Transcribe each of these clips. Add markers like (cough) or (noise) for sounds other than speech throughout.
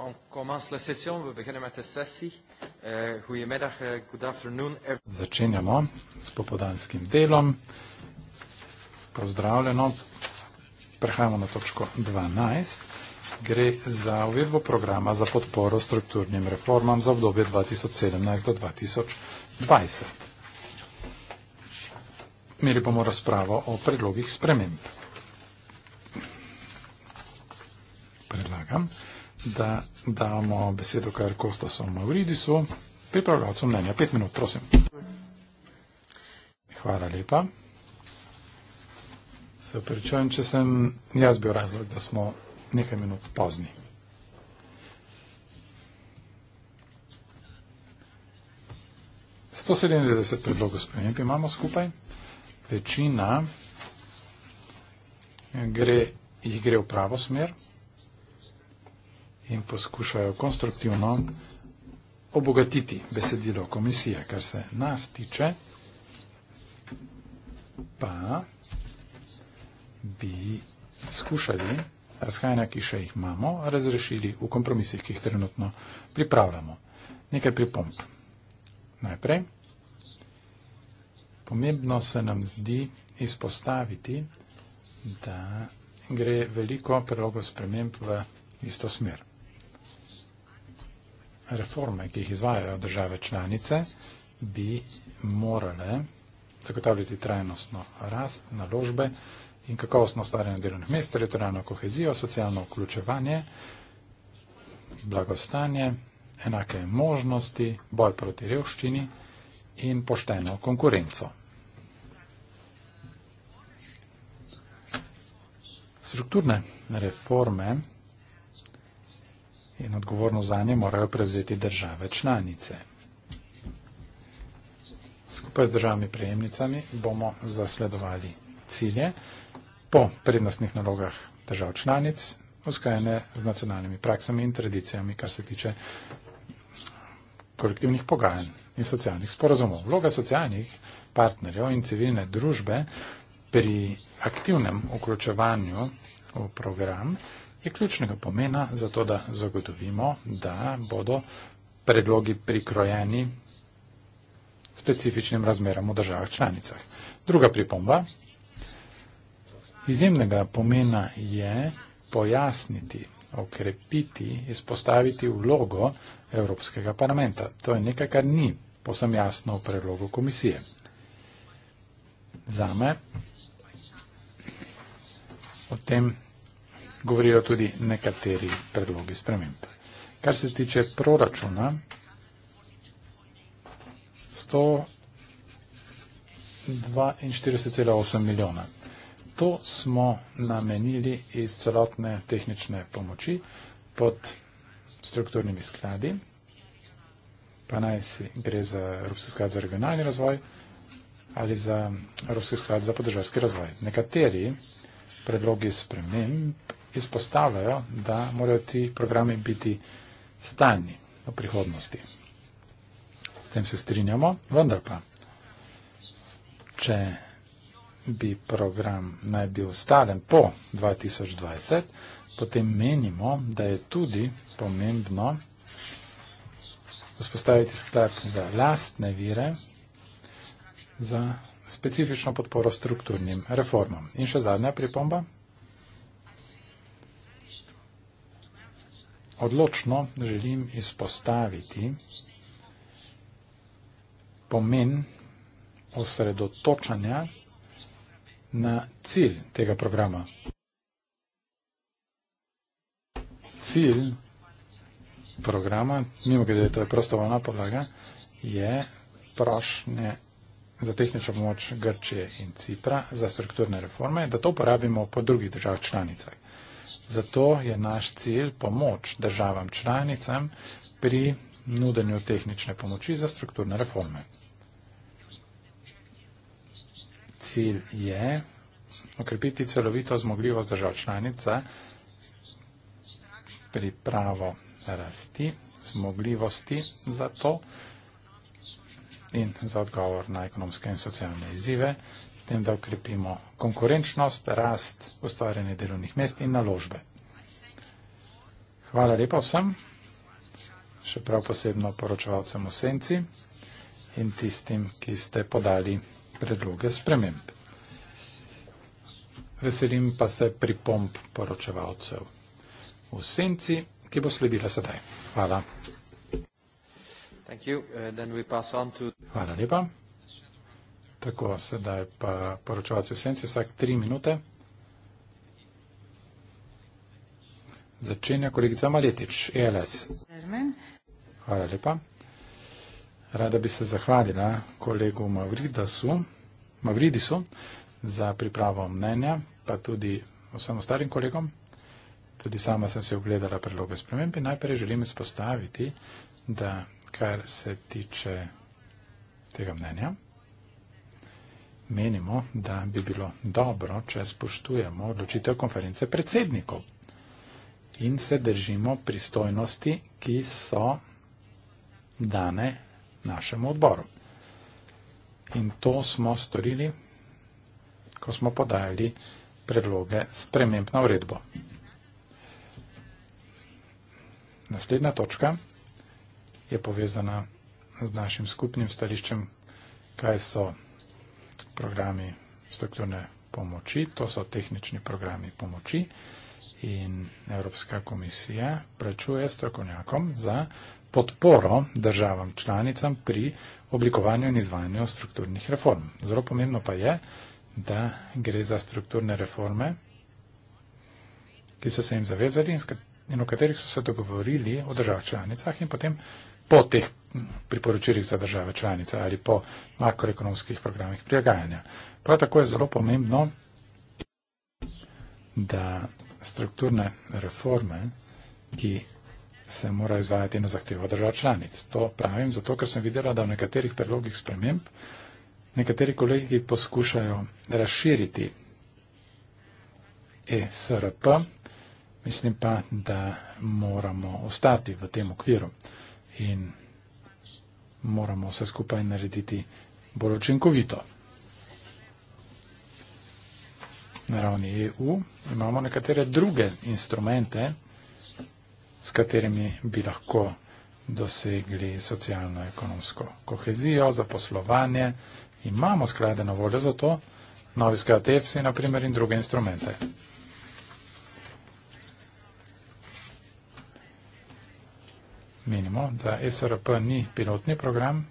On commence la session, we begin with the session. Uh, Goedemiddag, uh, good afternoon. Začenjamo s popodanskim delom. Pozdravljeno. Prehajamo na točko 12. Gre za uvedbo programa za podporo strukturnim reformam za obdobje 2017 do 2020. Imeli bomo razpravo o predlogih sprememb. da damo besedo kar Kostasu Mauridisu, pripravljalcu mnenja. Pet minut, prosim. Hvala lepa. Se pričujem, če sem jaz bil razlog, da smo nekaj minut pozni. Sto sedemdeset predlogov sprememb imamo skupaj, večina gre, jih gre v pravo smer in poskušajo konstruktivno obogatiti besedilo komisije, kar se nas tiče, pa bi skušali razhajanja, ki še jih imamo, razrešili v kompromisih, ki jih trenutno pripravljamo. Nekaj pripomp. Najprej, pomembno se nam zdi izpostaviti, da gre veliko prelogov sprememb v isto smer reforme, ki jih izvajajo države članice, bi morale zagotavljati trajnostno rast, naložbe in kakovostno ustvarjanje delovnih mest, teritorijalno kohezijo, socialno vključevanje, blagostanje, enake možnosti, boj proti revščini in pošteno konkurenco. Strukturne reforme in odgovornost za nje morajo prevzeti države članice. Skupaj z državami prejemnicami bomo zasledovali cilje po prednostnih nalogah držav članic, uskajene z nacionalnimi praksami in tradicijami, kar se tiče kolektivnih pogajanj in socialnih sporazumov. Vloga socialnih partnerjev in civilne družbe pri aktivnem vključevanju v program je ključnega pomena za to, da zagotovimo, da bodo predlogi prikrojeni specifičnim razmeram v državah članicah. Druga pripomba izjemnega pomena je pojasniti, okrepiti, izpostaviti vlogo Evropskega parlamenta. To je nekaj, kar ni posem jasno v predlogu komisije. Zame o tem govorijo tudi nekateri predlogi sprememb. Kar se tiče proračuna, 142,8 milijona. To smo namenili iz celotne tehnične pomoči pod strukturnimi skladi, pa naj si gre za Evropski sklad za regionalni razvoj ali za Evropski sklad za podržavski razvoj. Nekateri predlogi sprememb izpostavljajo, da morajo ti programi biti stalni v prihodnosti. S tem se strinjamo, vendar pa, če bi program naj bil stalen po 2020, potem menimo, da je tudi pomembno vzpostaviti sklad za lastne vire, za specifično podporo strukturnim reformam. In še zadnja pripomba. odločno želim izpostaviti pomen osredotočanja na cilj tega programa. Cilj programa, mimo kaj, da je to prostovoljna podlaga, je prošnje za tehnično pomoč Grčije in Cipra za strukturne reforme, da to uporabimo po drugih državah članicah. Zato je naš cilj pomoč državam članicam pri nudenju tehnične pomoči za strukturne reforme. Cilj je okrepiti celovito zmogljivost držav članica, pripravo rasti, zmogljivosti za to in za odgovor na ekonomske in socialne izzive, tem, da ukrepimo konkurenčnost, rast, ustvarjanje delovnih mest in naložbe. Hvala lepa vsem, še prav posebno poročevalcem v senci in tistim, ki ste podali predloge sprememb. Veselim pa se pripomp poročevalcev v senci, ki bo sledila sedaj. Hvala. Uh, Hvala lepa. Tako, sedaj pa poročovalci v senci vsak tri minute. Začenja kolegica Maletič, ELS. Hvala lepa. Rada bi se zahvalila kolegu Mavridasu, Mavridisu za pripravo mnenja, pa tudi vsem ostalim kolegom. Tudi sama sem se ogledala predloge spremembe. Najprej želim izpostaviti, da kar se tiče tega mnenja menimo, da bi bilo dobro, če spoštujemo odločitev konference predsednikov in se držimo pristojnosti, ki so dane našemu odboru. In to smo storili, ko smo podajali predloge sprememb na uredbo. Naslednja točka je povezana z našim skupnim stališčem, kaj so programi strukturne pomoči, to so tehnični programi pomoči in Evropska komisija prečuje strokovnjakom za podporo državam članicam pri oblikovanju in izvajanju strukturnih reform. Zelo pomembno pa je, da gre za strukturne reforme, ki so se jim zavezali in, in o katerih so se dogovorili o državah članicah in potem po teh priporočilih za države članice ali po makroekonomskih programih prilagajanja. Prav tako je zelo pomembno, da strukturne reforme, ki se morajo izvajati na zahtevo držav članic. To pravim zato, ker sem videla, da v nekaterih predlogih sprememb nekateri kolegi poskušajo razširiti ESRP, mislim pa, da moramo ostati v tem okviru in moramo vse skupaj narediti bolj učinkovito. Na ravni EU imamo nekatere druge instrumente, s katerimi bi lahko dosegli socialno-ekonomsko kohezijo, zaposlovanje. Imamo sklade na voljo za to, novi sklad EFSI, na primer, in druge instrumente. menimo, da SRP ni pilotni program,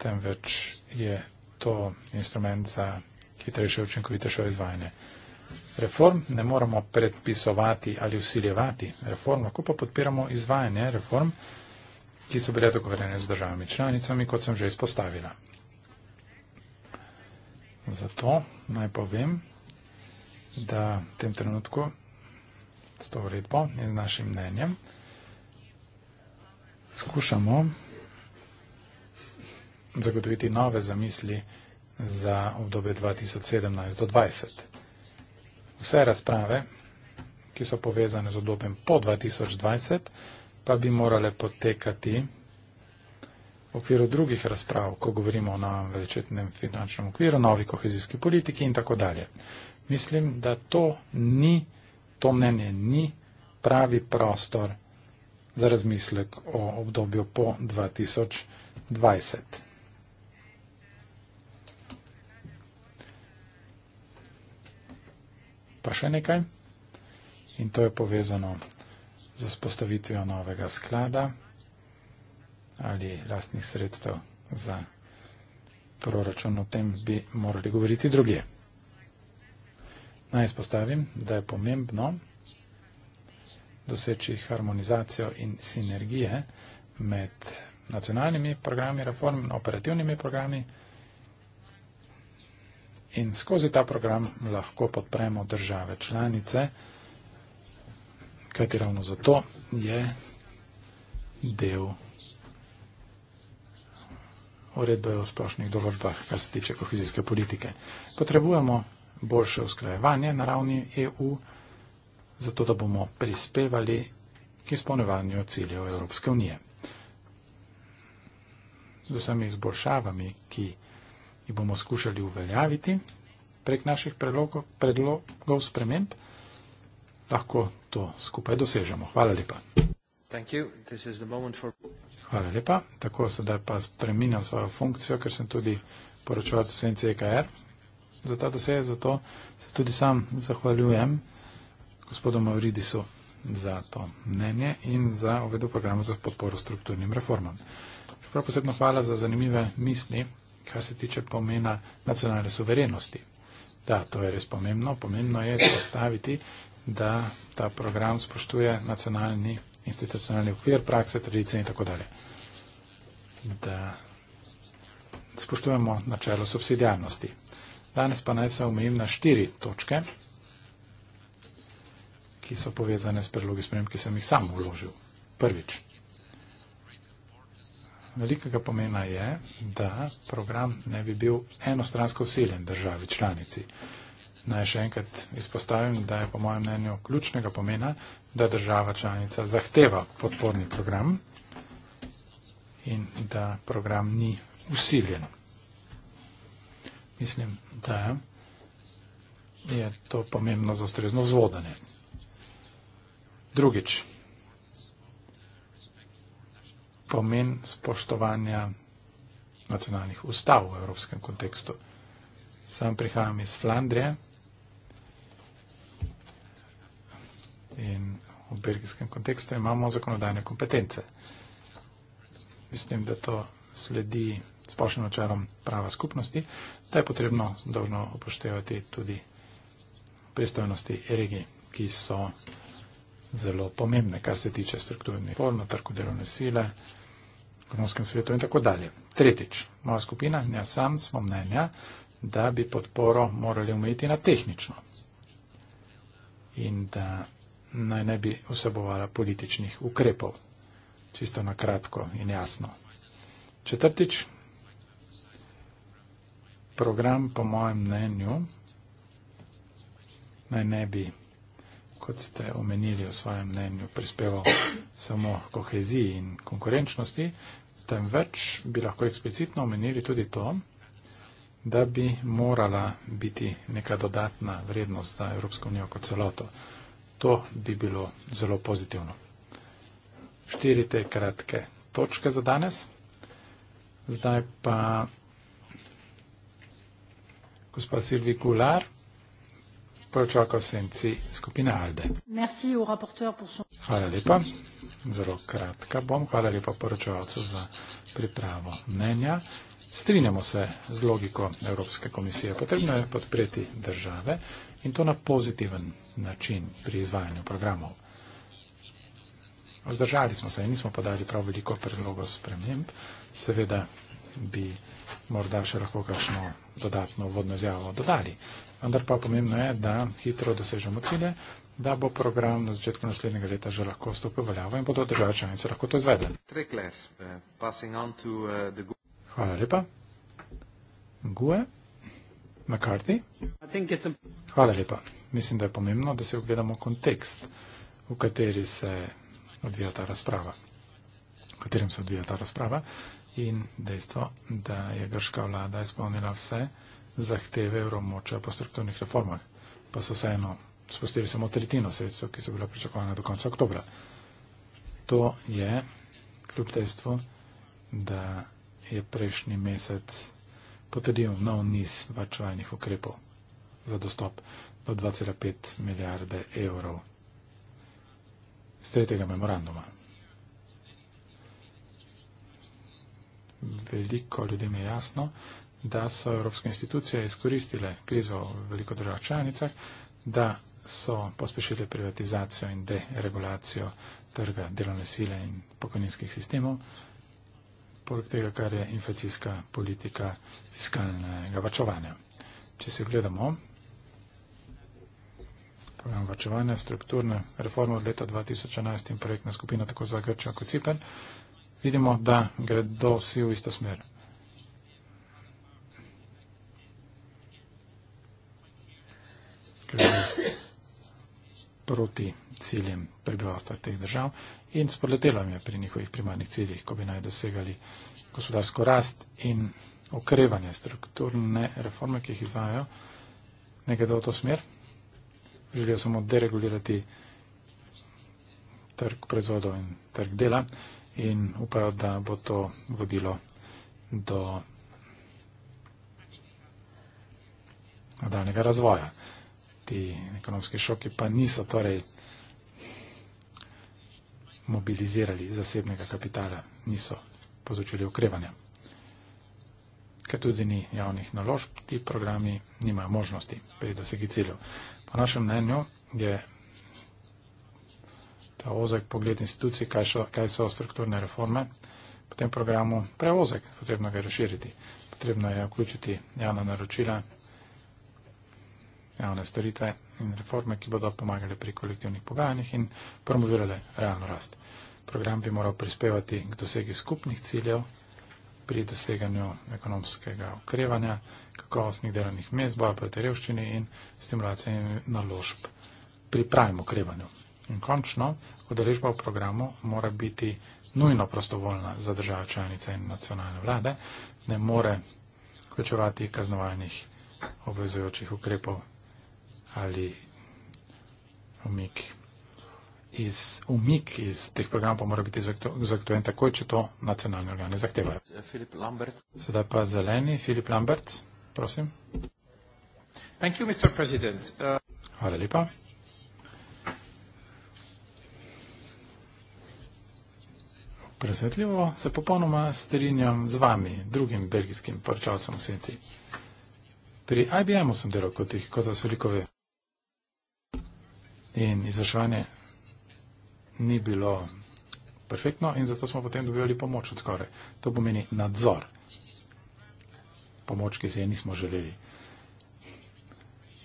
temveč je to instrument za hitrejše učinkovitejše izvajanje. Reform ne moramo predpisovati ali usiljevati. Reform lahko pa podpiramo izvajanje reform, ki so bile dogovorjene z državami članicami, kot sem že izpostavila. Zato naj povem, da v tem trenutku s to uredbo in z našim mnenjem skušamo zagotoviti nove zamisli za obdobje 2017 do 2020. Vse razprave, ki so povezane z obdobjem po 2020, pa bi morale potekati v okviru drugih razprav, ko govorimo o novem večetnem finančnem okviru, novi kohezijski politiki in tako dalje. Mislim, da to ni, to mnenje ni pravi prostor za razmislek o obdobju po 2020. Pa še nekaj. In to je povezano z vzpostavitvijo novega sklada ali lastnih sredstev za proračun. O tem bi morali govoriti druge. Naj spostavim, da je pomembno, doseči harmonizacijo in sinergije med nacionalnimi programi reform in operativnimi programi. In skozi ta program lahko podpremo države članice, kajti ravno zato je del uredbe o splošnih določbah, kar se tiče kohezijske politike. Potrebujemo boljše usklajevanje na ravni EU zato da bomo prispevali k izpolnevanju ciljev Evropske unije. Z vsemi izboljšavami, ki jih bomo skušali uveljaviti prek naših predlogov, predlogov sprememb, lahko to skupaj dosežemo. Hvala lepa. For... Hvala lepa. Tako sedaj pa spreminjam svojo funkcijo, ker sem tudi poročevalec v SNCKR. E za ta dosež, zato se tudi sam zahvaljujem. Okay gospodu Mauridisu za to mnenje in za uvedbo programa za podporo strukturnim reformam. Prav posebno hvala za zanimive misli, kar se tiče pomena nacionalne suverenosti. Da, to je res pomembno. Pomembno je postaviti, da ta program spoštuje nacionalni institucionalni okvir, prakse, tradicije in tako dalje. Da spoštujemo načelo subsidijarnosti. Danes pa naj se omejim na štiri točke ki so povezane s predlogi sprememb, ki sem jih sam vložil. Prvič. Velikega pomena je, da program ne bi bil enostransko usiljen državi članici. Naj še enkrat izpostavim, da je po mojem mnenju ključnega pomena, da država članica zahteva podporni program in da program ni usiljen. Mislim, da je to pomembno za ustrezno zvodanje. Drugič, pomen spoštovanja nacionalnih ustav v evropskem kontekstu. Sam prihajam iz Flandrije in v belgijskem kontekstu imamo zakonodajne kompetence. Mislim, da to sledi splošnim načelom prava skupnosti, da je potrebno dolžno upoštevati tudi pristojnosti regij, ki so zelo pomembne, kar se tiče strukturnih form, trgu delovne sile, ekonomskem svetu in tako dalje. Tretjič, moja skupina in jaz sam smo mnenja, da bi podporo morali umeti na tehnično in da naj ne bi vsebovala političnih ukrepov. Čisto na kratko in jasno. Četrtič, program po mojem mnenju naj ne bi kot ste omenili v svojem mnenju, prispeval samo koheziji in konkurenčnosti, temveč bi lahko eksplicitno omenili tudi to, da bi morala biti neka dodatna vrednost za Evropsko unijo kot celoto. To bi bilo zelo pozitivno. Štiri te kratke točke za danes. Zdaj pa gospod Silvi Gular. Pročako Senci skupine Alde. Hvala lepa, zelo kratka bom, hvala lepa poročevalcu za pripravo mnenja. Strinjamo se z logiko Evropske komisije. Potrebno je podpreti države in to na pozitiven način pri izvajanju programov. Vzdržali smo se in nismo podali prav veliko predlogov sprememb. Seveda bi morda še lahko kakšno dodatno vodno izjavo dodali vendar pa pomembno je, da hitro dosežemo cilje, da bo program na začetku naslednjega leta že lahko stopil veljavo in bodo države članice lahko to izvedle. Eh, eh, e. Hvala lepa. Gue, McCarthy. Hvala lepa. Mislim, da je pomembno, da se ogledamo kontekst, v kateri se odvija ta razprava, v katerem se odvija ta razprava in dejstvo, da je grška vlada izpolnila vse, zahteve evromoča po strukturnih reformah, pa so vseeno spustili samo tretjino sredstva, ki so bila pričakovana do konca oktobra. To je kljub dejstvu, da je prejšnji mesec potrdil nov niz vačvajnih ukrepov za dostop do 2,5 milijarde evrov z tretjega memoranduma. Veliko ljudem je jasno, da so evropske institucije izkoristile krizo v veliko držav članicah, da so pospešile privatizacijo in deregulacijo trga delovne sile in pokojninskih sistemov, poleg tega, kar je inflacijska politika fiskalnega vačovanja. Če se gledamo, program vačovanja, strukturna reforma od leta 2011 in projektna skupina tako za Grčjo kot Cipen, vidimo, da gredo vsi v isto smer. skrbi torej, proti ciljem prebivalstva teh držav in spodletelo jim je pri njihovih primarnih ciljih, ko bi naj dosegali gospodarsko rast in okrevanje strukturne reforme, ki jih izvajajo, nekaj da v to smer. Želijo samo deregulirati trg proizvodov in trg dela in upajo, da bo to vodilo do nadaljnega razvoja ti ekonomski šoki pa niso torej mobilizirali zasebnega kapitala, niso pozočili ukrevanja. Ker tudi ni javnih naložb, ti programi nimajo možnosti pri dosegi ciljev. Po našem mnenju je ta ozek pogled institucij, kaj so, kaj so strukturne reforme, po tem programu preozek, potrebno ga je razširiti, potrebno je vključiti javna naročila javne storitve in reforme, ki bodo pomagali pri kolektivnih pogajanjih in promovirale realno rast. Program bi moral prispevati k dosegi skupnih ciljev pri doseganju ekonomskega okrevanja, kakovostnih delovnih mest, boja proti revščini in stimulacije naložb pri pravem okrevanju. In končno, odrežba v programu mora biti nujno prostovoljna za države članice in nacionalne vlade, ne more vključevati kaznovalnih obvezujočih ukrepov ali umik iz, umik iz teh programov pa mora biti zagotovljen takoj, če to nacionalne organe zahtevajo. Sedaj pa zeleni, Filip Lambert, prosim. Thank you, Mr. President. Uh... Hvala lepa. Presvetljivo se popolnoma strinjam z vami, drugim belgijskim poročalcem v senci. Pri IBM-u sem delal kot jih, ko vas veliko ve. In izvrševanje ni bilo perfektno in zato smo potem dobivali pomoč od skore. To pomeni nadzor. Pomoč, ki se je nismo želeli.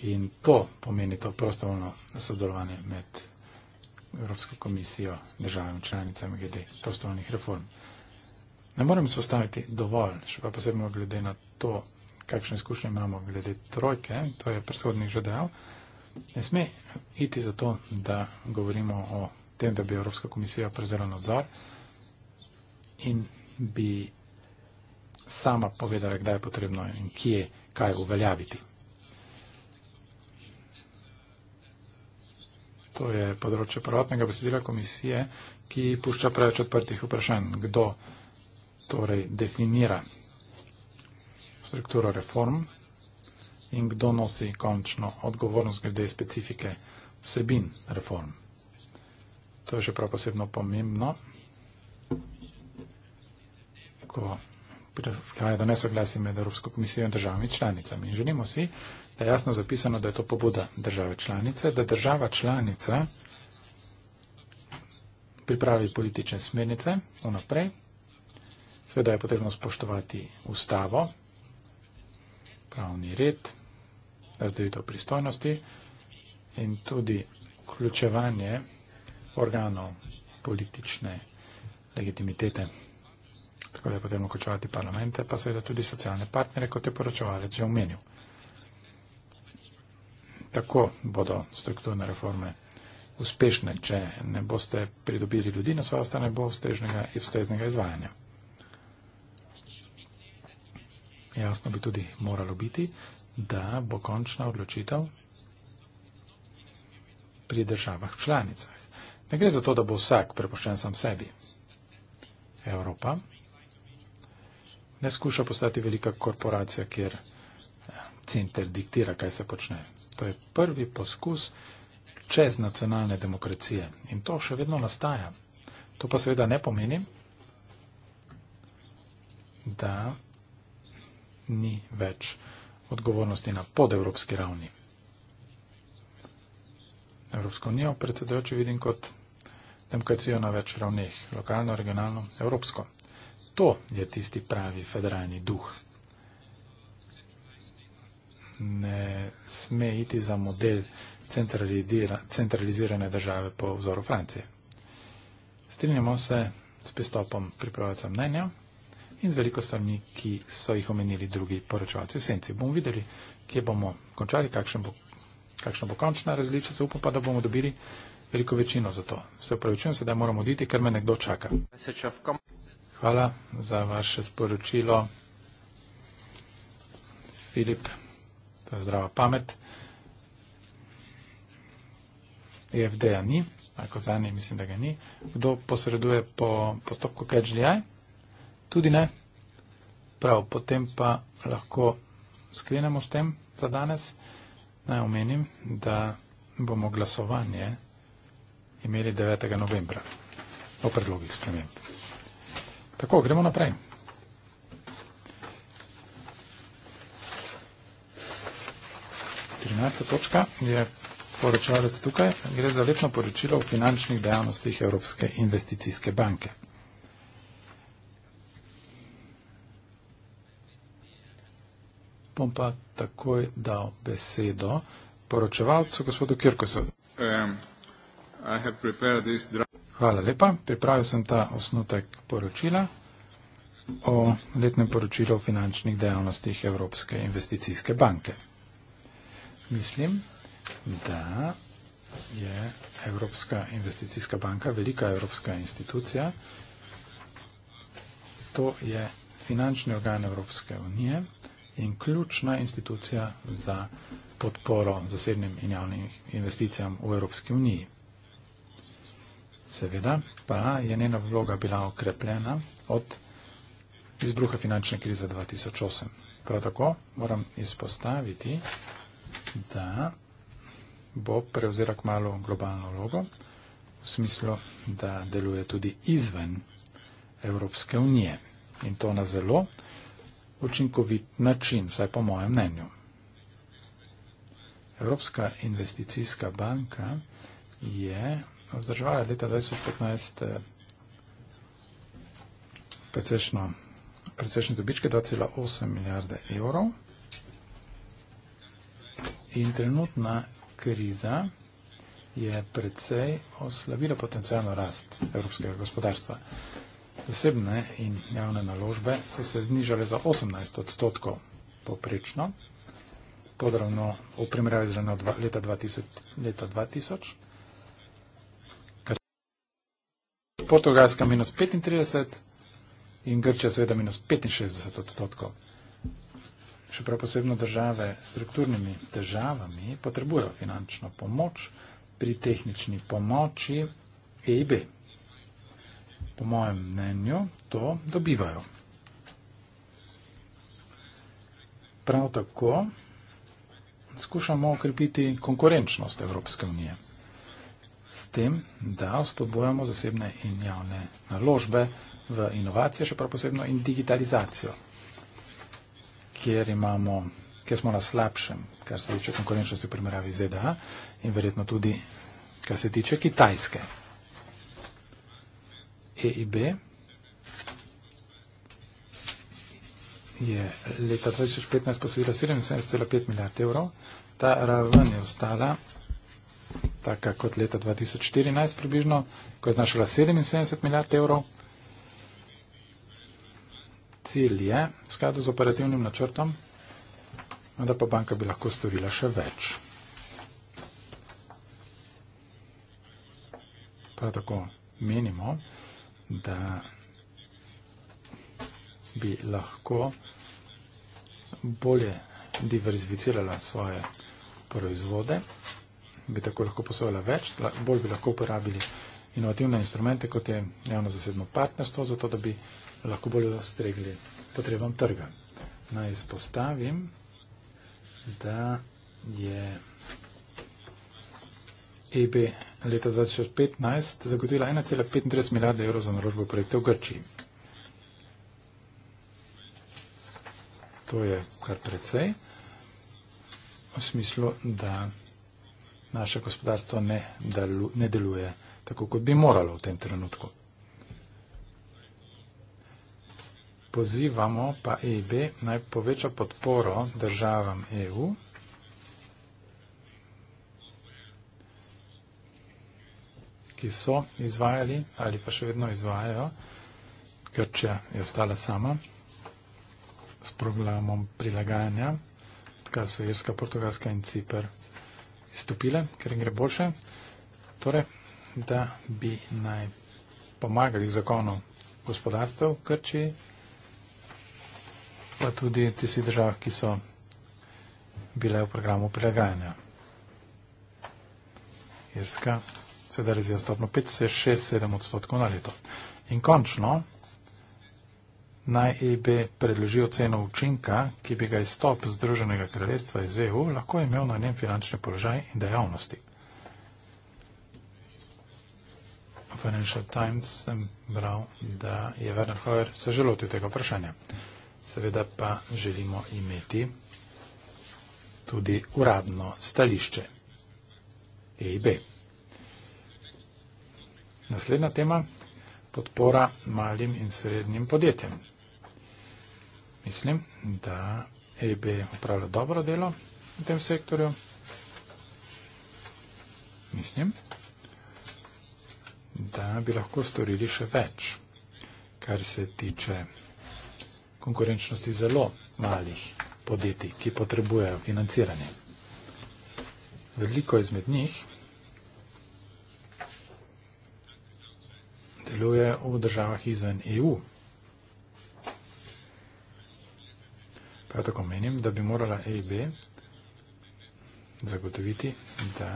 In to pomeni to prostovoljno sodelovanje med Evropsko komisijo, državami, članicami glede prostovoljnih reform. Ne morem se ostaviti dovolj, še pa posebno glede na to, kakšne izkušnje imamo glede trojke, to je predhodnik že dejal, ne sme iti za to, da govorimo o tem, da bi Evropska komisija prevzela nadzor in bi sama povedala, kdaj je potrebno in kje kaj uveljaviti. To je področje prvotnega besedila komisije, ki pušča preveč odprtih vprašanj, kdo torej definira strukturo reform in kdo nosi končno odgovornost glede specifike vsebin reform. To je še prav posebno pomembno, ko prihaja do nesoglasja med Evropsko komisijo in državami članicami. In želimo si, da je jasno zapisano, da je to pobuda države članice, da država članica pripravi politične smernice vnaprej. Seveda je potrebno spoštovati ustavo, pravni red, razdelitev pristojnosti in tudi vključevanje organov politične legitimitete. Tako da je potrebno vključevati parlamente, pa seveda tudi socialne partnere, kot je poročevalec že omenil. Tako bodo strukturne reforme uspešne, če ne boste pridobili ljudi na svojo stran, ne bo ustreznega izvajanja. jasno bi tudi moralo biti, da bo končna odločitev pri državah članicah. Ne gre za to, da bo vsak prepoščen sam sebi. Evropa ne skuša postati velika korporacija, kjer eh, center diktira, kaj se počne. To je prvi poskus čez nacionalne demokracije in to še vedno nastaja. To pa seveda ne pomeni, da ni več odgovornosti na podevropski ravni. Evropsko unijo predsedujoči vidim kot demokracijo na več ravneh, lokalno, regionalno, evropsko. To je tisti pravi federalni duh. Ne sme iti za model centralizirane države po vzoru Francije. Strinjamo se s pristopom pripravljalca mnenja in z veliko stvarmi, ki so jih omenili drugi poročavci v senci. Bomo videli, kje bomo končali, kakšen bo, kakšna bo končna različica, upam pa, da bomo dobili veliko večino za to. Se upravičujem, sedaj moram oditi, ker me nekdo čaka. Hvala za vaše sporočilo. Filip, to je zdrava pamet. EFD-ja ni, ako zanje mislim, da ga ni. Kdo posreduje po postopku Catch the Eye? Tudi ne. Prav, potem pa lahko sklenemo s tem za danes. Naj omenim, da bomo glasovanje imeli 9. novembra o predlogih sprememb. Tako, gremo naprej. Trinajsta točka je poročalec tukaj. Gre za letno poročilo o finančnih dejavnostih Evropske investicijske banke. bom pa takoj dal besedo poročevalcu, gospodu Kirkosu. Um, Hvala lepa. Pripravil sem ta osnutek poročila o letnem poročilu o finančnih dejavnostih Evropske investicijske banke. Mislim, da je Evropska investicijska banka velika evropska institucija. To je finančni organ Evropske unije, in ključna institucija za podporo zasebnim in javnim investicijam v Evropski uniji. Seveda pa je njena vloga bila okrepljena od izbruha finančne krize 2008. Prav tako moram izpostaviti, da bo prevzela k malo globalno vlogo v smislu, da deluje tudi izven Evropske unije. In to na zelo učinkovit način, saj po mojem mnenju. Evropska investicijska banka je vzdržavala leta 2015 eh, precejšno precejšnje dobičke 2,8 milijarde evrov in trenutna kriza je precej oslabila potencijalno rast evropskega gospodarstva. Zasebne in javne naložbe so se znižale za 18 odstotkov poprečno, podravno v primerjavi z leta 2000. Leta 2000 Portugalska minus 35 in Grčija seveda minus 65 odstotkov. Še prav posebno države s strukturnimi težavami potrebujejo finančno pomoč pri tehnični pomoči EIB po mojem mnenju, to dobivajo. Prav tako skušamo okrepiti konkurenčnost Evropske unije s tem, da spodbojamo zasebne in javne naložbe v inovacije, še prav posebno in digitalizacijo, kjer, imamo, kjer smo na slabšem, kar se tiče konkurenčnosti v primerjavi ZDA in verjetno tudi, kar se tiče Kitajske. E in B. Je leta 2015 posodila 77,5 milijard evrov. Ta raven je ostala taka kot leta 2014 približno, ko je znašala 77 milijard evrov. Cilj je v skladu z operativnim načrtom, da pa banka bi lahko storila še več. Prav tako menimo, da bi lahko bolje diverzificirala svoje proizvode, bi tako lahko posojala več, bolj bi lahko uporabili inovativne instrumente, kot je javno zasebno partnerstvo, zato da bi lahko bolje ustregli potrebam trga. Naj izpostavim, da je. Yeah. EB leta 2015 zagotovila 1,35 milijarde evrov za naložbo projekta v Grčiji. To je kar precej v smislu, da naše gospodarstvo ne, delu, ne deluje tako, kot bi moralo v tem trenutku. Pozivamo pa EIB naj poveča podporo državam EU ki so izvajali ali pa še vedno izvajajo, Grčija je ostala sama s programom prilagajanja, odkar so Irska, Portugalska in Cipr izstopile, ker jim gre boljše. Torej, da bi naj pomagali zakonu gospodarstva v Grčiji, pa tudi tisti držav, ki so bile v programu prilagajanja. Irska, sedaj razvija stopno 5, se je 6-7 odstotkov na leto. In končno, naj EB predloži oceno učinka, ki bi ga izstop Združenega kraljestva iz EU lahko imel na njem finančni položaj in dejavnosti. Financial Times sem bral, da je Werner Hoyer se že lotil tega vprašanja. Seveda pa želimo imeti tudi uradno stališče EIB. Naslednja tema – podpora malim in srednjim podjetjem. Mislim, da EIB upravlja dobro delo v tem sektorju. Mislim, da bi lahko storili še več, kar se tiče konkurenčnosti zelo malih podjetij, ki potrebujejo financiranje. Veliko izmed njih deluje v državah izven EU. Prav tako menim, da bi morala EIB zagotoviti, da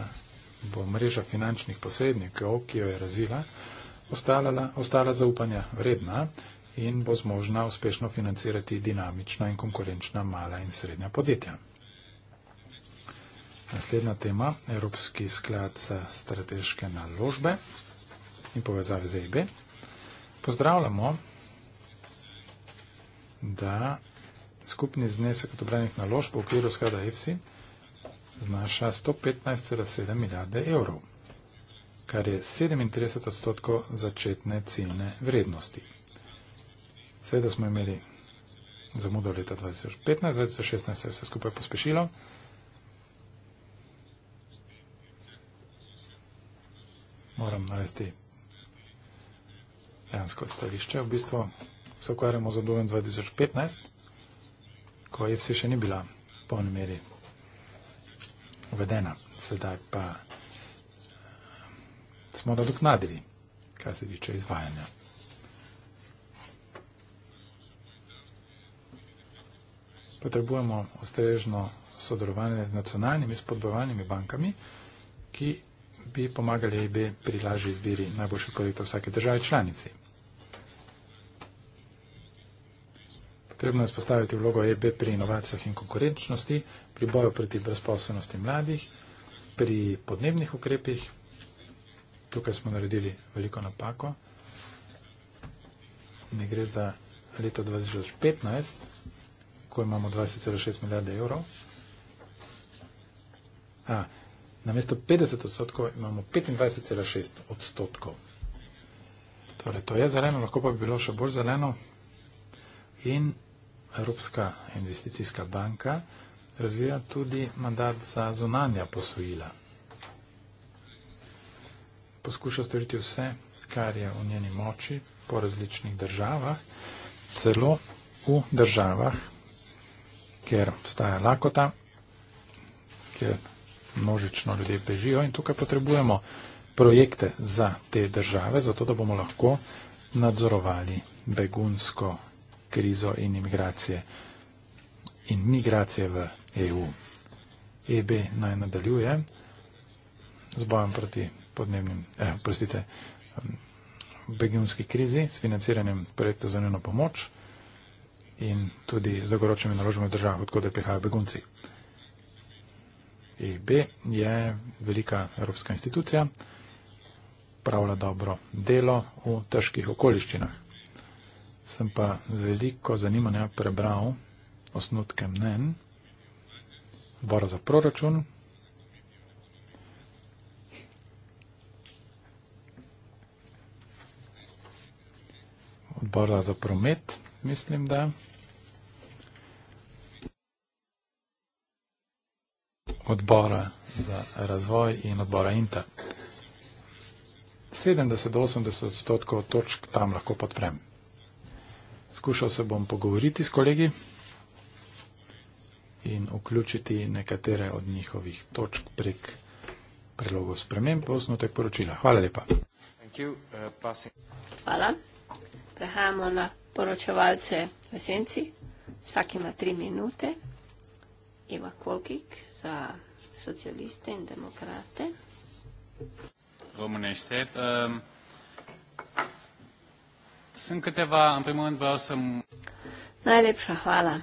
bo mreža finančnih posrednikov, ki jo je razvila, ostala, ostala zaupanja vredna in bo zmožna uspešno financirati dinamična in konkurenčna mala in srednja podjetja. Naslednja tema, Evropski sklad za strateške naložbe in povezave z EIB. Pozdravljamo, da skupni znesek odobrenih naložb v okviru sklada EFSI znaša 115,7 milijarde evrov, kar je 37 odstotkov začetne ciljne vrednosti. Seveda smo imeli zamudo leta 2015, 2016 se je vse skupaj pospešilo. Moram navesti dejansko stališče. V bistvu se ukvarjamo z obdobjem 2015, ko je vse še ni bila v polni meri uvedena. Sedaj pa eh, smo nadoknadili, kar se tiče izvajanja. Potrebujemo ustrežno sodelovanje z nacionalnimi spodbovalnimi bankami, ki bi pomagali EIB pri lažji izbiri najboljših kreditov vsake države članici. Potrebno je spostaviti vlogo EB pri inovacijah in konkurenčnosti, pri boju proti brezposobnosti mladih, pri podnebnih ukrepih. Tukaj smo naredili veliko napako. Ne gre za leto 2015, ko imamo 20,6 milijarde evrov. A, na mesto 50 odstotkov imamo 25,6 odstotkov. Torej, to je zeleno, lahko pa bi bilo še bolj zeleno. In Evropska investicijska banka razvija tudi mandat za zunanja posojila. Poskuša storiti vse, kar je v njeni moči po različnih državah, celo v državah, kjer vstaja lakota, kjer množično ljudje bežijo in tukaj potrebujemo projekte za te države, zato da bomo lahko nadzorovali begunsko krizo in imigracije in migracije v EU. EB naj nadaljuje z bojem proti podnebnim, eh, prostite, begunski krizi s financiranjem projektov za njeno pomoč in tudi z dolgoročnimi naložbami v državah, odkud prihajajo begunci. EB je velika evropska institucija, pravila dobro delo v težkih okoliščinah sem pa veliko zanimanja prebral osnutke mnen odbora za proračun. Odbora za promet, mislim, da. Odbora za razvoj in odbora INTA. 70-80 odstotkov točk tam lahko podprem. Skušal se bom pogovoriti s kolegi in vključiti nekatere od njihovih točk prek prilogo sprememb v osnotek poročila. Hvala lepa. Uh, Hvala. Prehajamo na poročevalce v senci. Vsak ima tri minute. Eva Kolkik za socialiste in demokrate. Bomo nešte. Um, Sem Kateva, Ampermond, bral sem. Najlepša hvala.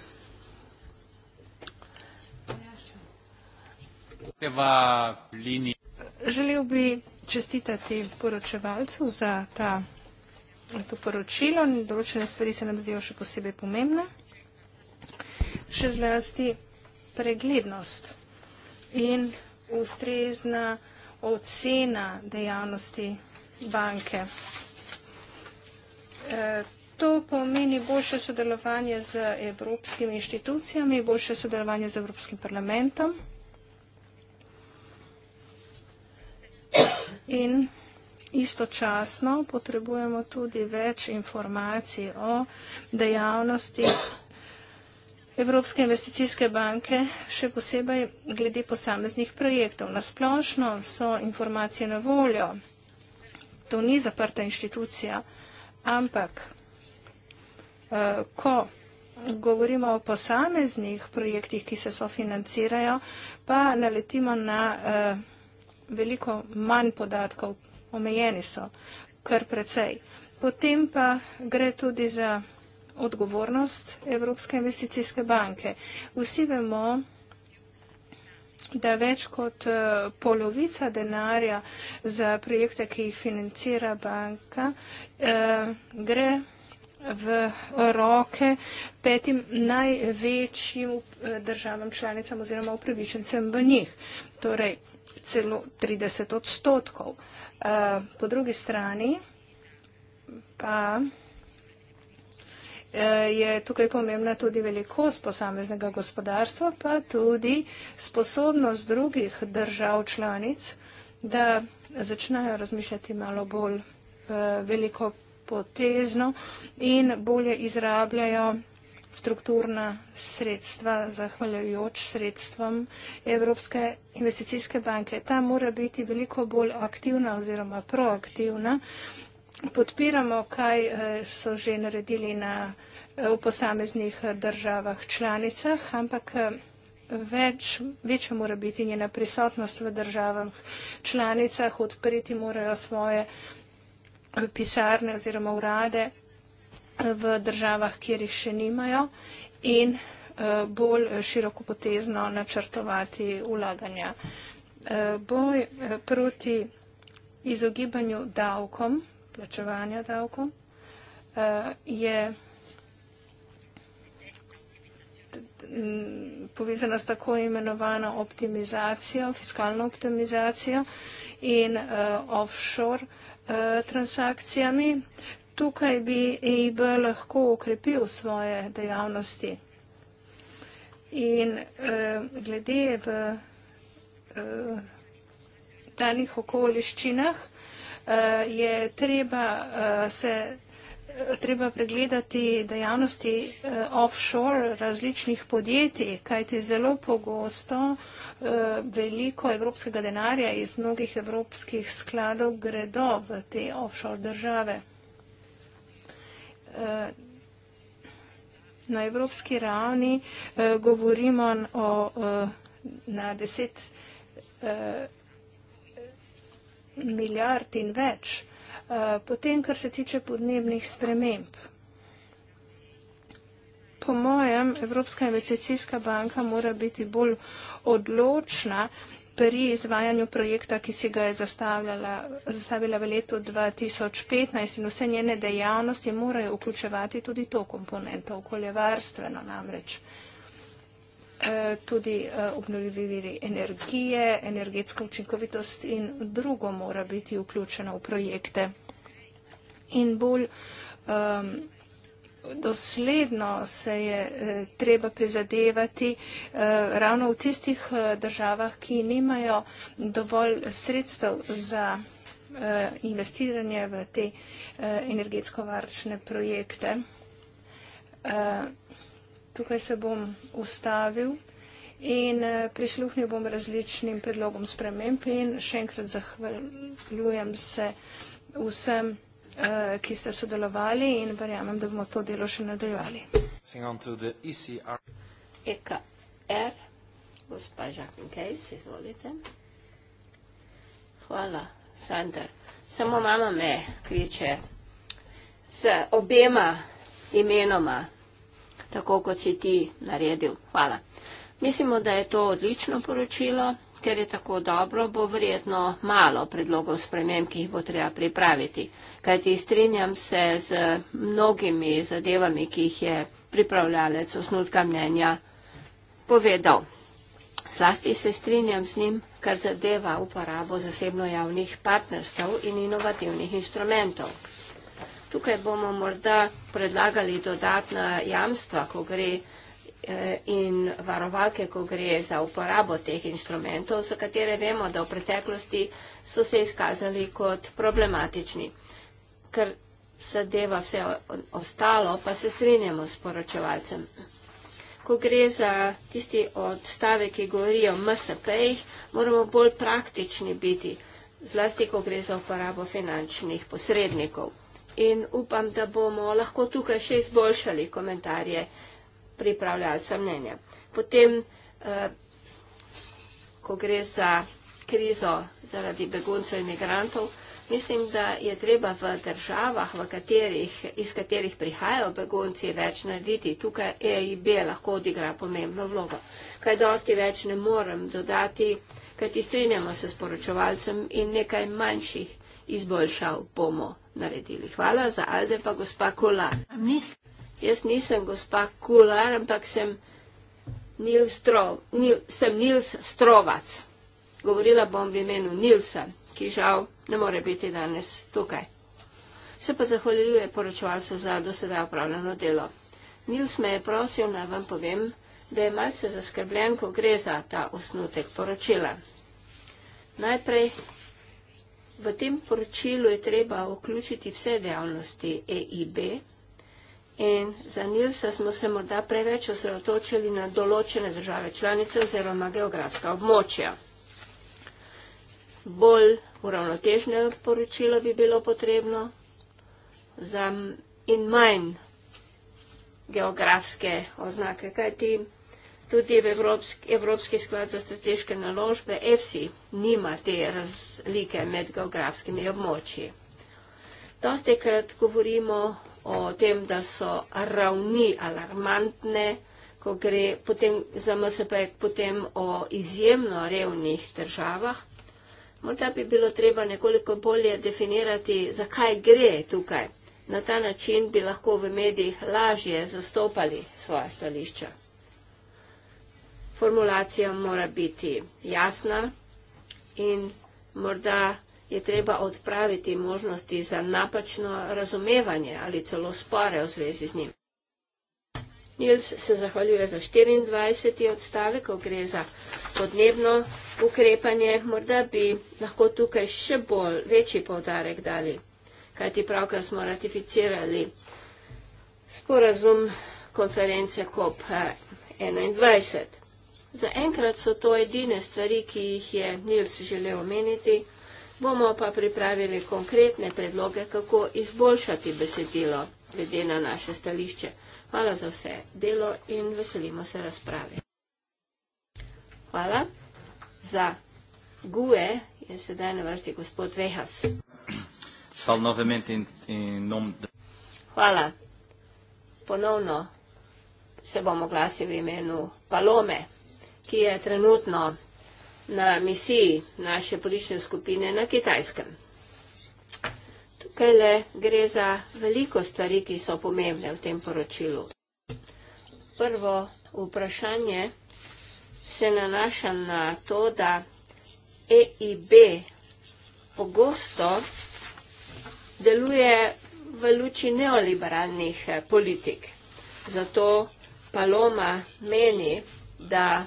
Želel bi čestitati poročevalcu za ta, to poročilo. Določene stvari se nam zdijo še posebej pomembne. Še zlasti preglednost in ustrezna ocena dejavnosti banke. Eh, to pomeni boljše sodelovanje z evropskimi inštitucijami, boljše sodelovanje z Evropskim parlamentom in istočasno potrebujemo tudi več informacij o dejavnosti Evropske investicijske banke, še posebej glede posameznih projektov. Nasplošno so informacije na voljo. To ni zaprta inštitucija. Ampak, eh, ko govorimo o posameznih projektih, ki se sofinancirajo, pa naletimo na eh, veliko manj podatkov, omejeni so, kar precej. Potem pa gre tudi za odgovornost Evropske investicijske banke. Vsi vemo, da je to, da več kot eh, polovica denarja za projekte, ki jih financira banka, eh, gre v roke petim največjim eh, državam članicam oziroma upravičencem v njih, torej celo 30 odstotkov. Po drugi strani pa Eh, je tukaj pomembna tudi velikost posameznega gospodarstva, pa tudi sposobnost drugih držav članic, da začnejo razmišljati malo bolj eh, veliko potezno in bolje izrabljajo strukturna sredstva, zahvaljujoč sredstvom Evropske investicijske banke. Ta mora biti veliko bolj aktivna oziroma proaktivna podpiramo, kaj eh, so že naredili na, eh, v posameznih eh, državah članicah, ampak več, večja mora biti njena prisotnost v državah članicah, odpriti morajo svoje pisarne oziroma urade v državah, kjer jih še nimajo in bolj širokopotezno načrtovati ulaganja. Boj proti izogibanju davkom plačevanja davkov, eh, je povezana s tako imenovano optimizacijo, fiskalno optimizacijo in eh, offshore eh, transakcijami. Tukaj bi EIB lahko ukrepil svoje dejavnosti. In glede v danih okoliščinah, Eh, je treba eh, se eh, treba pregledati dejavnosti offshore različnih podjetij, kajti zelo pogosto veliko evropskega denarja iz mnogih evropskih skladov gredo v te offshore države. Na evropski ravni govorimo o na deset milijard in več, eh, potem, kar se tiče podnebnih sprememb. Po mojem, Evropska investicijska banka mora biti bolj odločna pri izvajanju projekta, ki si ga je zastavila v letu 2015 in vse njene dejavnosti morajo vključevati tudi to komponento, okoljevarstveno namreč. Eh, tudi eh, obnovljivi viri energije, energetska učinkovitost in drugo mora biti vključena v projekte. In bolj um, dosledno se je uh, treba prizadevati uh, ravno v tistih uh, državah, ki nimajo dovolj sredstev za uh, investiranje v te uh, energetsko varčne projekte. Uh, tukaj se bom ustavil in eh, prisluhnil bom različnim predlogom sprememb in še enkrat zahvaljujem se vsem, eh, ki ste sodelovali in verjamem, da bomo to delo še nadaljevali. EKR, e e gospa Žakin Kejs, izvolite. Hvala, Sander. Samo mama me kliče s obema imenoma tako kot si ti naredil. Hvala. Mislimo, da je to odlično poročilo, ker je tako dobro, bo verjetno malo predlogov sprememb, ki jih bo treba pripraviti. Kajti strinjam se z mnogimi zadevami, ki jih je pripravljalec osnutka mnenja povedal. Slasti se strinjam z njim, kar zadeva uporabo zasebno javnih partnerstv in inovativnih inštrumentov. Tukaj bomo morda predlagali dodatna jamstva, ko gre eh, in varovalke, ko gre za uporabo teh instrumentov, za katere vemo, da v preteklosti so se izkazali kot problematični. Ker zadeva vse ostalo, pa se strinjamo s poročevalcem. Ko gre za tisti odstave, ki govorijo o MSP-jih, moramo bolj praktični biti, zlasti, ko gre za uporabo finančnih posrednikov in upam, da bomo lahko tukaj še izboljšali komentarje pripravljalca mnenja. Potem, eh, ko gre za krizo zaradi beguncev in migrantov, mislim, da je treba v državah, v katerih, iz katerih prihajajo begunci, več narediti. Tukaj EIB lahko odigra pomembno vlogo. Kaj dosti več ne morem dodati, kajti strinjamo se s poročevalcem in nekaj manjših izboljšav bomo naredili. Hvala za Alde pa gospa Kolar. Nis... Jaz nisem gospa Kolar, ampak sem Nils, Tro... Nil... sem Nils Strovac. Govorila bom v imenu Nilsa, ki žal ne more biti danes tukaj. Se pa zahvaljuje poročevalcu za dosedaj upravljeno delo. Nils me je prosil, naj vam povem, da je malce zaskrbljen, ko gre za ta osnutek poročila. Najprej V tem poročilu je treba vključiti vse dejavnosti EIB in za Nilsa smo se morda preveč osredotočili na določene države članice oziroma geografska območja. Bolj uravnotežne poročilo bi bilo potrebno in manj geografske oznake, kaj ti imamo. Tudi v Evropski, Evropski sklad za strateške naložbe EFSI nima te razlike med geografskimi območji. Dosti krat govorimo o tem, da so ravni alarmantne, ko gre potem za MSP, potem o izjemno revnih državah. Morda bi bilo treba nekoliko bolje definirati, zakaj gre tukaj. Na ta način bi lahko v medijih lažje zastopali svoje stališča formulacija mora biti jasna in morda je treba odpraviti možnosti za napačno razumevanje ali celo spore v zvezi z njim. Nils se zahvaljuje za 24. odstavek, ko gre za podnebno ukrepanje. Morda bi lahko tukaj še bolj večji povdarek dali, kajti pravkar smo ratificirali sporazum konference COP21. Eh, Zaenkrat so to edine stvari, ki jih je Nils želel omeniti, bomo pa pripravili konkretne predloge, kako izboljšati besedilo glede na naše stališče. Hvala za vse delo in veselimo se razpravi. Hvala. Za GUE je sedaj na vrsti gospod Vehas. Hvala. Ponovno se bom oglasil v imenu Palome ki je trenutno na misiji naše politične skupine na kitajskem. Tukaj le gre za veliko stvari, ki so pomembne v tem poročilu. Prvo vprašanje se nanaša na to, da EIB pogosto deluje v luči neoliberalnih eh, politik. Zato Paloma meni, da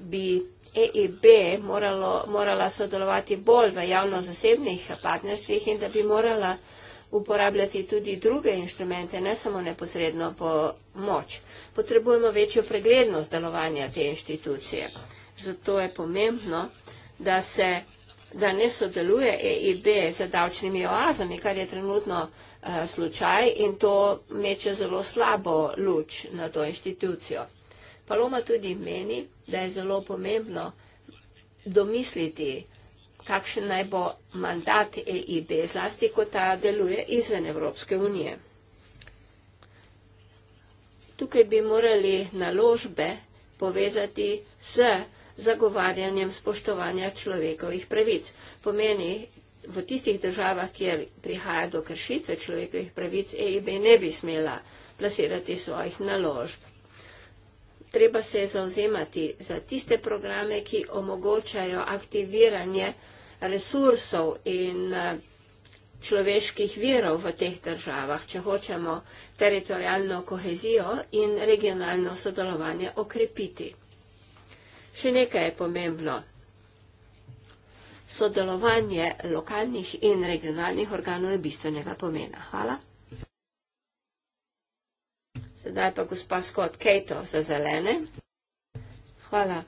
bi EIB moralo, morala sodelovati bolj v javno-zasebnih partnerstvih in da bi morala uporabljati tudi druge inštrumente, ne samo neposredno pomoč. Potrebujemo večjo preglednost delovanja te inštitucije. Zato je pomembno, da, se, da ne sodeluje EIB z davčnimi oazami, kar je trenutno uh, slučaj in to meče zelo slabo luč na to inštitucijo. Paloma tudi meni, da je zelo pomembno domisliti, kakšen naj bo mandat EIB, zlasti, ko ta deluje izven Evropske unije. Tukaj bi morali naložbe povezati s zagovarjanjem spoštovanja človekovih pravic. Pomeni, v tistih državah, kjer prihaja do kršitve človekovih pravic, EIB ne bi smela plasirati svojih naložb treba se je zauzemati za tiste programe, ki omogočajo aktiviranje resursov in eh, človeških virov v teh državah, če hočemo teritorijalno kohezijo in regionalno sodelovanje okrepiti. Še nekaj je pomembno. Sodelovanje lokalnih in regionalnih organov je bistvenega pomena. Hvala. Sedaj pa gospa Scott Kato za zelene. Hvala.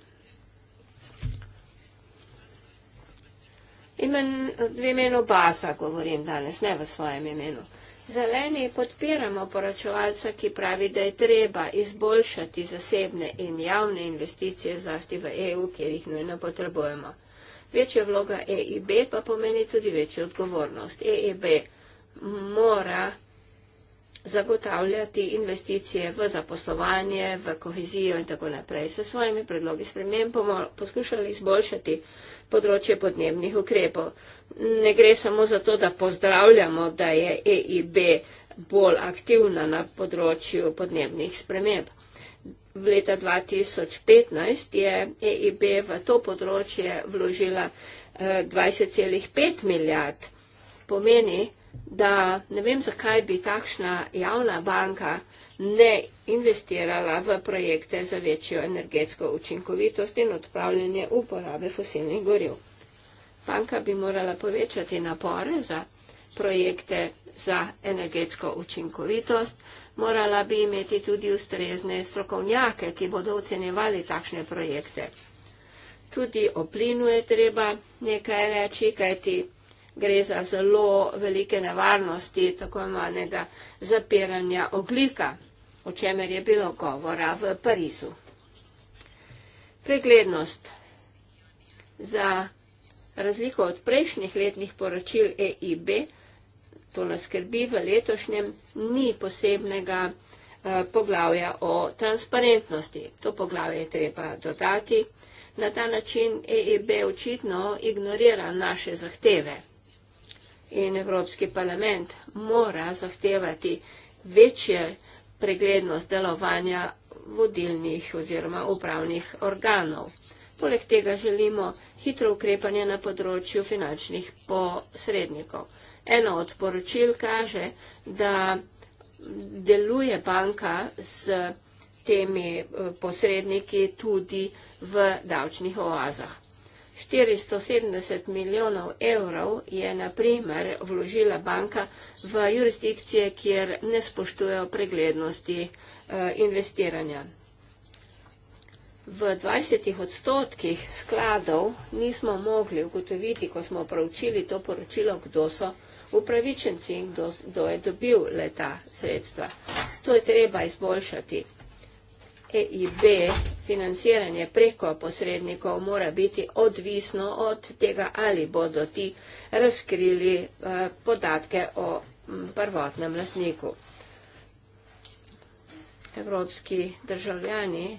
Imen, v imenu Basa govorim danes, ne v svojem imenu. Zeleni podpiramo poročevalca, ki pravi, da je treba izboljšati zasebne in javne investicije zlasti v EU, kjer jih nujno potrebujemo. Večja vloga EIB pa pomeni tudi večjo odgovornost. EIB mora zagotavljati investicije v zaposlovanje, v kohezijo in tako naprej. S svojimi predlogi sprememb bomo poskušali izboljšati področje podnebnih ukrepov. Ne gre samo za to, da pozdravljamo, da je EIB bolj aktivna na področju podnebnih sprememb. V leta 2015 je EIB v to področje vložila 20,5 eh, milijard. Pomeni, da ne vem, zakaj bi takšna javna banka ne investirala v projekte za večjo energetsko učinkovitost in odpravljanje uporabe fosilnih goriv. Banka bi morala povečati napore za projekte za energetsko učinkovitost, morala bi imeti tudi ustrezne strokovnjake, ki bodo ocenjevali takšne projekte. Tudi o plinu je treba nekaj reči, kajti gre za zelo velike nevarnosti tako imenega zapiranja oglika, o čemer je bilo govora v Parizu. Preglednost. Za razliko od prejšnjih letnih poročil EIB, to nas skrbi v letošnjem, ni posebnega eh, poglavja o transparentnosti. To poglavje je treba dodati. Na ta način EIB očitno ignorira naše zahteve in Evropski parlament mora zahtevati večje preglednost delovanja vodilnih oziroma upravnih organov. Poleg tega želimo hitro ukrepanje na področju finančnih posrednikov. Eno od poročil kaže, da deluje banka s temi eh, posredniki tudi v davčnih oazah. 470 milijonov evrov je naprimer vložila banka v jurisdikcije, kjer ne spoštujejo preglednosti eh, investiranja. V 20 odstotkih skladov nismo mogli ugotoviti, ko smo pravčili to poročilo, kdo so upravičenci in kdo, kdo je dobil leta sredstva. To je treba izboljšati stavke i b financiranje preko posrednikov mora biti odvisno od tega, ali bodo ti razkrili eh, podatke o mm, prvotnem lastniku. Evropski državljani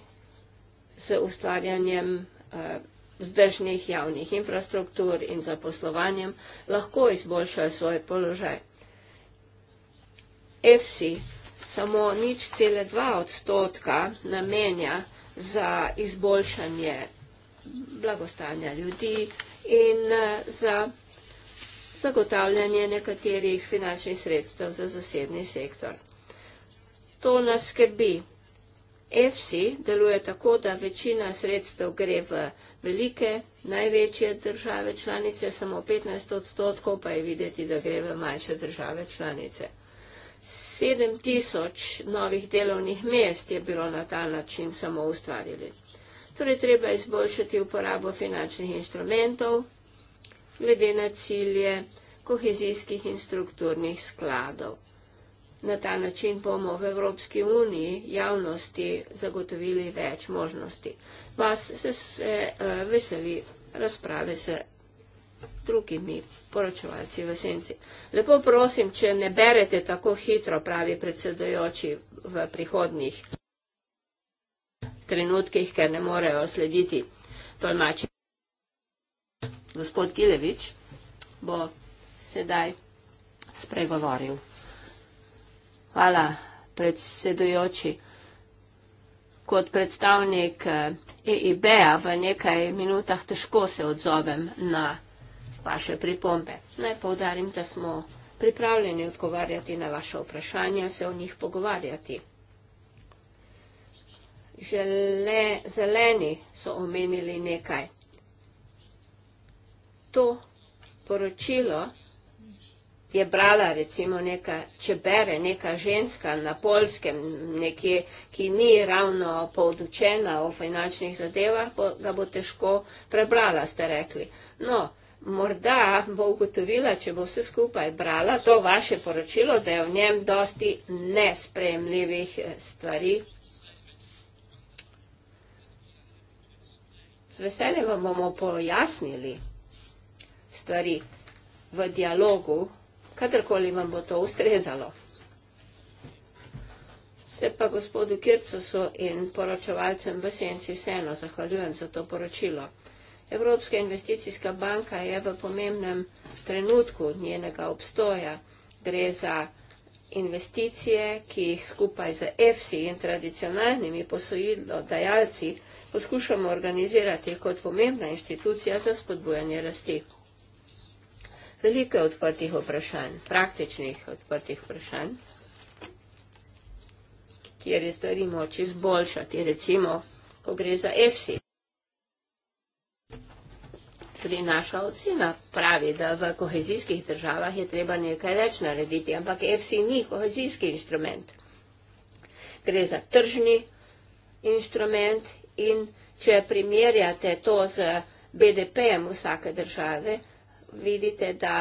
z ustvarjanjem eh, vzdržnih javnih infrastruktur in zaposlovanjem lahko izboljšajo svoj položaj. EFSI samo nič cele dva odstotka namenja za izboljšanje blagostanja ljudi in eh, za zagotavljanje nekaterih finančnih sredstev za zasebni sektor. To nas skrbi. EFSI deluje tako, da večina sredstev gre v velike, največje države članice, samo 15 odstotkov pa je videti, da gre v manjše države članice. 7 tisoč novih delovnih mest je bilo na ta način samo ustvarili. Torej treba izboljšati uporabo finančnih inštrumentov, glede na cilje kohezijskih in strukturnih skladov. Na ta način bomo v Evropski uniji javnosti zagotovili več možnosti. Vas se, se eh, veseli razprave se drugimi poročevalci v senci. Lepo prosim, če ne berete tako hitro, pravi predsedojoči v prihodnih trenutkih, ker ne morejo slediti tolmači. Gospod Kilevič bo sedaj spregovoril. Hvala, predsedujoči. Kot predstavnik EIB-a eh, e v nekaj minutah težko se odzovem na vaše pripombe. Naj povdarim, da smo pripravljeni odgovarjati na vaše vprašanja, se o njih pogovarjati. Žele, zeleni so omenili nekaj. To poročilo je brala recimo neka, če bere neka ženska na polskem, nekje, ki ni ravno poučena o finančnih zadevah, bo, ga bo težko prebrala, ste rekli. No, morda bo ugotovila, če bo vse skupaj brala to vaše poročilo, da je v njem dosti nespremljivih eh, stvari. Z veseljem vam bomo pojasnili stvari v dialogu, kadarkoli vam bo to ustrezalo. Se pa gospodu Kircosu in poročevalcem v senci vseeno zahvaljujem za to poročilo. Evropska investicijska banka je v pomembnem trenutku njenega obstoja. Gre za investicije, ki jih skupaj z EFSI in tradicionalnimi posojilodajalci poskušamo organizirati kot pomembna inštitucija za spodbujanje rasti. Veliko je odprtih vprašanj, praktičnih odprtih vprašanj, kjer je stvari moč izboljšati, recimo, ko gre za EFSI tudi naša ocena pravi, da v kohezijskih državah je treba nekaj več narediti, ampak EFSI ni kohezijski instrument. Gre za tržni instrument in če primerjate to z BDP-em vsake države, vidite, da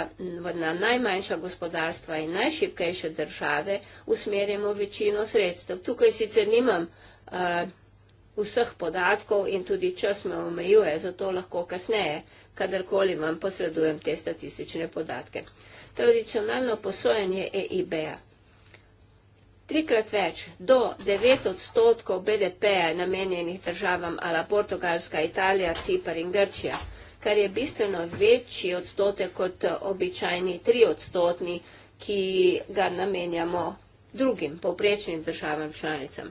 na najmanjša gospodarstva in najšipkejše države usmerjamo večino sredstev. Tukaj sicer nimam uh, vseh podatkov in tudi čas me omejuje, zato lahko kasneje uh, kadarkoli vam posredujem te statistične podatke. Tradicionalno posojanje EIB-a. Trikrat več, do 9 odstotkov BDP-a namenjenih državam, ala Portugalska, Italija, Cipar in Grčija, kar je bistveno večji odstotek kot običajni tri odstotni, ki ga namenjamo drugim povprečnim državam članicam.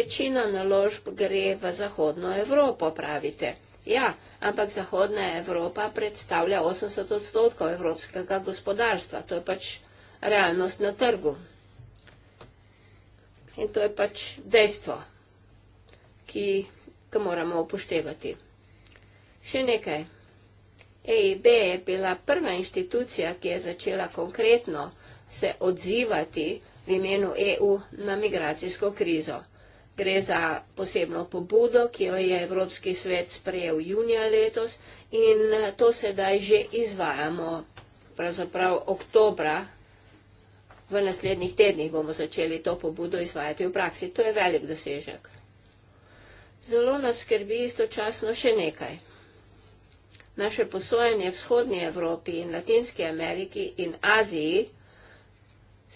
Večina naložb gre v Zahodno Evropo, pravite. Ja, ampak Zahodna Evropa predstavlja 80 odstotkov evropskega gospodarstva. To je pač realnost na trgu. In to je pač dejstvo, ki ga moramo upoštevati. Še nekaj. EIB je bila prva inštitucija, ki je začela konkretno se odzivati v imenu EU na migracijsko krizo. Gre za posebno pobudo, ki jo je Evropski svet sprejel junija letos in eh, to sedaj že izvajamo, pravzaprav oktobra. V naslednjih tednih bomo začeli to pobudo izvajati v praksi. To je velik dosežek. Zelo nas skrbi istočasno še nekaj. Naše posojanje vzhodnji Evropi in Latinski Ameriki in Aziji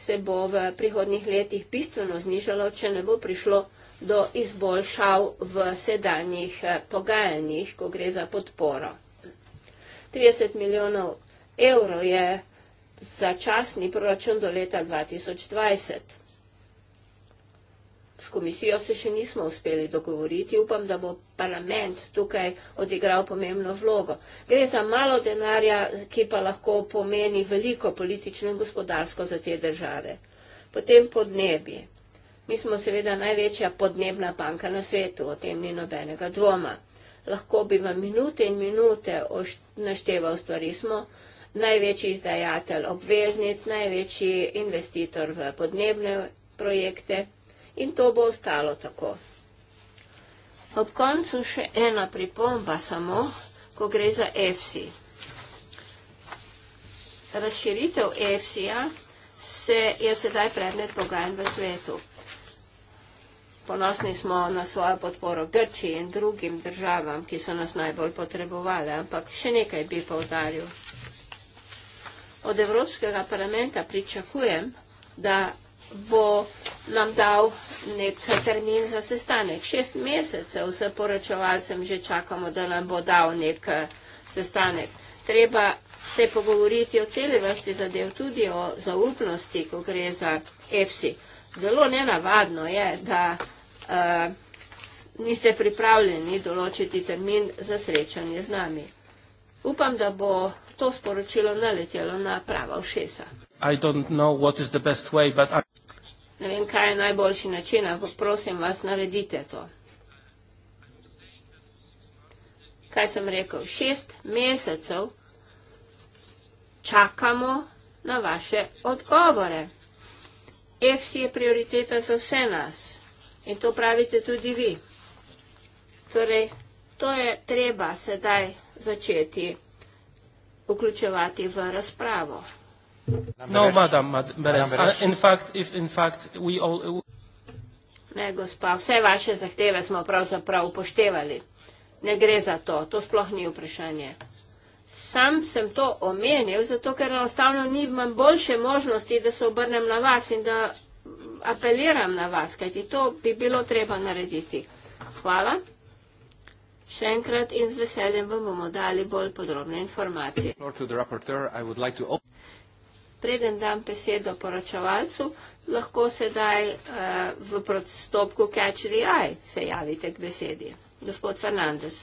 se bo v prihodnih letih bistveno znižalo, če ne bo prišlo do izboljšav v sedanjih eh, pogajanjih, ko gre za podporo. 30 milijonov evrov je začasni proračun do leta 2020. S komisijo se še nismo uspeli dogovoriti, upam, da bo parlament tukaj odigral pomembno vlogo. Gre za malo denarja, ki pa lahko pomeni veliko politično in gospodarsko za te države. Potem podnebje. Mi smo seveda največja podnebna banka na svetu, o tem ni nobenega dvoma. Lahko bi vam minute in minute našteval stvari. Smo največji izdajatelj obveznic, največji investitor v podnebne projekte in to bo ostalo tako. Ob koncu še ena pripomba samo, ko gre za EFSI. Razširitev EFSI-ja je sedaj predmet pogajanj v svetu. Ponosni smo na svojo podporo Grčiji in drugim državam, ki so nas najbolj potrebovali, ampak še nekaj bi povdaril. Od Evropskega parlamenta pričakujem, da bo nam dal nek termin za sestanek. Šest mesecev vse poročevalcem že čakamo, da nam bo dal nek eh, sestanek. Treba se pogovoriti o celi vrsti zadev, tudi o zaupnosti, ko gre za EFSI zelo nenavadno je, da uh, niste pripravljeni določiti termin za srečanje z nami. Upam, da bo to sporočilo naletelo na prava všesa. Way, ne vem, kaj je najboljši način, ampak prosim vas, naredite to. Kaj sem rekel? Šest mesecev čakamo na vaše odgovore. EFS je prioriteta za vse nas in to pravite tudi vi. Torej, to je treba sedaj začeti vključevati v razpravo. No, madam, madam, uh, in fact, if in fact we all... Uh, ne, gospa, vse vaše zahteve smo pravzaprav upoštevali. Ne gre za to, to sploh ni vprašanje. Sam sem to omenil, zato ker enostavno nimam boljše možnosti, da se obrnem na vas in da apeliram na vas, kajti to bi bilo treba narediti. Hvala. Še enkrat in z veseljem vam bomo dali bolj podrobne informacije. Preden dam besedo poročevalcu, lahko sedaj uh, v prostopku Catch the Eye se javite k besedi. Gospod Fernandez.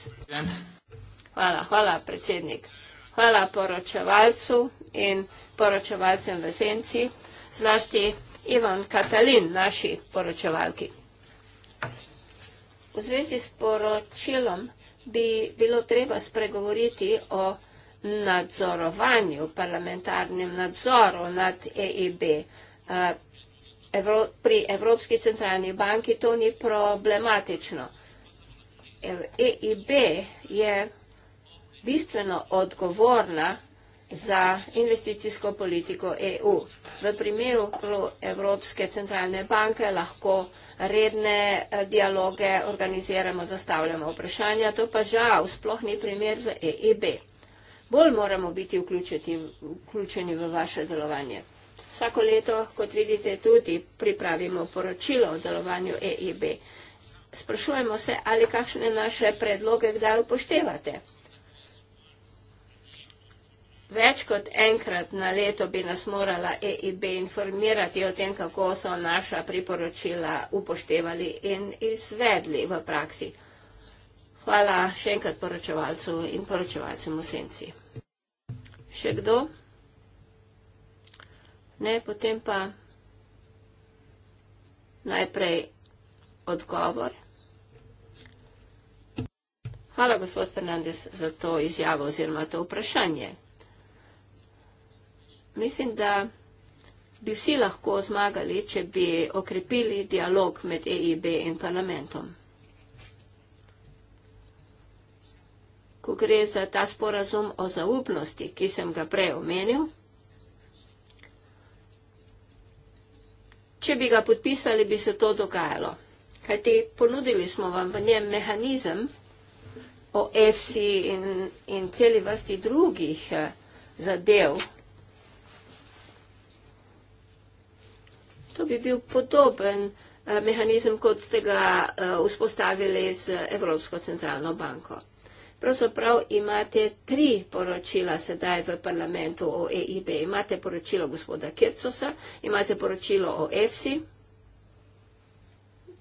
Hvala, hvala, predsednik. Hvala poročevalcu in poročevalcem v senci, zlasti Ivan Katalin, naši poročevalki. V zvezi s poročilom bi bilo treba spregovoriti o nadzorovanju, parlamentarnem nadzoru nad EIB. Eh, pri Evropski centralni banki to ni problematično. EIB je bistveno odgovorna za investicijsko politiko EU. V primeru Evropske centralne banke lahko redne eh, dialoge organiziramo, zastavljamo vprašanja, to pa žal sploh ni primer za EEB. Bolj moramo biti vključeni, vključeni v vaše delovanje. Vsako leto, kot vidite, tudi pripravimo poročilo o delovanju EEB. Sprašujemo se, ali kakšne naše predloge kdaj upoštevate. Več kot enkrat na leto bi nas morala EIB informirati o tem, kako so naša priporočila upoštevali in izvedli v praksi. Hvala še enkrat poročevalcu in poročevalcem v senci. Še kdo? Ne, potem pa najprej odgovor. Hvala, gospod Fernandez, za to izjavo oziroma to vprašanje. Mislim, da bi vsi lahko zmagali, če bi okrepili dialog med EIB in parlamentom. Ko gre za ta sporazum o zaupnosti, ki sem ga prej omenil, če bi ga podpisali, bi se to dogajalo. Kajti ponudili smo vam v njem mehanizem o EFSI in, in celi vrsti drugih eh, zadev, To bi bil podoben eh, mehanizem, kot ste ga eh, vzpostavili z Evropsko centralno banko. Pravzaprav imate tri poročila sedaj v parlamentu o EIB. Imate poročilo gospoda Kircosa, imate poročilo o EFSI,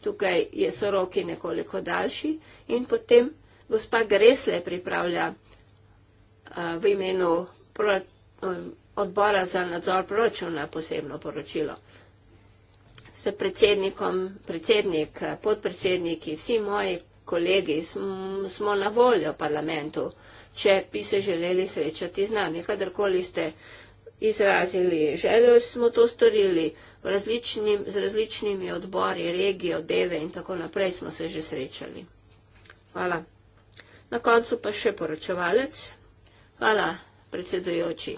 tukaj je so roki nekoliko daljši in potem gospa Gresle pripravlja eh, v imenu odbora za nadzor proračuna posebno poročilo s predsednikom, predsednik, podpredsedniki, vsi moji kolegi smo na voljo v parlamentu, če bi se želeli srečati z nami. Kadarkoli ste izrazili željo, smo to storili različnim, z različnimi odbori, regijo, deve in tako naprej smo se že srečali. Hvala. Na koncu pa še poročevalec. Hvala, predsedujoči.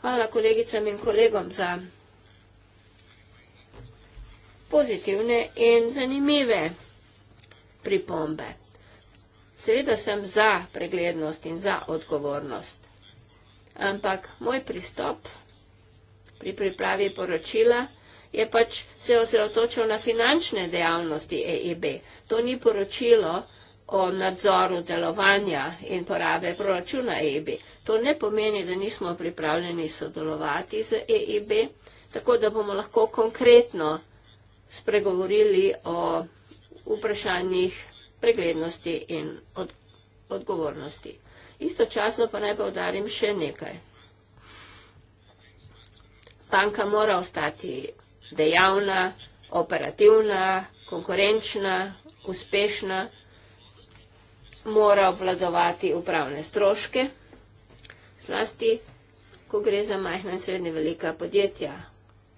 Hvala kolegicam in kolegom za pozitivne in zanimive pripombe. Seveda sem za preglednost in za odgovornost, ampak moj pristop pri pripravi poročila je pač se osredotočil na finančne dejavnosti EIB. To ni poročilo o nadzoru delovanja in porabe proračuna EIB. To ne pomeni, da nismo pripravljeni sodelovati z EIB, tako da bomo lahko konkretno spregovorili o vprašanjih preglednosti in od, odgovornosti. Istočasno pa naj povdarim še nekaj. Banka mora ostati dejavna, operativna, konkurenčna, uspešna, mora obvladovati upravne stroške, zlasti, ko gre za majhna in srednje velika podjetja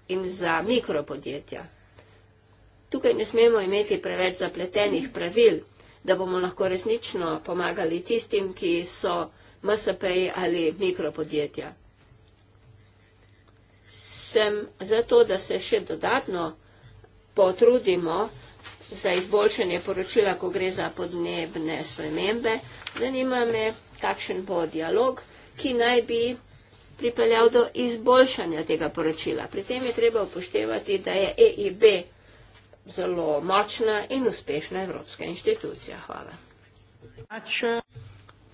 in za mikropodjetja. Tukaj ne smemo imeti preveč zapletenih pravil, da bomo lahko resnično pomagali tistim, ki so MSP ali mikropodjetja. Sem zato, da se še dodatno potrudimo za izboljšanje poročila, ko gre za podnebne spremembe. Zanima me, kakšen bo dialog, ki naj bi pripeljal do izboljšanja tega poročila. Pri tem je treba upoštevati, da je EIB zelo močna in uspešna evropska inštitucija. Hvala.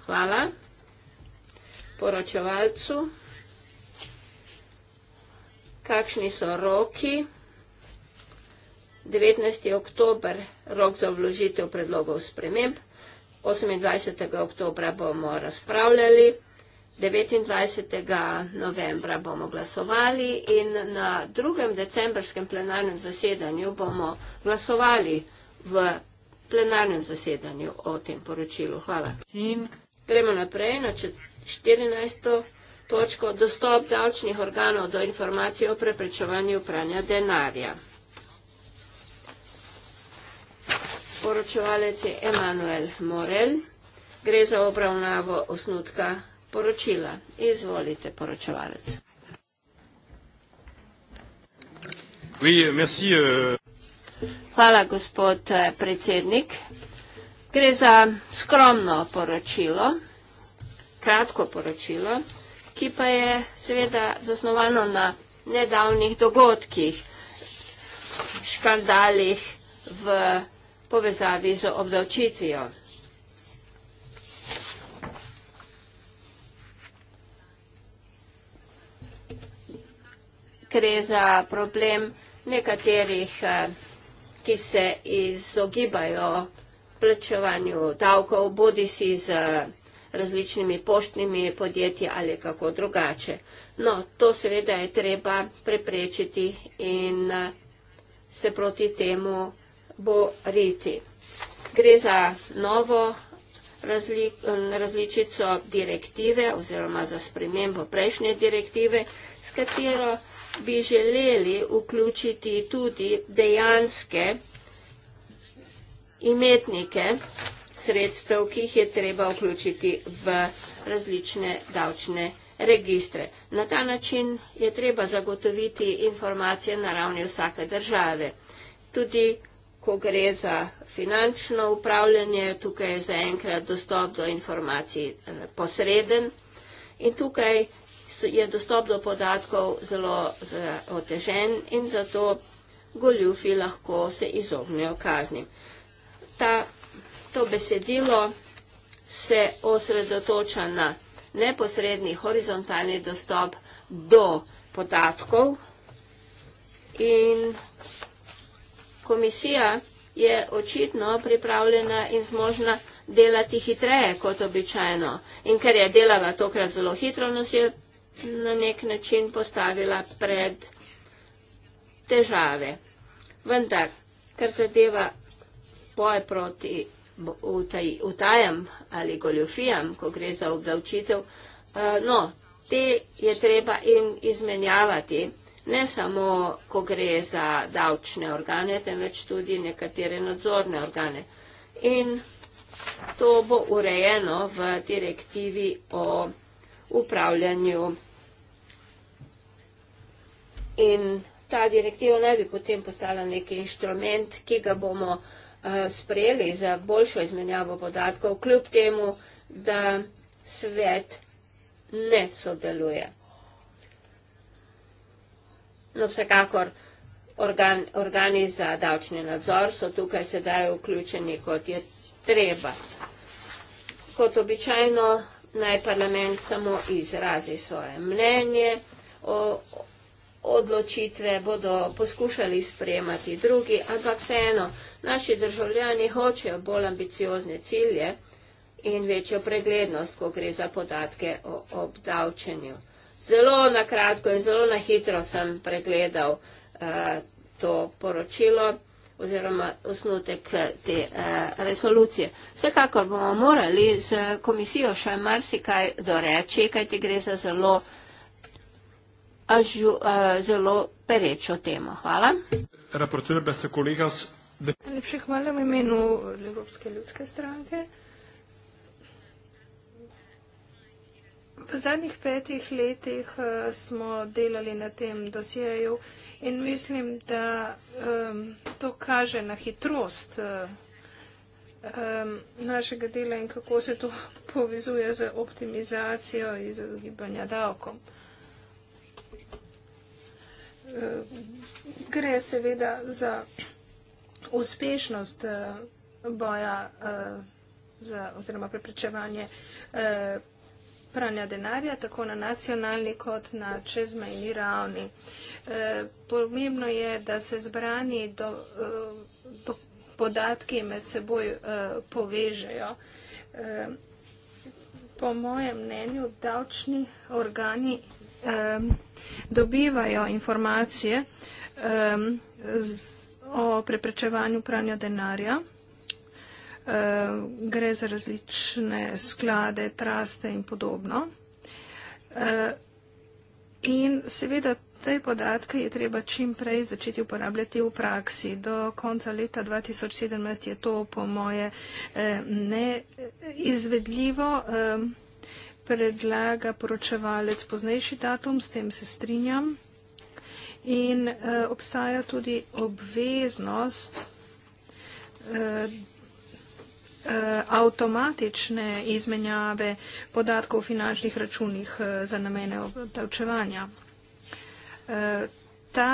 Hvala poročevalcu. Kakšni so roki? 19. oktober rok za vložitev predlogov sprememb. 28. oktobra bomo razpravljali. 29. novembra bomo glasovali in na drugem decembrskem plenarnem zasedanju bomo glasovali v plenarnem zasedanju o tem poročilu. Hvala. In gremo naprej na 14. točko dostop davčnih organov do informacij o preprečevanju pranja denarja. Poročevalec je Emanuel Morel. Gre za obravnavo osnutka poročila. Izvolite, poročevalec. Euh. Hvala, gospod eh, predsednik. Gre za skromno poročilo, kratko poročilo, ki pa je seveda zasnovano na nedavnih dogodkih, škandalih v povezavi z obdavčitvijo. gre za problem nekaterih, eh, ki se izogibajo plačevanju davkov, bodi si z eh, različnimi poštnimi podjetji ali kako drugače. No, to seveda je treba preprečiti in eh, se proti temu boriti. Gre za novo različico direktive oziroma za spremembo prejšnje direktive, s katero bi želeli vključiti tudi dejanske imetnike sredstev, ki jih je treba vključiti v različne davčne registre. Na ta način je treba zagotoviti informacije na ravni vsake države. Tudi, ko gre za finančno upravljanje, tukaj je zaenkrat dostop do informacij eh, posreden. In tukaj je dostop do podatkov zelo otežen in zato goljufi lahko se izognejo kaznim. Ta, to besedilo se osredotoča na neposredni horizontalni dostop do podatkov in komisija je očitno pripravljena in zmožna delati hitreje kot običajno. In ker je delava tokrat zelo hitro, nas je na nek način postavila pred težave. Vendar, kar zadeva boj proti utajam ali goljofijam, ko gre za obdavčitev, eh, no, te je treba in izmenjavati, ne samo, ko gre za davčne organe, temveč tudi nekatere nadzorne organe. In to bo urejeno v direktivi o upravljanju. In ta direktiva naj bi potem postala neki inštrument, ki ga bomo eh, sprejeli za boljšo izmenjavo podatkov, kljub temu, da svet ne sodeluje. No, vsekakor organ, organi za davčni nadzor so tukaj sedaj vključeni, kot je treba. Kot običajno naj parlament samo izrazi svoje mnenje o odločitve, bodo poskušali sprejemati drugi, ampak vseeno, naši državljani hočejo bolj ambiciozne cilje in večjo preglednost, ko gre za podatke o obdavčenju. Zelo na kratko in zelo na hitro sem pregledal uh, to poročilo oziroma osnutek eh, te eh, resolucije. Vsekakor bomo morali z komisijo še marsikaj doreči, kaj ti gre za zelo, ažu, eh, zelo perečo temo. Hvala. Najlepše hvala v imenu Evropske ljudske stranke. V zadnjih petih letih smo delali na tem dosjeju, In mislim, da um, to kaže na hitrost uh, um, našega dela in kako se to (laughs) povezuje z optimizacijo in z gibanja davkom. Uh, gre seveda za uspešnost uh, boja za, oziroma preprečevanje pranja denarja, tako na nacionalni kot na čezmejni ravni. E, pomembno je, da se zbrani do, do e, podatki med seboj e, povežejo. E, po mojem mnenju, davčni organi e, dobivajo informacije e, z, o preprečevanju pranja denarja. Ehm, gre za različne sklade, traste in podobno. Ehm, in seveda te podatke je treba čim prej začeti uporabljati v praksi. Do konca leta 2017 je to po moje ehm, neizvedljivo, predlaga poročevalec poznejši datum, s tem se strinjam. In eh, obstaja tudi obveznost, eh, Eh, avtomatične izmenjave podatkov o finančnih računih eh, za namene obdavčevanja. Eh, ta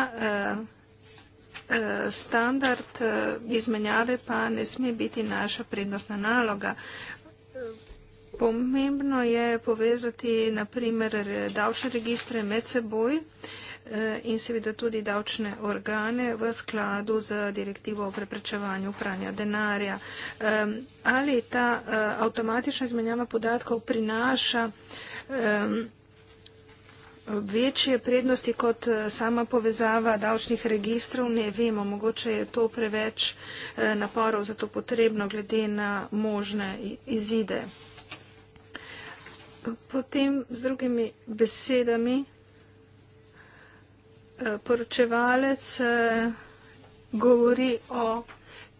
standard izmenjave pa ne sme biti naša prednostna naloga. Pomembno je povezati naprimer davčne registre med seboj, Eh, in seveda tudi davčne organe v skladu z direktivo o preprečevanju pranja denarja. Ali ta eh, avtomatična izmenjava podatkov prinaša večje prednosti kot eh, sama povezava davčnih registrov, ne vemo, mogoče je to preveč naporov, zato potrebno glede na možne izide. Potem z drugimi besedami poročevalec eh, govori o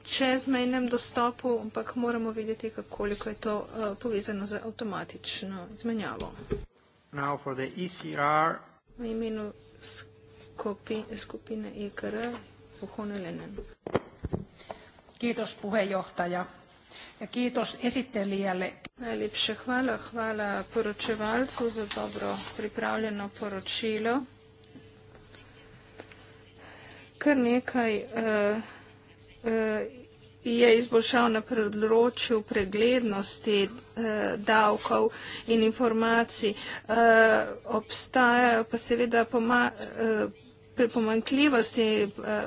čezmejnem dostopu, ampak moramo videti, koliko je to eh, povezano z avtomatično izmenjavo. Now for the ECR. V imenu skupine EKR, Vuhon Lenen. Kiitos puhejohtaja ja kiitos esittelijälle. Najlepše hvala, hvala poročevalcu za dobro pripravljeno poročilo kar nekaj uh, uh, je izboljšal na področju preglednosti uh, davkov in informacij. Uh, obstajajo pa seveda pomagajo. Uh, pomankljivosti, eh,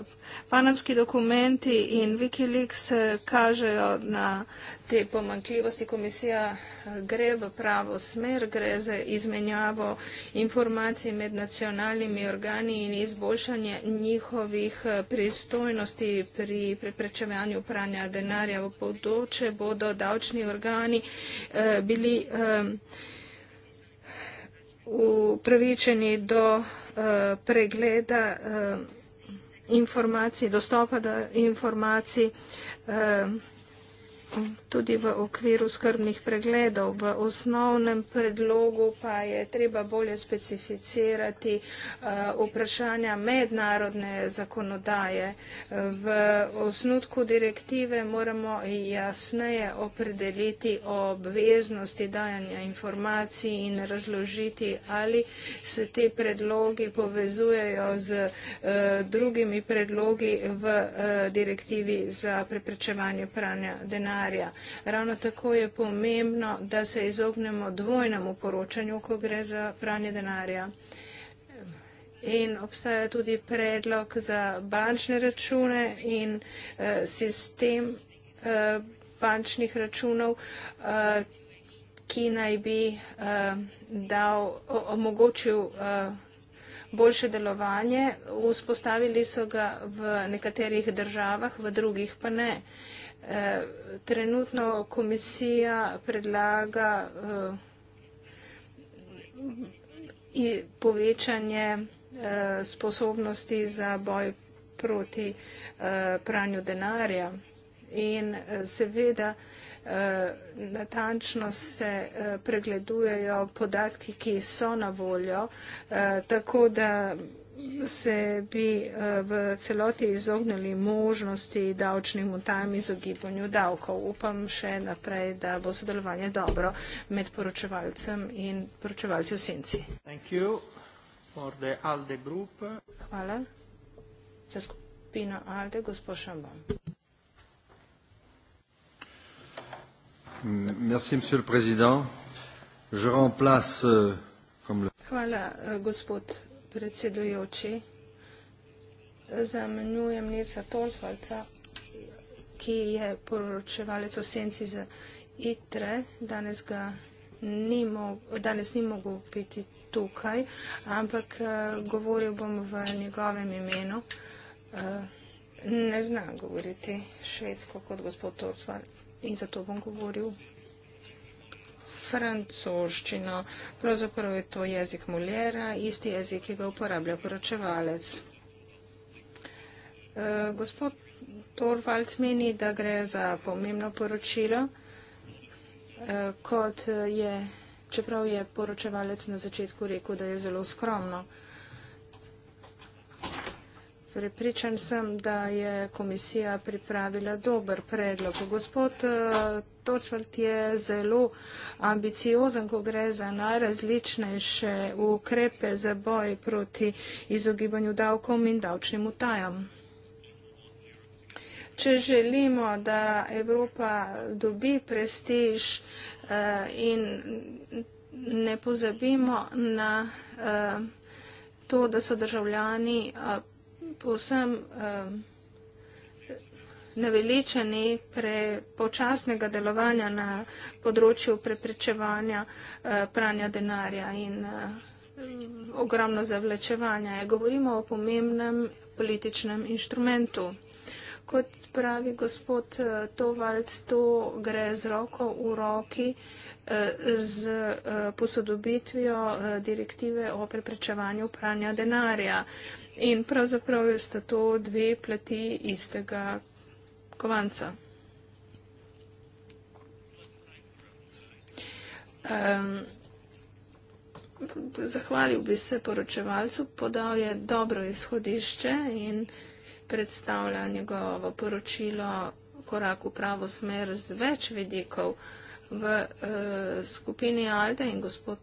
panamski dokumenti in Wikileaks eh, kažejo na te pomankljivosti. Komisija eh, gre v pravo smer, gre za izmenjavo informacij med nacionalnimi organi in izboljšanje njihovih pristojnosti pri preprečevanju pranja denarja. V podoče bodo davčni organi bili upravičeni do Eh, pregleda eh, informacij, dostopa do informacij, eh, tudi v okviru skrbnih pregledov. V osnovnem predlogu pa je treba bolje specificirati eh, vprašanja mednarodne zakonodaje. V osnutku direktive moramo jasneje opredeliti obveznosti dajanja informacij in razložiti, ali se te predlogi povezujejo z eh, drugimi predlogi v eh, direktivi za preprečevanje pranja denarja denarja. Ravno tako je pomembno, da se izognemo dvojnemu poročanju, ko gre za pranje denarja. In obstaja tudi predlog za bančne račune in eh, sistem eh, bančnih računov, eh, ki naj bi dal, omogočil boljše delovanje. Vzpostavili so ga v nekaterih državah, v drugih pa ne. Eh, trenutno komisija predlaga eh, povečanje eh, sposobnosti za boj proti pranju denarja. In seveda natančno se pregledujejo podatki, ki so na voljo, tako da se bi eh, v celoti izognili možnosti davčnih mutajem izogibanju davkov. Upam še naprej, da bo sodelovanje dobro med poročevalcem in poročevalci v senci. Hvala za skupino Alde, gospod Šambon. Merci, monsieur le président. Je remplace, euh, comme le... Voilà, euh, gospod predsedujoči. Zamenjujem Nica Tolsvalca, ki je poročevalec o senci za ITRE. Danes, ga ni mogo, danes ni mogel biti tukaj, ampak eh, govoril bom v njegovem imenu. Eh, ne znam govoriti švedsko kot gospod Tolsvalc in zato bom govoril francoščino. Pravzaprav je to jezik Moljera, isti jezik, ki ga uporablja poročevalec. Eh, gospod Torvald meni, da gre za pomembno poročilo, eh, kot je, čeprav je poročevalec na začetku rekel, da je zelo skromno. Prepričan sem, da je komisija pripravila dober predlog. Gospod eh, Točvrt je zelo ambiciozen, ko gre za najrazličnejše ukrepe za boj proti izogibanju davkom in davčnim utajam. Če želimo, da Evropa dobi prestiž eh, in ne pozabimo na eh, to, da so državljani povsem um, naveličeni prepočasnega delovanja na področju preprečevanja uh, pranja denarja in uh, ogromno zavlečevanja. Ja, govorimo o pomembnem političnem inštrumentu. Kot pravi gospod eh, Tovalc, to gre z roko v roki z posodobitvijo direktive o preprečevanju pranja denarja in pravzaprav sta to dve plati istega kovanca. Um, zahvalil bi se poročevalcu, podal je dobro izhodišče in predstavlja njegovo poročilo korak v pravo smer z več vidikov v uh, skupini Alde in gospod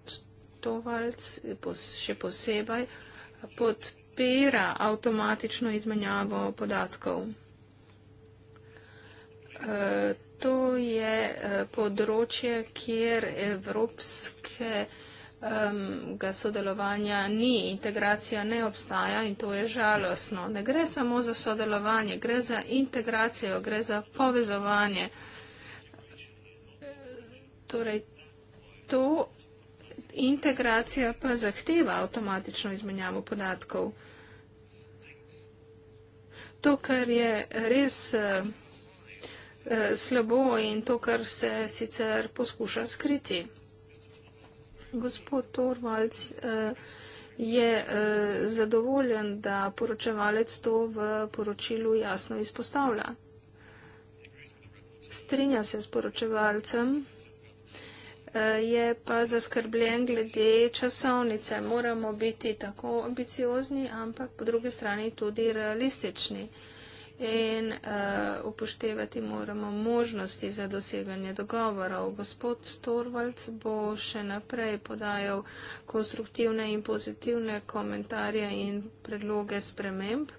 Tovalc še posebej pod podpira avtomatično izmenjavo podatkov. E, to je e, področje, kjer evropske ga sodelovanja ni, integracija ne obstaja in to je žalostno. Ne gre samo za sodelovanje, gre za integracijo, gre za povezovanje. Torej, to integracija pa zahteva avtomatično izmenjavo podatkov to, kar je res eh, eh, slabo in to, kar se sicer poskuša skriti. Gospod Torvalc eh, je zadovoljen, da poročevalec to v poročilu jasno izpostavlja. Strinja se s poročevalcem, Eh, je pa zaskrbljen glede časovnice. Moramo biti tako ambiciozni, ampak po drugi strani tudi realistični in uh, upoštevati moramo možnosti za doseganje dogovorov. Gospod Torvald bo še naprej podajal konstruktivne in pozitivne komentarje in predloge sprememb,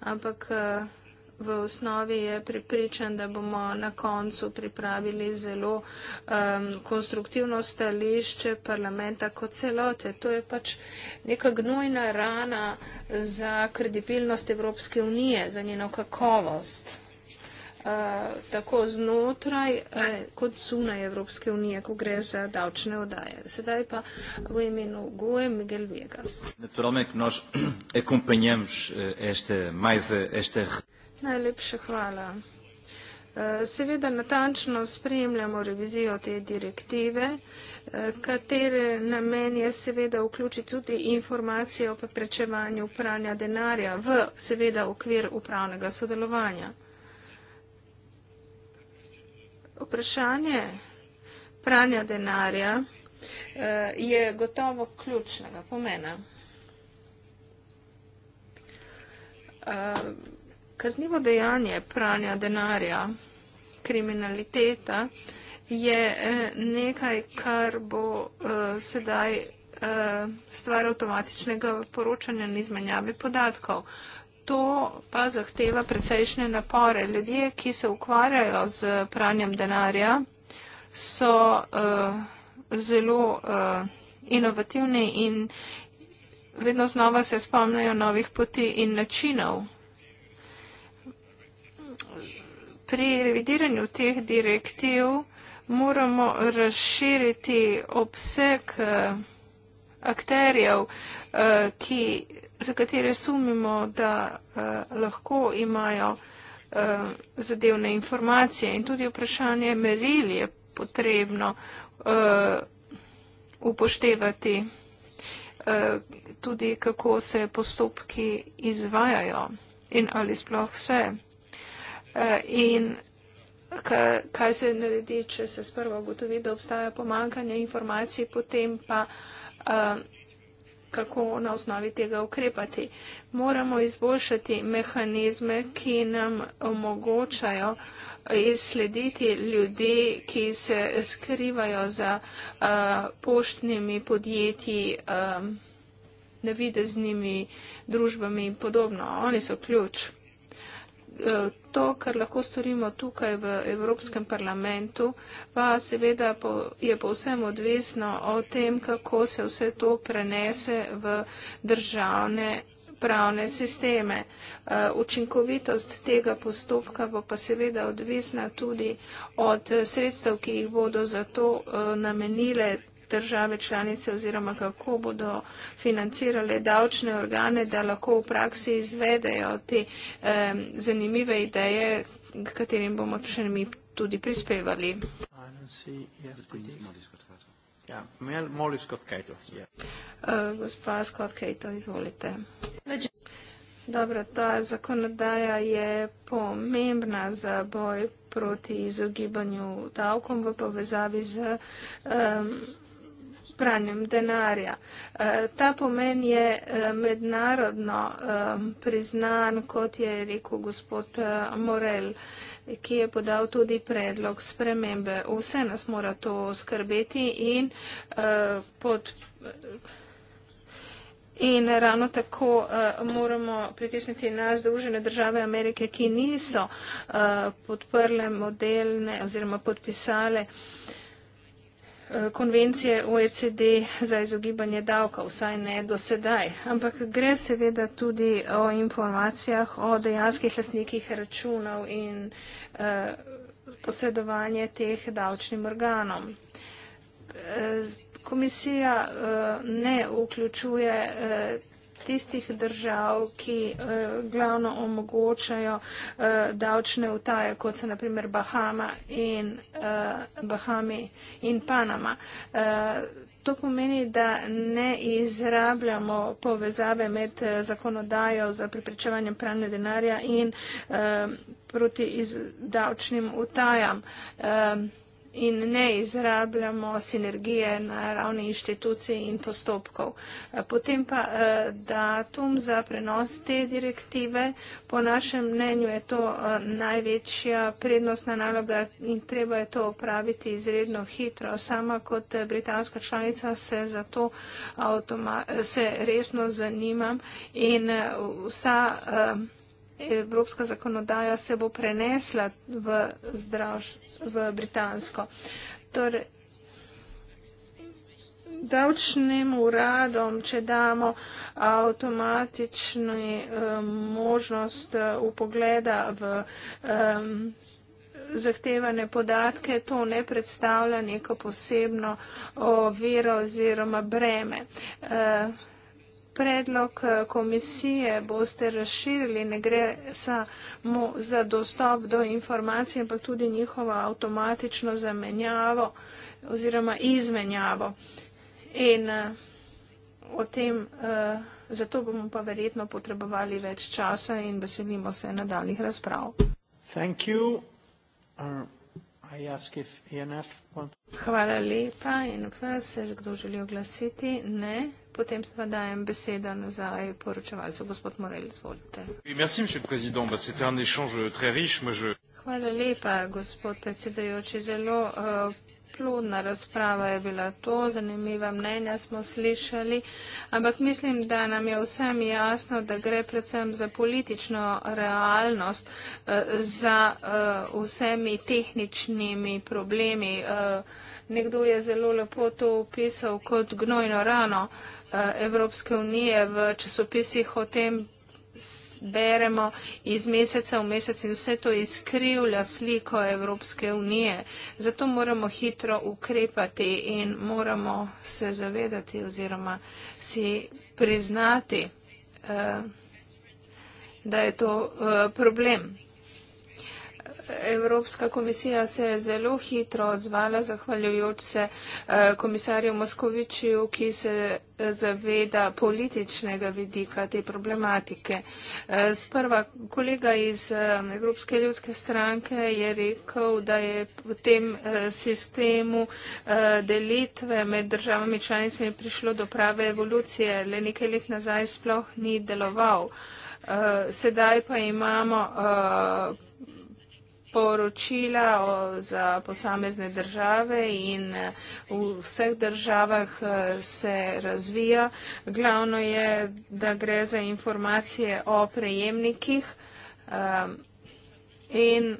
ampak uh, v osnovi je pripričan, da bomo na koncu pripravili zelo um, konstruktivno stališče parlamenta kot celote. To je pač neka gnojna rana za kredibilnost Evropske unije, za njeno kakovost. Uh, tako znotraj eh, kot zunaj Evropske unije, ko gre za davčne odaje. Sedaj pa v imenu Goe Miguel Viegas. Najlepša hvala. Eh, seveda natančno spremljamo revizijo te direktive, eh, katere namen je seveda vključiti tudi informacije o preprečevanju pranja denarja v seveda okvir upravnega sodelovanja. Vprašanje pranja denarja eh, je gotovo ključnega pomena. Kaznivo dejanje pranja denarja, kriminaliteta je eh, nekaj, kar bo uh, sedaj uh, stvar avtomatičnega poročanja in izmenjave podatkov. To pa zahteva precejšnje napore. Ljudje, ki se ukvarjajo z pranjem denarja, so uh, zelo uh, inovativni in vedno znova se spomnijo novih poti in načinov pri revidiranju teh direktiv moramo razširiti obseg eh, akterjev, eh, ki, za katere sumimo, da eh, lahko imajo zadevne informacije in tudi vprašanje meril je potrebno upoštevati tudi, kako se postopki izvajajo in ali sploh vse. Eh, in kaj se naredi, če se sprva ugotovi, da obstaja pomankanje informacij, potem pa eh, kako na osnovi tega ukrepati. Moramo izboljšati mehanizme, ki nam omogočajo izslediti ljudi, ki se skrivajo za uh, poštnimi podjetji, um, navideznimi družbami in podobno. Oni so ključ. Eh, to, kar lahko storimo tukaj v Evropskem parlamentu, pa seveda je povsem odvisno o tem, kako se vse to prenese v državne pravne sisteme. Eh, učinkovitost tega postopka bo pa seveda odvisna tudi od sredstev, ki jih bodo za to eh, namenile države članice oziroma kako bodo financirale davčne organe, da lahko v praksi izvedejo te um, zanimive ideje, k katerim bomo še mi tudi prispevali. Ja, ja. eh, gospa Scott Cato, izvolite. Dobro, ta zakonodaja je pomembna za boj proti izogibanju davkom v povezavi z um, pranjem denarja. Eh, ta pomen je eh, mednarodno eh, priznan, kot je rekel gospod Morel ki je podal tudi predlog spremembe. Vse nas mora to skrbeti in, uh, pod, in ravno tako uh, moramo pritisniti na Združene države Amerike, ki niso uh, podprle modelne oziroma podpisale uh, Eh, konvencije OECD za izogibanje davka, vsaj ne do sedaj. Ampak gre seveda tudi o informacijah o dejanskih lastnikih računov in uh, posredovanje teh davčnim organom. Uh, komisija uh, ne vključuje uh, tistih držav, ki uh, glavno omogočajo uh, davčne utaje, kot so naprimer Bahama in, uh, Bahami in Panama. Uh, to pomeni, da ne izrabljamo povezave med uh, zakonodajo za priprečevanje pranja denarja in uh, proti davčnim utajam. Uh, in ne izrabljamo sinergije na ravni inštitucij in postopkov. Eh, potem pa eh, datum za prenos te direktive, po našem mnenju je to eh, največja prednostna naloga in treba je to opraviti izredno hitro. Sama kot britanska članica se za to se resno zanimam in vsa evropska zakonodaja se bo prenesla v, zdravš, v britansko. Torej, davčnim uradom, če damo avtomatični um, eh, možnost upogleda eh, v um, zahtevane podatke, to ne predstavlja neko posebno oviro oziroma breme. Uh, predlog eh, komisije boste razširili, ne gre samo za dostop do informacij, ampak tudi njihovo avtomatično zamenjavo oziroma izmenjavo. In eh, o tem, eh, zato bomo pa verjetno potrebovali več časa in veselimo se nadaljih razprav. Uh, e Hvala lepa in e vas, kdo želi oglasiti? Ne. Potem pa dajem besedo nazaj poročevalcu, gospod Morel, izvolite. Hvala lepa, gospod predsedajoči. Zelo uh, plodna razprava je bila to, zanimiva mnenja smo slišali, ampak mislim, da nam je vsem jasno, da gre predvsem za politično realnost, uh, za uh, vsemi tehničnimi problemi. Uh, Nekdo je zelo lepo to opisal kot gnojno rano eh, Evropske unije v časopisih o tem beremo iz meseca v mesec in vse to izkrivlja sliko Evropske unije. Zato moramo hitro ukrepati in moramo se zavedati oziroma si priznati, eh, da je to eh, problem. Evropska komisija se je zelo hitro odzvala, zahvaljujoč se eh, komisarju Moskovičju, ki se eh, zaveda političnega vidika te problematike. Eh, sprva kolega iz Evropske ljudske stranke je rekel, da je v tem sistemu delitve med državami članicami prišlo do prave evolucije, le nekaj let nazaj sploh ni deloval. Sedaj pa imamo sporočila o, za posamezne države in eh, v vseh državah eh, se razvija. Glavno je, da gre za informacije o prejemnikih eh, in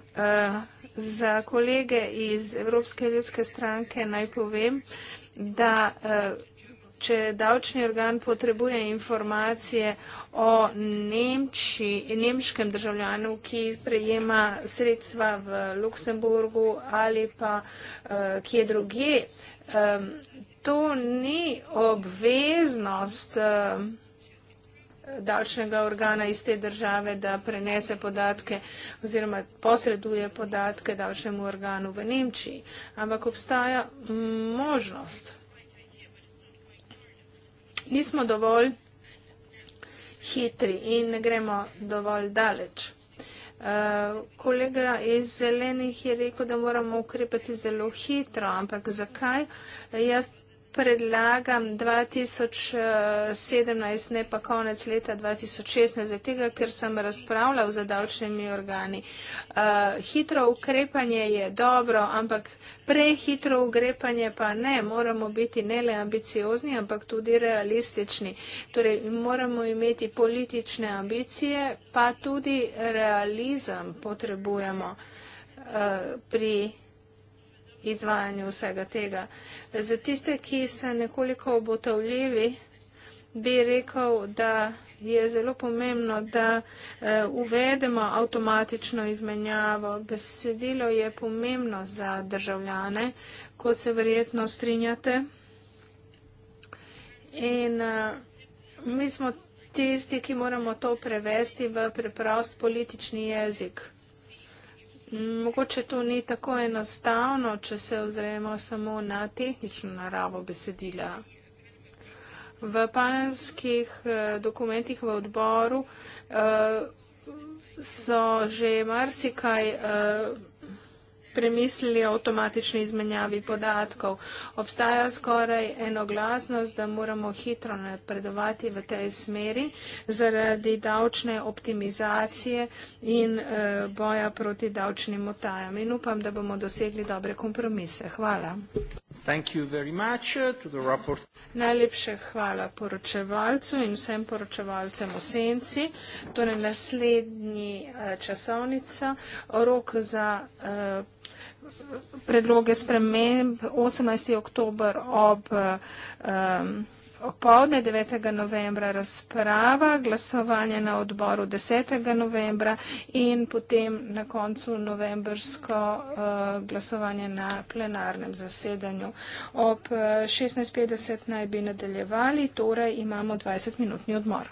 za kolege iz Evropske ljudske stranke naj povem, da če davčni organ potrebuje informacije o Nemči, nemškem državljanu, ki prejema sredstva v Luksemburgu ali pa uh, kje druge, um, to ni obveznost uh, davčnega organa iz te države, da prenese podatke oziroma posreduje podatke davčnemu organu v Nemčiji, ampak obstaja možnost nismo dovolj hitri in ne gremo dovolj daleč. Eh, kolega iz zelenih je rekel, da moramo ukrepati zelo hitro, ampak zakaj? Jaz predlagam 2017, eh, ne pa konec leta 2016, zaradi tega, ker sem razpravljal za davčnimi organi. Eh, hitro ukrepanje je dobro, ampak prehitro ukrepanje pa ne. Moramo biti ne le ambiciozni, ampak tudi realistični. Torej, moramo imeti politične ambicije, pa tudi realizem potrebujemo eh, pri izvajanju vsega tega. Za tiste, ki se nekoliko obotavljivi, bi rekel, da je zelo pomembno, da eh, uvedemo avtomatično izmenjavo. Besedilo je pomembno za državljane, kot se verjetno strinjate. In eh, mi smo tisti, ki moramo to prevesti v preprost politični jezik. Mogoče to ni tako enostavno, če se ozremo samo na tehnično naravo besedila. V panelskih eh, dokumentih v odboru eh, so že marsikaj eh, premislili o avtomatični izmenjavi podatkov. Obstaja skoraj enoglasnost, da moramo hitro napredovati v tej smeri zaradi davčne optimizacije in eh, boja proti davčnim utajam. In upam, da bomo dosegli dobre kompromise. Hvala. Uh, Najlepše hvala poročevalcu in vsem poročevalcem v senci. Torej naslednji uh, časovnica, rok za uh, predloge sprememb 18. oktober ob 18. Um, oktober opovdne 9. novembra razprava, glasovanje na odboru 10. novembra in potem na koncu novembrsko eh, glasovanje na plenarnem zasedanju. Ob 16.50 eh, naj bi nadaljevali, torej imamo 20-minutni odmor.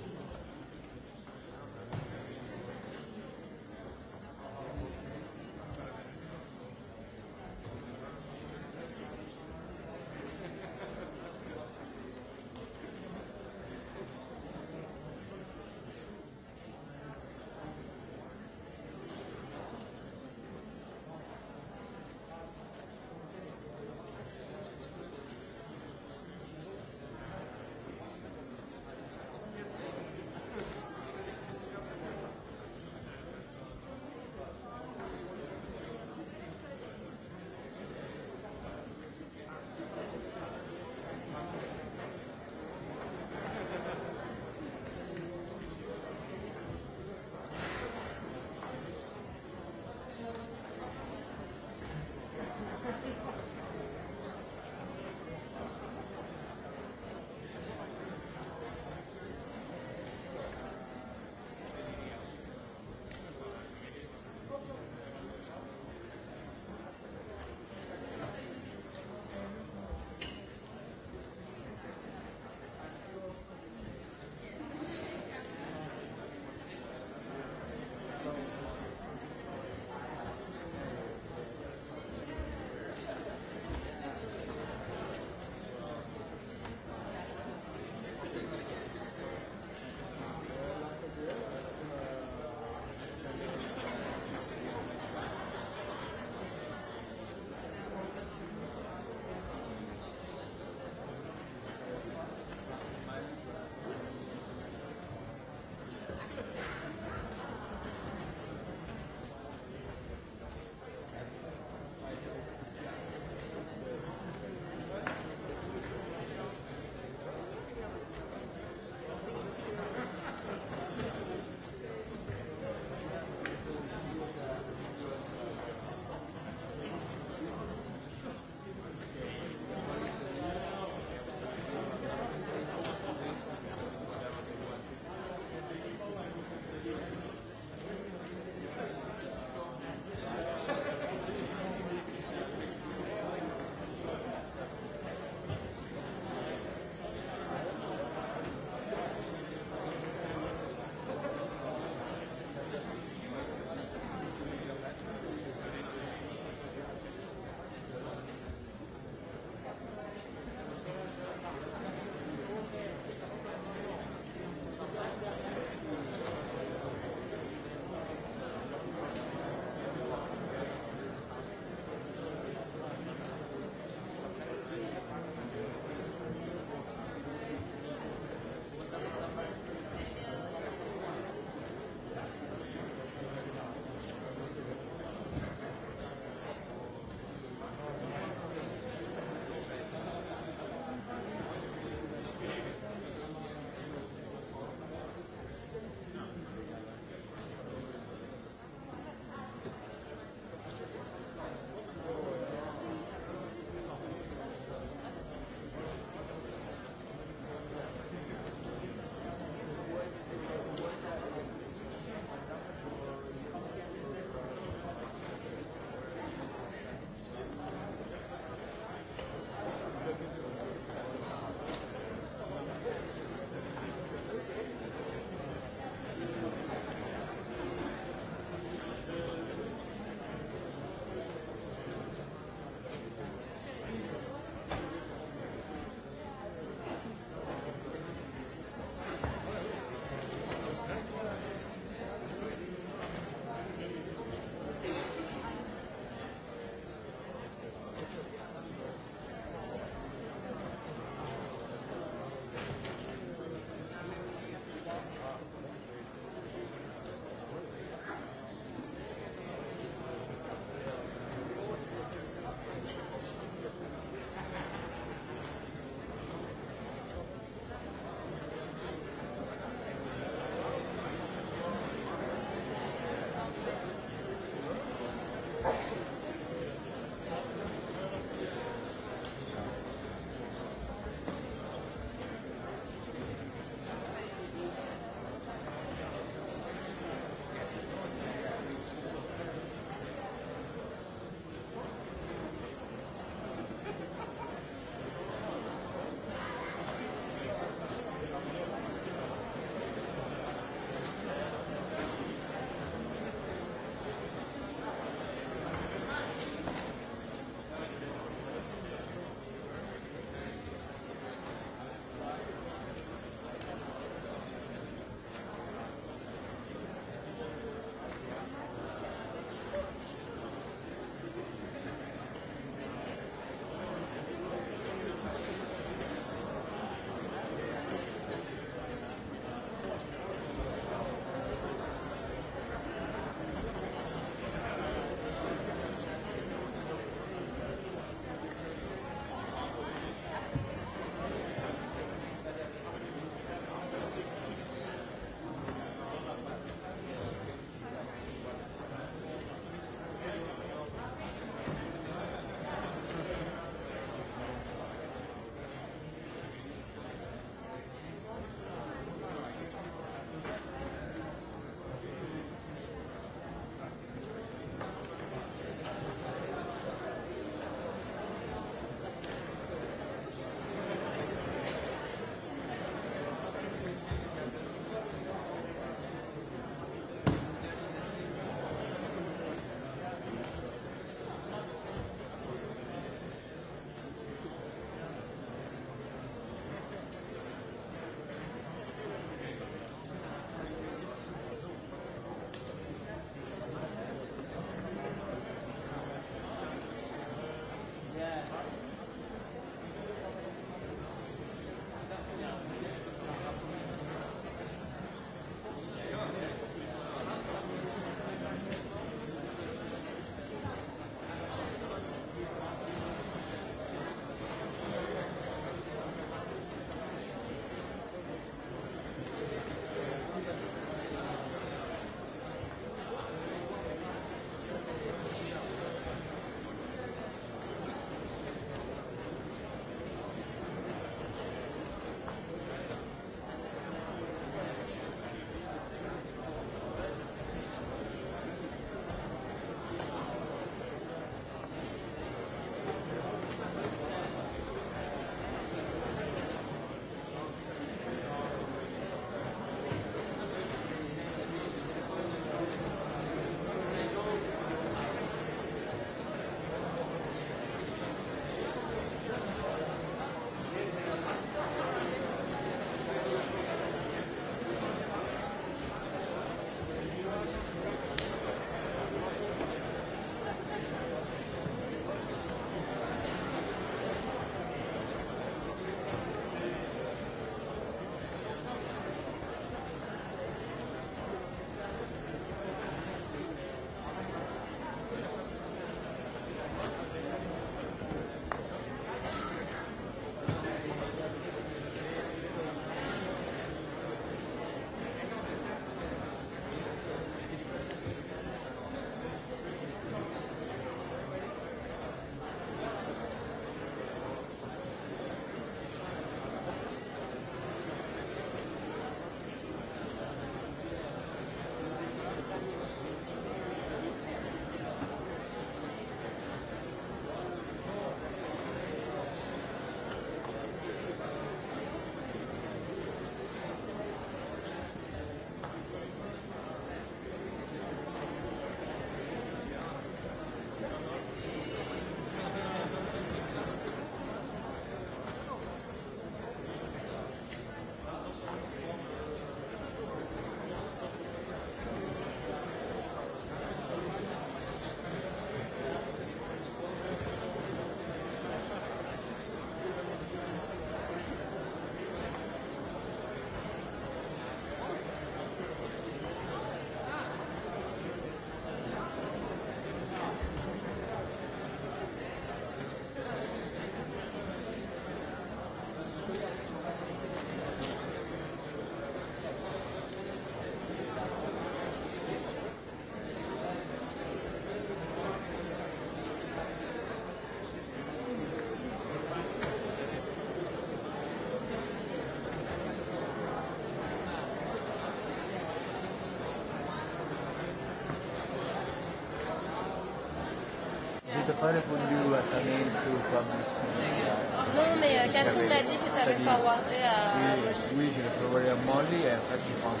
pas répondu à ta mail sous forme de Non, mais euh, Catherine m'a dit que tu avais forwardé à Molly. Oui, oui j'ai forwardé à Molly et en fait, je pense.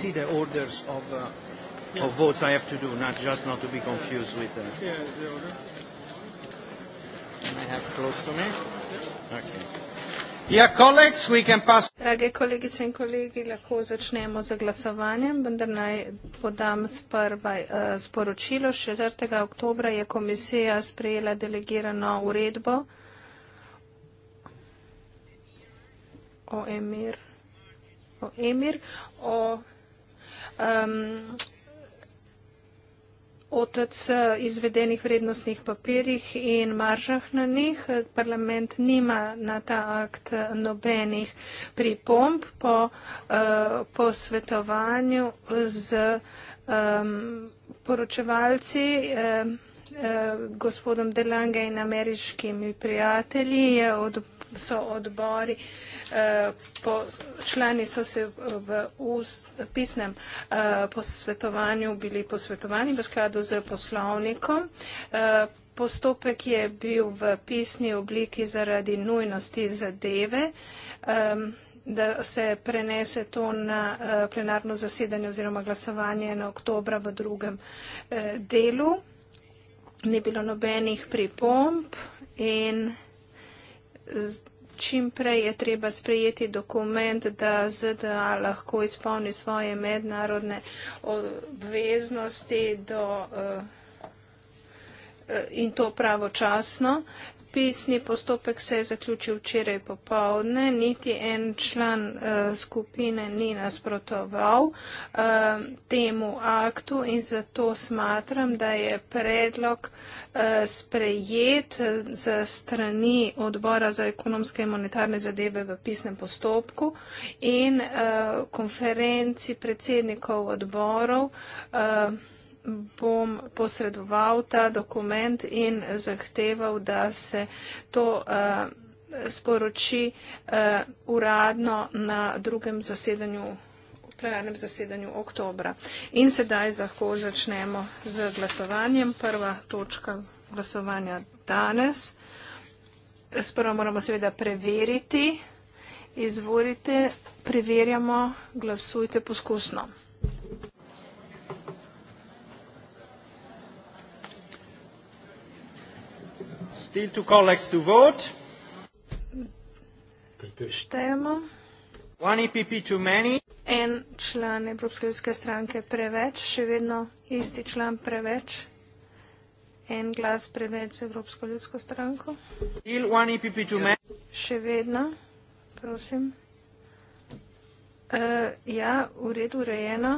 see the orders of uh, yes. of votes I have to do, not just not to be confused with. Uh, yeah, the order. I have close to me. Okay. Ja, kolegs, Drage kolegice in kolegi, lahko začnemo z glasovanjem, vendar naj podam sprvaj, uh, eh, sporočilo. 4. oktober je komisija sprejela delegirano uredbo o emir, o, emir, o um, OTC eh, izvedenih vrednostnih papirjih in maržah na njih. Parlament nima na ta akt eh, nobenih pripomb po uh, posvetovanju z um, poročevalci. Um, gospodom Delange in ameriškimi prijatelji je odprl so odbori, eh, po, člani so se v ust, pisnem eh, posvetovanju bili posvetovani v skladu z poslovnikom. Eh, postopek je bil v pisni obliki zaradi nujnosti zadeve, da se prenese to na plenarno zasedanje oziroma glasovanje na oktobra v drugem delu. Ni bilo nobenih pripomb in čim prej je treba sprejeti dokument, da ZDA lahko izpolni svoje mednarodne obveznosti do, uh, in to pravočasno. Pisni postopek se je zaključil včeraj popovdne, niti en član uh, skupine ni nasprotoval uh, temu aktu in zato smatram, da je predlog uh, sprejet za strani odbora za ekonomske in monetarne zadeve v pisnem postopku in uh, konferenci predsednikov odborov. Uh, bom posredoval ta dokument in zahteval, da se to uh, sporoči uh, uradno na drugem zasedanju, plenarnem zasedanju oktobra. In sedaj lahko začnemo z glasovanjem. Prva točka glasovanja danes. Sprva moramo seveda preveriti. Izvorite, preverjamo, glasujte poskusno. Still two colleagues to vote. Štejemo. One EPP too many. En član Evropske ljudske stranke preveč, še vedno isti član preveč. En glas preveč za Evropsko ljudsko stranko. Still one EPP too many. Še vedno, prosim. Uh, ja, v redu, urejeno.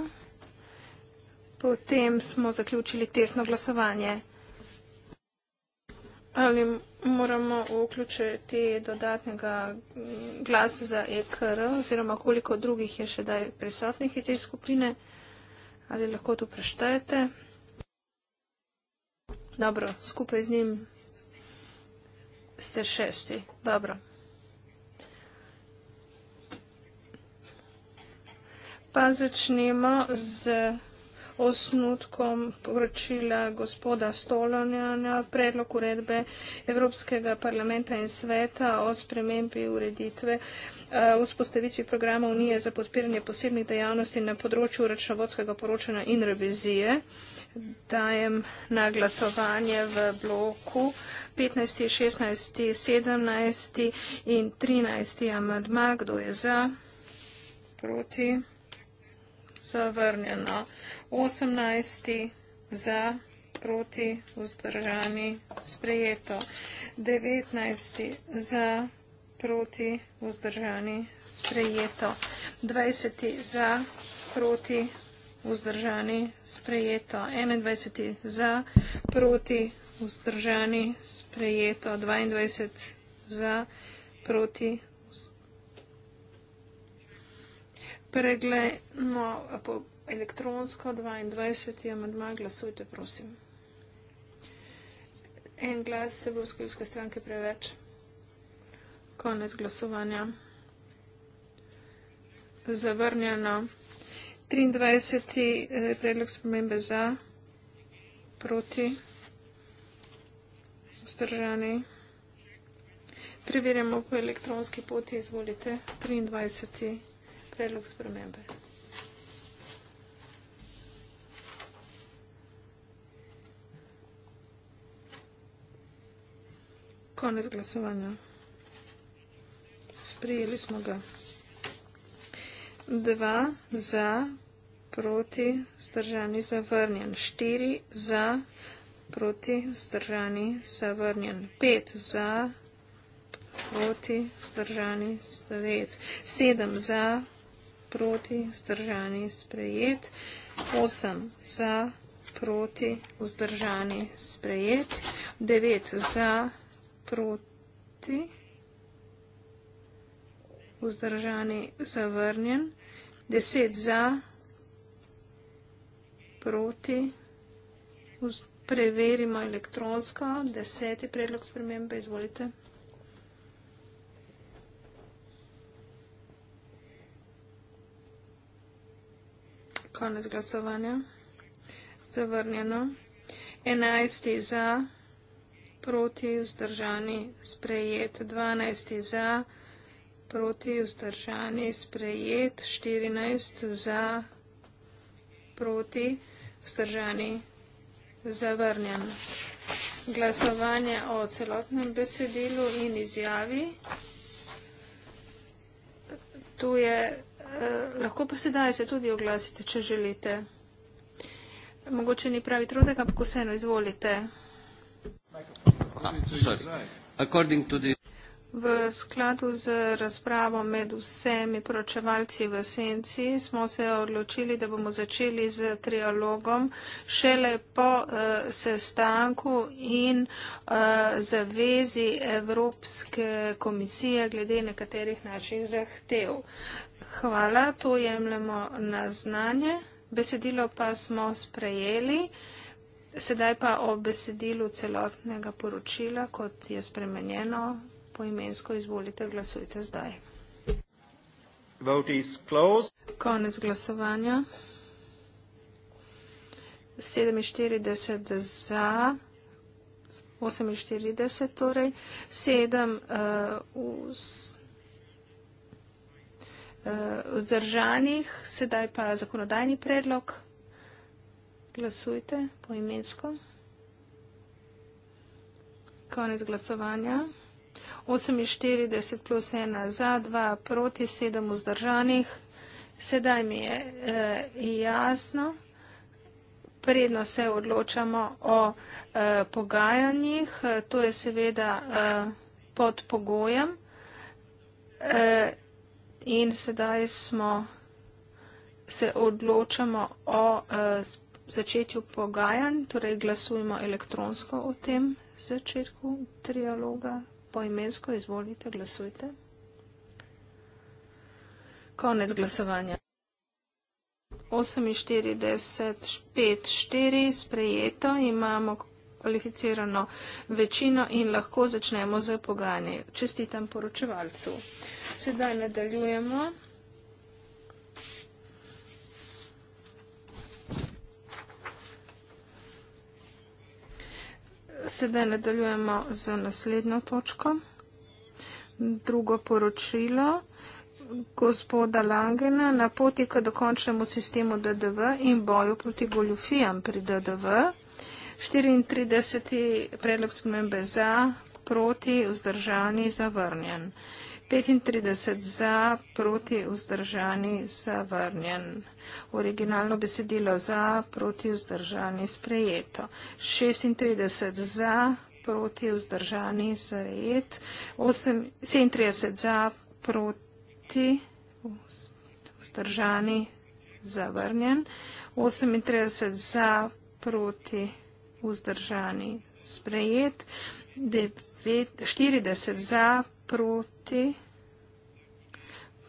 Potem smo zaključili tesno glasovanje. Ali moramo vključiti dodatnega glasa za EKR oziroma koliko drugih je še daj prisotnih iz te skupine? Ali lahko to preštejete? Dobro, skupaj z njim ste šesti. Dobro. Pa začnemo z osnutkom poročila gospoda Stolonja na predlog uredbe Evropskega parlamenta in sveta o spremembi ureditve eh, vzpostavitvi programa Unije za podpiranje posebnih dejavnosti na področju računovodskega poročanja in revizije. Dajem na glasovanje v bloku 15, 16, 17 in 13. amadma. Kdo je za? Proti zavrnjeno. 18 za, proti, vzdržani, sprejeto. 19 za, proti, vzdržani, sprejeto. 20 za, proti, vzdržani, sprejeto. 21 za, proti, vzdržani, sprejeto. 22 za, proti, vzdržani, sprejeto. pregledno po elektronsko 22. amadma. Glasujte, prosim. En glas se bo skljivske stranke preveč. Konec glasovanja. Zavrnjeno. 23. Eh, predlog spomembe za, proti, vzdržani. Preverjamo po elektronski poti, izvolite. 23. predlog spomembe za, proti, vzdržani predlog spremembe. Konec glasovanja. Sprijeli smo ga. Dva za, proti, zdržani, zavrnjen. Štiri za, proti, zdržani, zavrnjen. Pet za, proti, zdržani, zavrnjen. Sedem za, proti, zdržani, zavrnjen proti, vzdržani, sprejet. 8 za, proti, vzdržani, sprejet. 9 za, proti, vzdržani, zavrnjen. 10 za, proti, vzdržani. Preverimo elektronsko, deseti predlog spremembe, izvolite. konec glasovanja. Zavrnjeno. 11 za, proti vzdržani, sprejet. 12 za, proti vzdržani, sprejet. 14 za, proti vzdržani, zavrnjen. Glasovanje o celotnem besedilu in izjavi. Tu je Eh, lahko pa sedaj se tudi oglasite, če želite. Mogoče ni pravi trudek, ampak vseeno izvolite. V skladu z razpravo med vsemi poročevalci v senci smo se odločili, da bomo začeli z trialogom šele po uh, sestanku in uh, zavezi Evropske komisije glede nekaterih naših zahtev. Hvala, to jemljemo na znanje. Besedilo pa smo sprejeli. Sedaj pa o besedilu celotnega poročila, kot je spremenjeno, poimensko izvolite, glasujte zdaj. Konec glasovanja. 47 za, 48 torej, 7 uh, eh, Eh, vzdržanih, sedaj pa zakonodajni predlog. Glasujte poimensko. Konec glasovanja. 48 plus 1 za, 2 proti, 7 vzdržanih. Sedaj mi je eh, jasno, predno se odločamo o eh, pogajanjih, to je seveda eh, pod pogojem. Eh, in sedaj smo, se odločamo o uh, začetju pogajanj, torej glasujemo elektronsko o tem začetku trialoga, poimensko izvolite, glasujte. Konec glasovanja. 48, 5, 4 sprejeto, imamo kvalificirano večino in lahko začnemo z pogajanji. Čestitam poročevalcu. Sedaj nadaljujemo. Sedaj nadaljujemo z naslednjo točko. Drugo poročilo gospoda Langena na poti k dokončnemu sistemu DDV in boju proti goljufijam pri DDV. 34. predlog spremembe za, proti, vzdržani, zavrnjen. 35 za, proti, vzdržani, zavrnjen. Originalno besedilo za, proti, vzdržani, sprejeto. 36 za, proti, vzdržani, zarejet. 37 za, proti, vzdržani, zavrnjen. 38 za, proti, vzdržani vzdržani. Sprejet 40 za proti.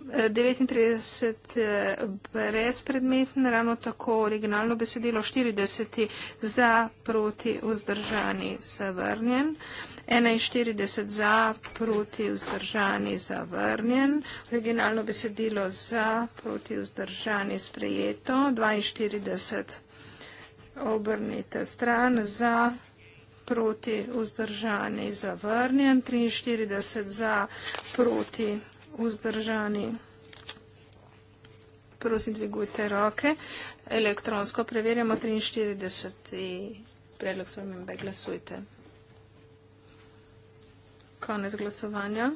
39 eh, eh, brezpredmeten, ravno tako originalno besedilo 40 za proti vzdržani zavrnjen, 41 za proti vzdržani zavrnjen, originalno besedilo za proti vzdržani sprejeto, 42 obrnite stran za, proti vzdržani zavrnjen, 43 za, proti vzdržani prosim dvigujte roke, elektronsko preverjamo 43 predlog svojim in be glasujte. Konec glasovanja.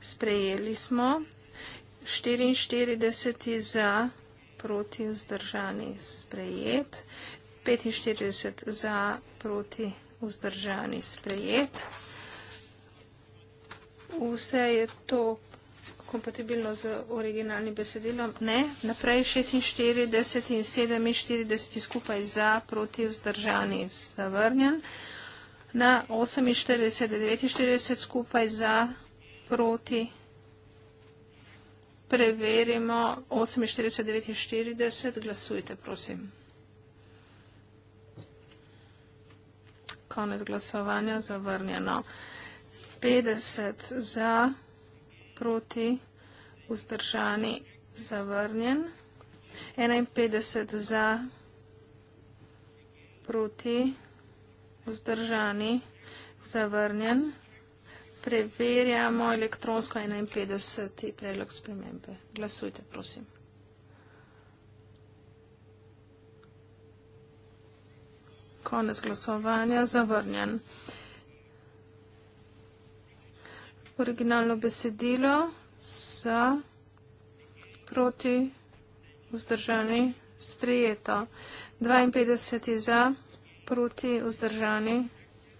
Sprejeli smo 44 za 43 proti vzdržani sprejet, 45 za proti vzdržani sprejet. Vse je to kompatibilno z originalnim besedilom? Ne. Naprej 46 in 47 skupaj za proti vzdržani zavrnjen. Na 48 in 49 skupaj za proti vzdržani preverimo 48-49, glasujte, prosim. Konec glasovanja, zavrnjeno. 50 za, proti, vzdržani, zavrnjen. 51 za, proti, vzdržani, zavrnjen preverjamo elektronsko 51. predlog spremembe. Glasujte, prosim. Konec glasovanja, zavrnjen. Originalno besedilo za proti vzdržani sprijeto. 52 za proti vzdržani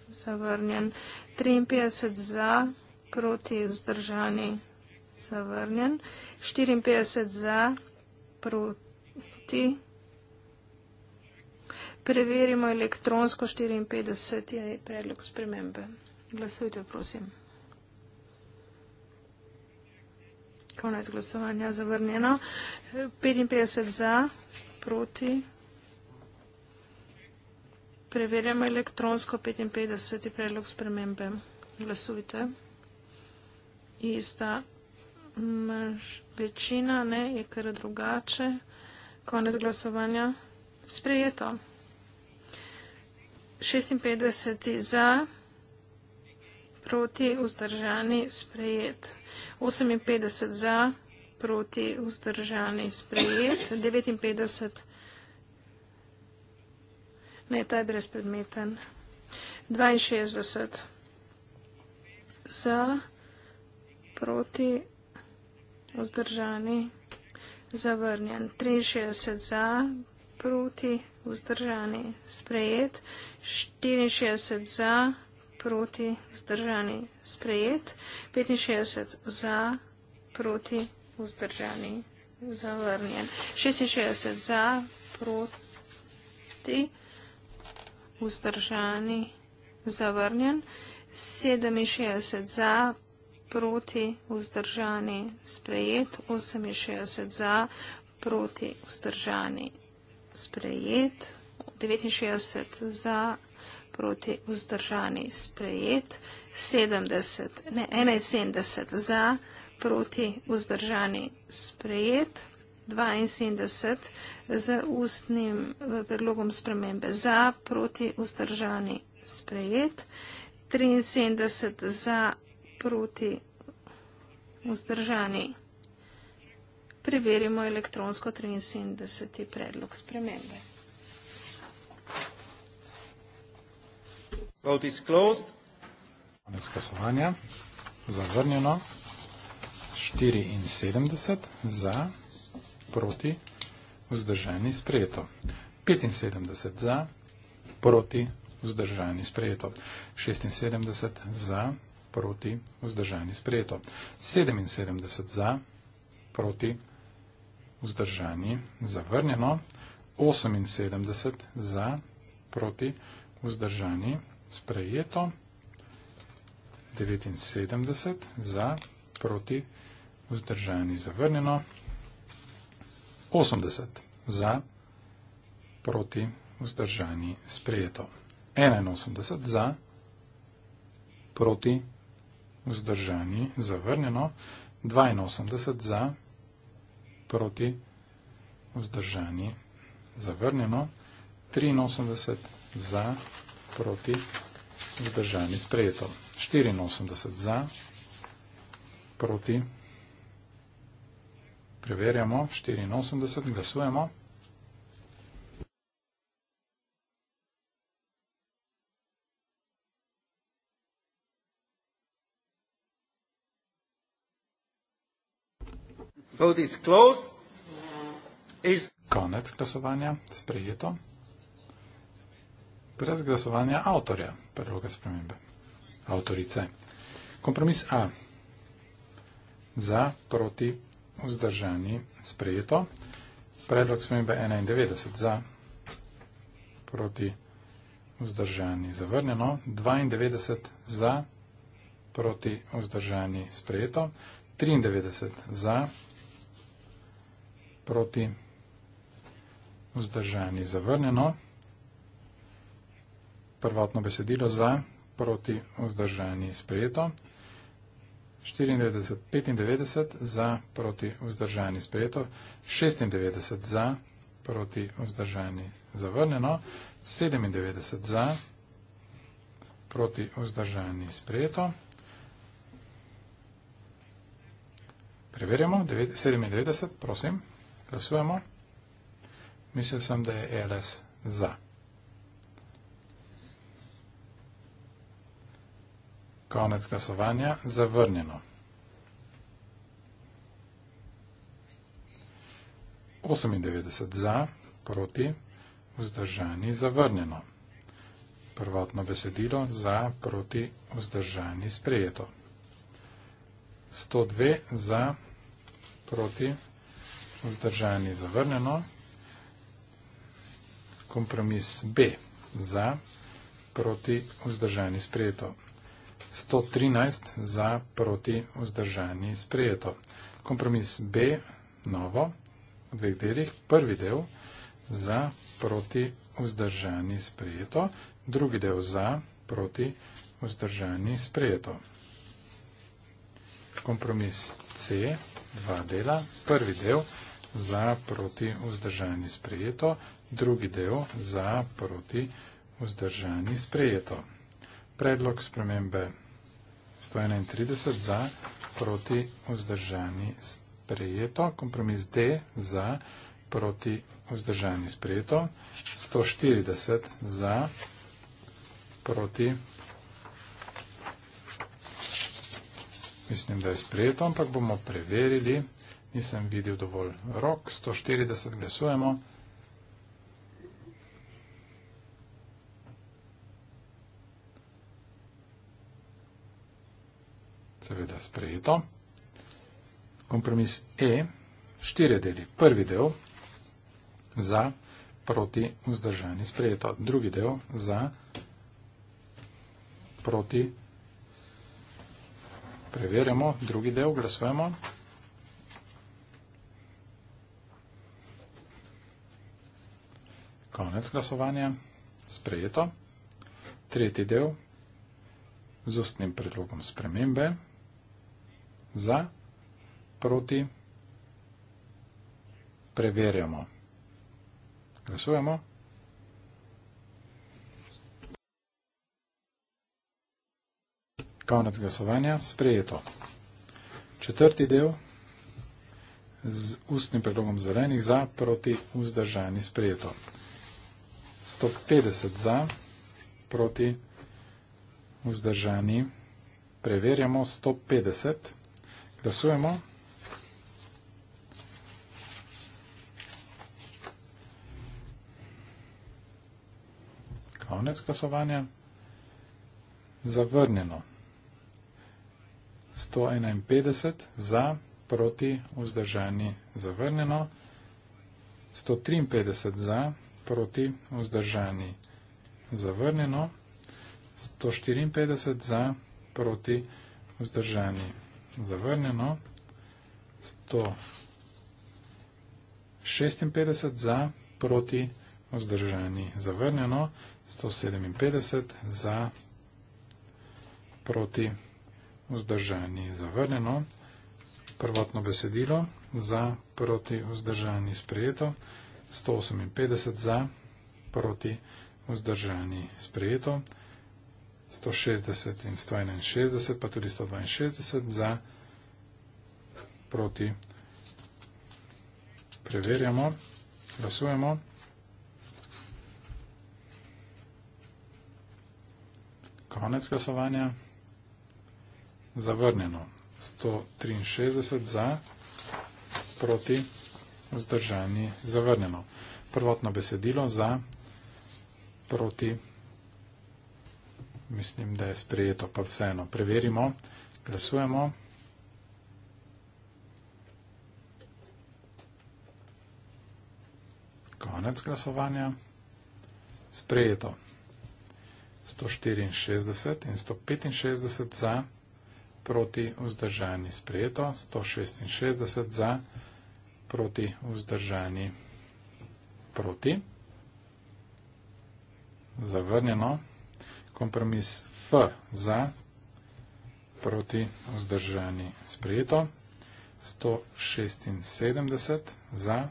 zavrnjen. 53 za, proti vzdržani, zavrnjen. 54 za, proti. Preverimo elektronsko 54 je predlog spremembe. Glasujte, prosim. Konec glasovanja zavrnjeno. 55 za, proti. Preverjamo elektronsko 55. predlog spremembe. Glasujte. Ista mž, večina, ne, je kar drugače. Konec glasovanja. Sprejeto. 56. za, proti, vzdržani, sprejet. 58. za, proti, vzdržani, sprejet. 59. Ne, ta je brezpredmeten. 62. Za, proti, vzdržani, zavrnjen. 63 za, proti, vzdržani, sprejet. 64 za, proti, vzdržani, sprejet. 65 za, proti, vzdržani, zavrnjen. 66 za, proti, vzdržani vzdržani, zavrnjen, 67 za, proti, vzdržani, sprejet, 68 za, proti, vzdržani, sprejet, 69 za, proti, vzdržani, sprejet, 70, ne, 71 za, proti, vzdržani, sprejet. 72 z ustnim eh, predlogom spremembe za proti vzdržani sprejet, 73 za proti vzdržani. Preverimo elektronsko 73. predlog spremembe. Vote is closed. Konec glasovanja. Zavrnjeno. 74 za proti, vzdržani sprejeto. 75 za, proti, vzdržani sprejeto. 76 za, proti, vzdržani sprejeto. 77 za, proti, vzdržani zavrnjeno. 78 za, proti, vzdržani sprejeto. 79 za, proti, vzdržani zavrnjeno. 80 za, proti, vzdržani, sprejeto. 81 za, proti, vzdržani, zavrnjeno. 82 za, proti, vzdržani, zavrnjeno. 83 za, proti, vzdržani, sprejeto. 84 za, proti, vzdržani, sprejeto. Preverjamo, 84, glasujemo. Konec glasovanja, sprejeto. Brez glasovanja avtorja, predloga spremembe, avtorice. Kompromis A. Za, proti, vzdržani sprejeto. Predlog smembe 91 za proti vzdržani zavrnjeno, 92 za proti vzdržani sprejeto, 93 za proti vzdržani zavrnjeno, prvotno besedilo za proti vzdržani sprejeto, 94, 95 za, proti vzdržani sprejeto, 96 za, proti vzdržani zavrnjeno, 97 za, proti vzdržani sprejeto. Preverjamo, 97, prosim, glasujemo. Mislil sem, da je LS za. Konec glasovanja. Zavrnjeno. 98 za, proti, vzdržani, zavrnjeno. Prvotno besedilo za, proti, vzdržani, sprejeto. 102 za, proti, vzdržani, zavrnjeno. Kompromis B za, proti, vzdržani, sprejeto. 103 za, proti, vzdržani, sprejeto. 113 za proti vzdržanji sprejeto. Kompromis B, novo, v dveh delih, prvi del za proti vzdržanji sprejeto, drugi del za proti vzdržanji sprejeto. Kompromis C, dva dela, prvi del za proti vzdržanji sprejeto, drugi del za proti vzdržanji sprejeto. Predlog spremembe 131 za, proti vzdržani sprejeto, kompromis D za, proti vzdržani sprejeto, 140 za, proti, mislim, da je sprejeto, ampak bomo preverili, nisem videl dovolj rok, 140 glasujemo, 140 za, proti vzdržani sprejeto, seveda sprejeto. Kompromis E, štiri deli. Prvi del za proti vzdržani sprejeto. Drugi del za proti. Preverjamo, drugi del, glasujemo. Konec glasovanja, sprejeto. Tretji del z ustnim predlogom spremembe za, proti, preverjamo. Glasujemo. Konec glasovanja, sprejeto. Četrti del z ustnim predlogom zelenih za, proti, vzdržani, sprejeto. 150 za, proti, vzdržani, preverjamo 150 za. Glasujemo. Konec glasovanja. Zavrnjeno. 151 za, proti, vzdržani, zavrnjeno. 153 za, proti, vzdržani, zavrnjeno. 154 za, proti, vzdržani, zavrnjeno zavrnjeno, 156 za, proti, vzdržani, zavrnjeno, 157 za, proti, vzdržani, zavrnjeno, prvotno besedilo, za, proti, vzdržani, sprejeto, 158 za, proti, vzdržani, sprejeto, 158 za, proti, vzdržani, sprejeto, 160 in 161, pa tudi 162 za proti. Preverjamo, glasujemo. Konec glasovanja. Zavrnjeno. 163 za, proti, vzdržani, zavrnjeno. Prvotno besedilo za, proti, vzdržani. Mislim, da je sprejeto, pa vseeno preverimo. Glasujemo. Konec glasovanja. Sprejeto. 164 in 165 za, proti vzdržani sprejeto, 166 za, proti vzdržani proti, zavrnjeno kompromis F za, proti vzdržani sprejeto, 176 za,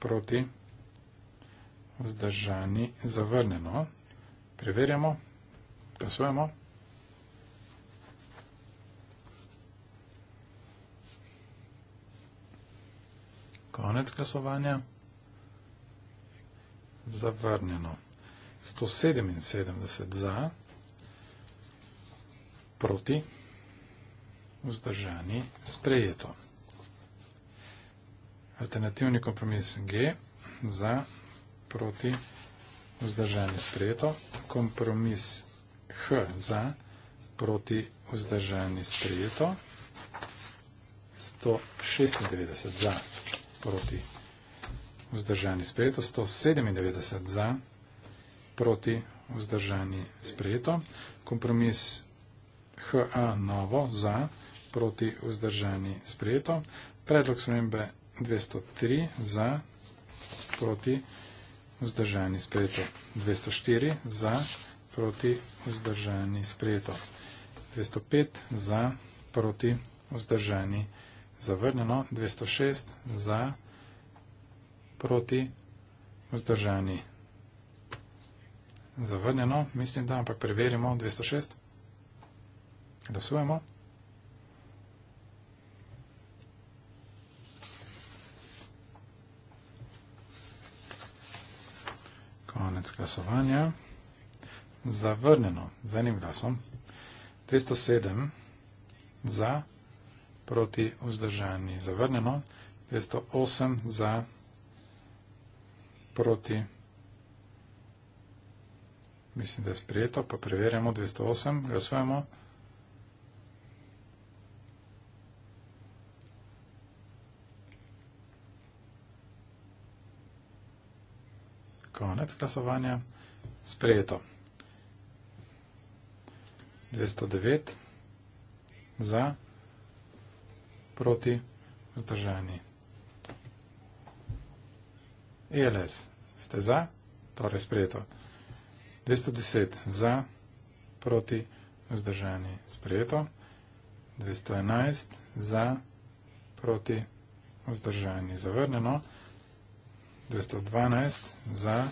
proti vzdržani zavrneno. Preverjamo, tasujemo. Konec glasovanja. Zavrneno. 177 za, proti, vzdržani, sprejeto. Alternativni kompromis G, za, proti, vzdržani, sprejeto. Kompromis H, za, proti, vzdržani, sprejeto. 196 za, proti, vzdržani, sprejeto. 197 za, proti, vzdržani, sprejeto proti vzdržani sprejeto. Kompromis HA novo za proti vzdržani sprejeto. Predlog spremembe 203 za proti vzdržani sprejeto. 204 za proti vzdržani sprejeto. 205 za proti vzdržani zavrnjeno. 206 za proti vzdržani sprejeto. Zavrnjeno, mislim, da ampak preverimo 206. Glasujemo. Konec glasovanja. Zavrnjeno, z enim glasom. 207 za, proti vzdržani zavrnjeno. 208 za, proti vzdržani. Mislim, da je sprijeto, pa preverjamo 208, glasujemo. Konec glasovanja, sprijeto. 209 za, proti, vzdržani. ELS, ste za? Torej sprijeto. 210 za, proti, vzdržani, sprejeto. 211 za, proti, vzdržani, zavrnjeno. 212 za,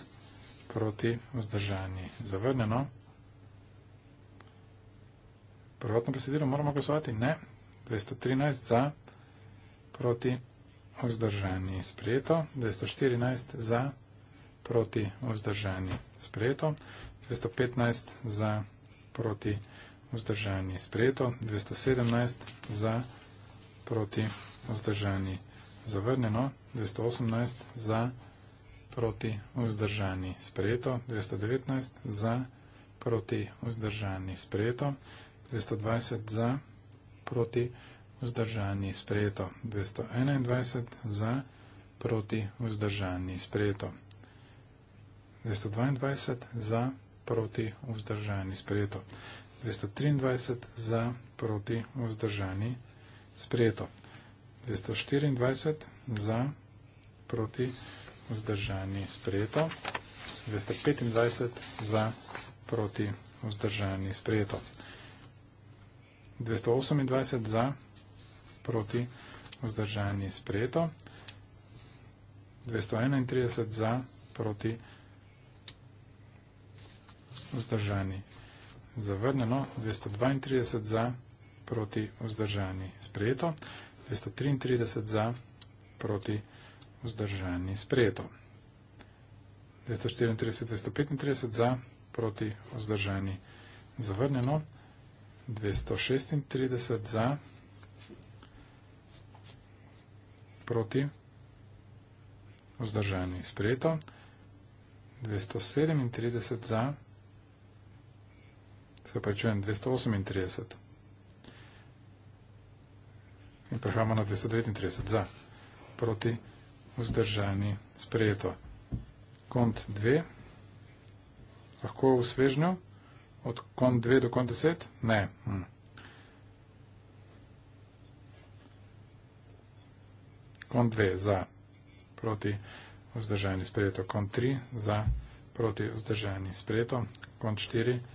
proti, vzdržani, zavrnjeno. Prvotno presedilo moramo glasovati ne. 213 za, proti, vzdržani, sprejeto. 214 za, proti, vzdržani, zavrnjeno proti vzdržani sprejeto, 215 za proti vzdržani sprejeto, 217 za proti vzdržani zavrnjeno, 218 za proti vzdržani sprejeto, 219 za proti vzdržani sprejeto, 220 za proti vzdržani sprejeto, 221 za proti vzdržani sprejeto. 222 za, proti, vzdržani, sprejeto. 223 za, proti, vzdržani, sprejeto. 224 za, proti, vzdržani, sprejeto. 225 za, proti, vzdržani, sprejeto. 228 za, proti, vzdržani, sprejeto. 231 za, proti, vzdržani, sprejeto vzdržani. Zavrnjeno 232 za, proti vzdržani. Sprejeto 233 za, proti vzdržani. Sprejeto 234, 235 za, proti vzdržani. Zavrnjeno 236 za, proti vzdržani. Sprejeto 237 za, proti vzdržani se pravi, 238. In prehajamo na 239 za, proti vzdržani sprejeto. Kont 2, lahko v svežnju, od kont 2 do kont 10? Ne. Hm. Kont 2 za, proti vzdržani sprejeto. Kont 3 za, proti vzdržani sprejeto. Kont 4 za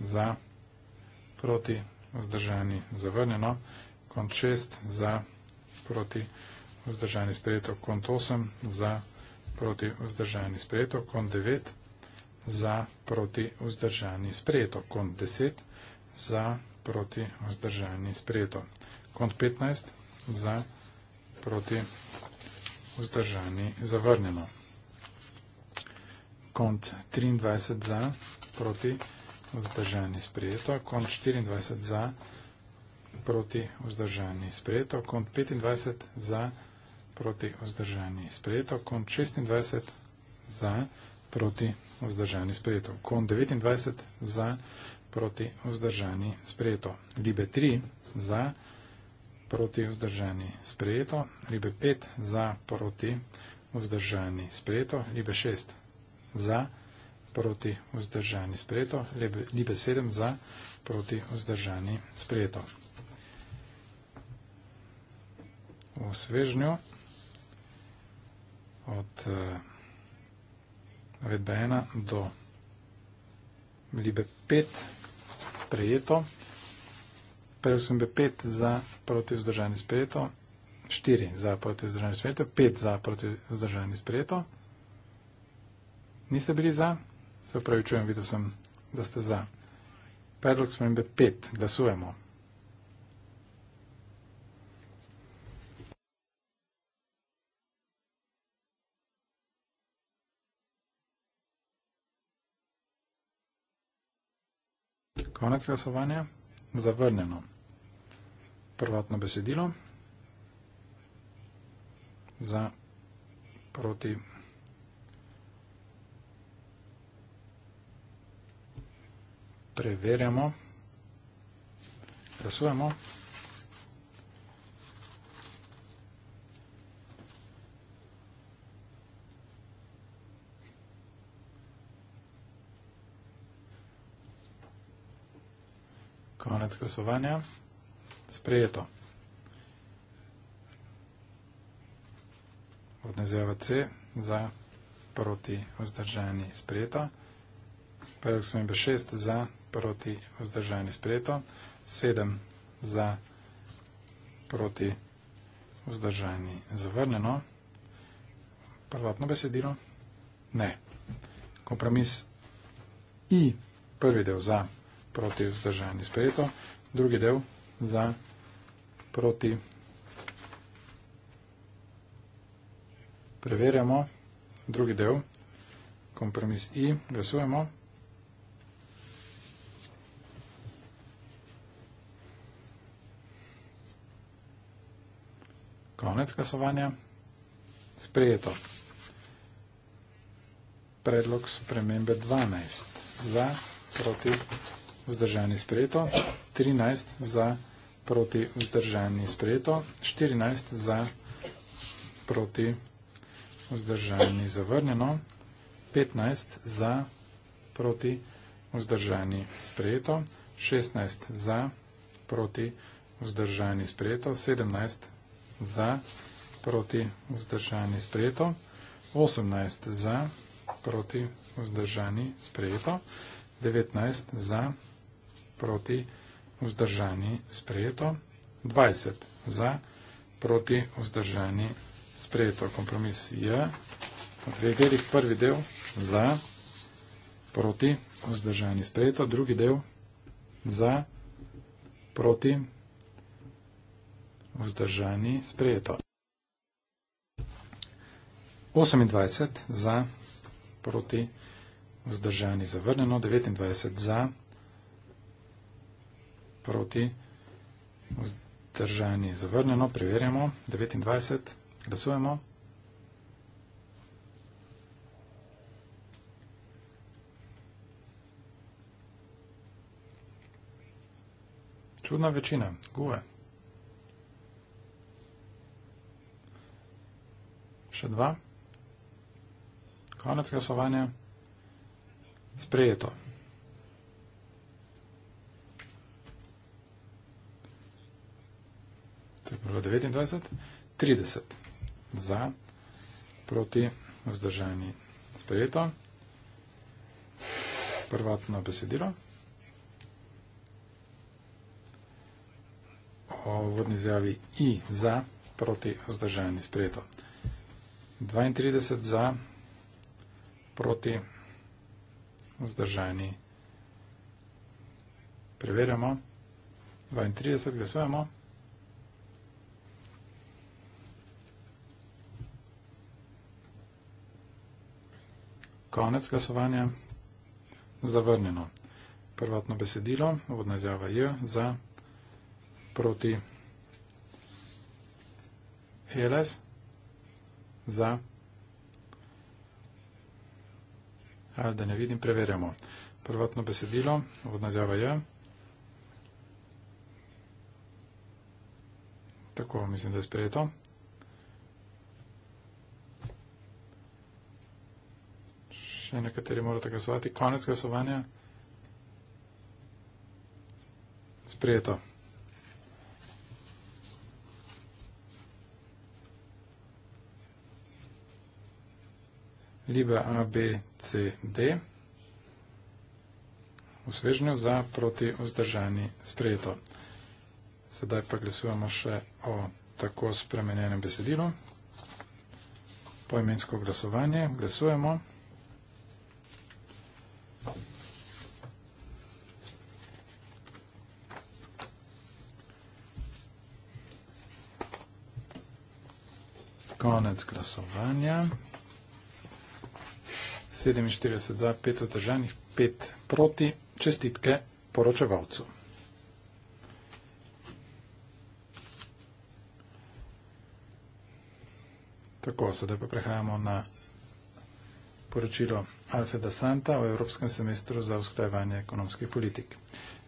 za, proti, vzdržani, zavrnjeno, kont 6 za, proti, vzdržani, sprejeto, kont 8 za, proti, vzdržani, sprejeto, kont 9 za, proti, vzdržani, sprejeto, kont 10 za, proti, vzdržani, sprejeto, kont 15 za, proti, vzdržani, zavrnjeno. Kont 23 za, proti, vzdržani, sprejeto vzdržani sprejeto, kont 24 za, proti vzdržani sprejeto, kont 25 za, proti vzdržani sprejeto, kont 26 za, proti vzdržani sprejeto, kont 29 za, proti vzdržani sprejeto, libe 3 za, proti vzdržani sprejeto, libe 5 za, proti vzdržani sprejeto, libe 6 za, proti vzdržani sprejeto, proti vzdržani sprejeto, libe 7 za proti vzdržani sprejeto. V svežnju od eh, navedba 1 do libe 5 sprejeto, prej sem be 5 za proti vzdržani sprejeto, 4 za proti vzdržani sprejeto, 5 za proti vzdržani sprejeto, niste bili za, Se pravi, čujem, videl sem, da ste za. Predlog spremembe 5. Glasujemo. Konec glasovanja. Zavrnjeno. Prvotno besedilo. Za. Proti. preverjamo, glasujemo. Konec glasovanja. Sprejeto. Odnezeva C za proti vzdržajni sprejeto. Predlog smo imeli šest za proti vzdržani sprejeto, sedem za proti vzdržani zavrneno, prvotno besedilo, ne. Kompromis I, prvi del za proti vzdržani sprejeto, drugi del za proti preverjamo, drugi del, kompromis I, glasujemo, Konec glasovanja. Sprejeto. Predlog spremembe 12. Za, proti, vzdržani sprejeto. 13. Za, proti, vzdržani sprejeto. 14. Za, proti, vzdržani zavrnjeno. 15. Za, proti, vzdržani sprejeto. 16. Za, proti, vzdržani sprejeto. 17 za, proti vzdržani sprejeto, 18 za, proti vzdržani sprejeto, 19 za, proti vzdržani sprejeto, 20 za, proti vzdržani sprejeto. Kompromis je, v dveh delih prvi del za, proti vzdržani sprejeto, drugi del za, proti vzdržani sprejeto vzdržani, sprejeto. 28 za, proti, vzdržani, zavrnjeno, 29 za, proti, vzdržani, zavrnjeno, preverjamo, 29, glasujemo. Čudna večina, guve. še dva. Konec glasovanja. Sprejeto. To je bilo 29. 30 za, proti, vzdržani. Sprejeto. Prvotno besedilo. O vodni zjavi i za, proti, vzdržani. Sprejeto. 32 za, proti, vzdržani. Preverjamo. 32 glasujemo. Konec glasovanja. Zavrnjeno. Prvatno besedilo, vodna izjava J, za, proti, LS za Da ne vidim, preverjamo. Prvotno besedilo, vodna zjava je. Tako, mislim, da je sprejeto. Še nekateri morate glasovati. Konec glasovanja. Sprejeto. либо А, Б, С, Д. Усвежно за, проти, воздержани, спрето. Sedaj pa glasujemo še o tako spremenjenem besedilu. Poimensko glasovanje. Glasujemo. Konec glasovanja. 47 za, 5 vzdržanih, 5 proti. Čestitke poročevalcu. Tako, sedaj pa prehajamo na poročilo Alfe da Santa o Evropskem semestru za usklajevanje ekonomskih politik.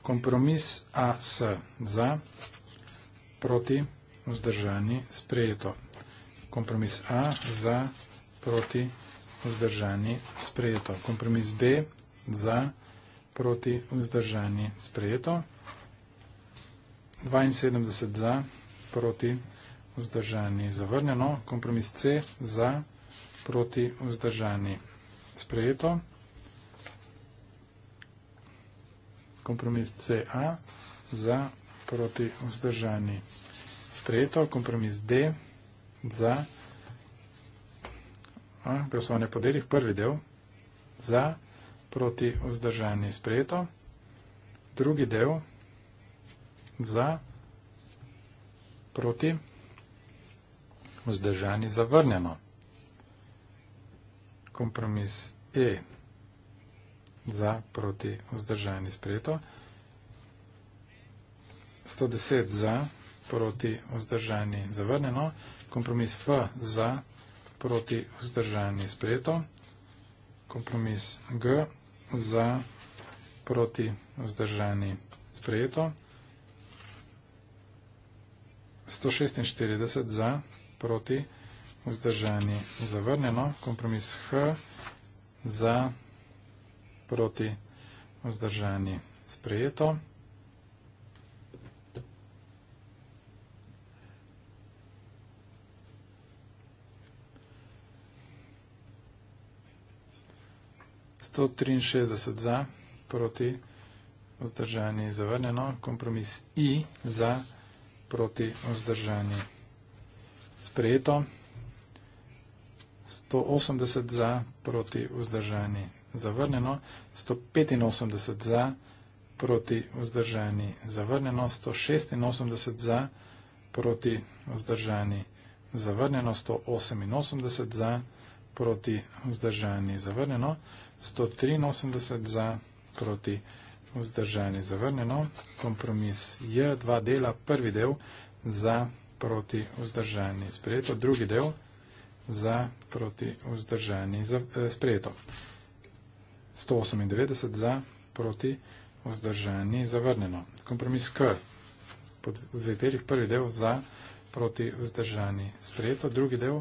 Kompromis AS za, proti, vzdržani, sprejeto. Kompromis A za, proti, vzdržani sprejeto. Kompromis B za proti vzdržani sprejeto. 72 za proti vzdržani zavrnjeno. Kompromis C za proti vzdržani sprejeto. Kompromis CA za proti vzdržani sprejeto. Kompromis D za proti vzdržani sprejeto glasovanje po delih, prvi del za, proti, vzdržanje sprejeto, drugi del za, proti, vzdržanje zavrnjeno. Kompromis E za, proti, vzdržanje sprejeto, 110 za, proti, vzdržanje zavrnjeno, kompromis F za, proti, proti vzdržanje sprejeto. Kompromis G za proti vzdržanje sprejeto. 146 za proti vzdržanje zavrnjeno. Kompromis H za proti vzdržanje sprejeto. 163 za, proti, vzdržani zavrnjeno, kompromis I za, proti, vzdržani sprejeto, 180 za, proti, vzdržani zavrnjeno, 185 za, proti, vzdržani zavrnjeno, 186 za, proti, vzdržani zavrnjeno, 188 za, proti, vzdržani zavrnjeno, 183 za, proti vzdržanje zavrnjeno. Kompromis je dva dela. Prvi del za, proti vzdržanje sprejeto. Drugi del za, proti vzdržanje eh, sprejeto. 198 za, proti vzdržanje zavrnjeno. Kompromis K. Pod vzeterih prvi del za, proti vzdržanje sprejeto. Drugi del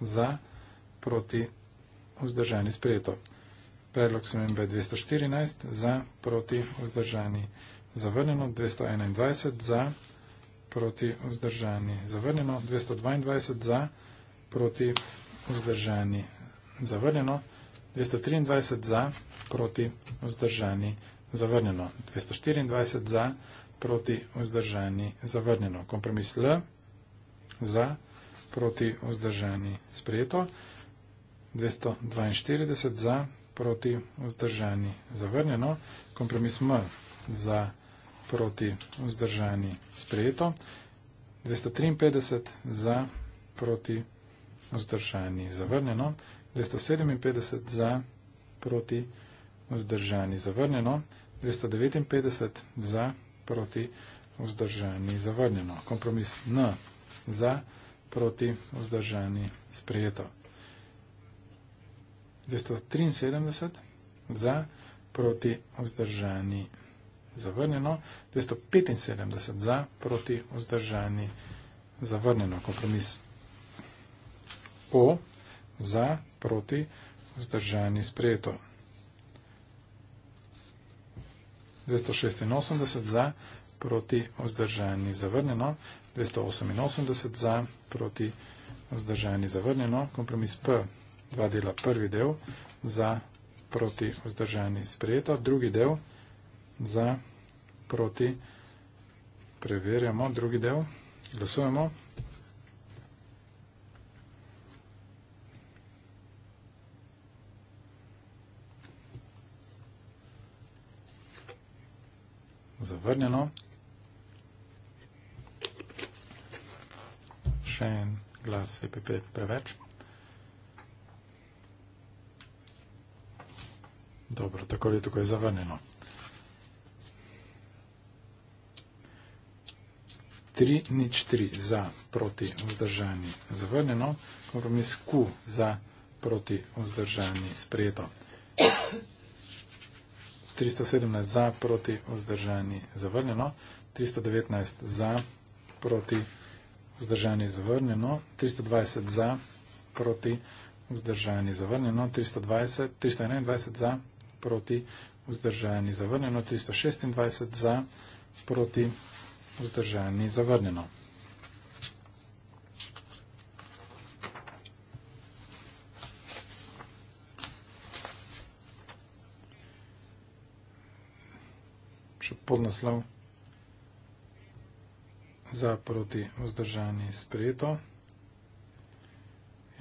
za, proti vzdržanje sprejeto vzdržani sprejeto. Predlog spremembe je 214 za, proti vzdržani zavrnjeno, 221 za, proti vzdržani zavrnjeno, 222 za, proti vzdržani zavrnjeno, 223 za, proti vzdržani zavrnjeno, 224 za, proti vzdržani zavrnjeno. Kompromis L za, proti vzdržani sprejeto. 242 za, proti vzdržani zavrnjeno, kompromis M za, proti vzdržani sprejeto, 253 za, proti vzdržani zavrnjeno, 257 za, proti vzdržani zavrnjeno, 259 za, proti vzdržani zavrnjeno, kompromis N za, proti vzdržani sprejeto. 273 za, proti vzdržani zavrnjeno, 275 za, proti vzdržani zavrnjeno. Kompromis O za, proti vzdržani sprejeto. 286 za, proti vzdržani zavrnjeno, 288 za, proti vzdržani zavrnjeno. Kompromis P za, proti vzdržani zavrnjeno dva dela. Prvi del za proti vzdržani sprejeto, drugi del za proti preverjamo, drugi del glasujemo. Zavrnjeno. Še en glas EPP preveč. Dobro, tako ali tako je zavrnjeno. Tri nič tri za proti vzdržani zavrnjeno, kompromis Q za proti vzdržani sprejeto. 317 za proti vzdržani zavrnjeno, 319 za proti vzdržani zavrnjeno, 320 za proti vzdržani zavrnjeno, 320, 321 za proti proti, vzdržani zavrnjeno, 326 za, proti, vzdržani zavrnjeno. Še podnaslov za proti vzdržani sprejeto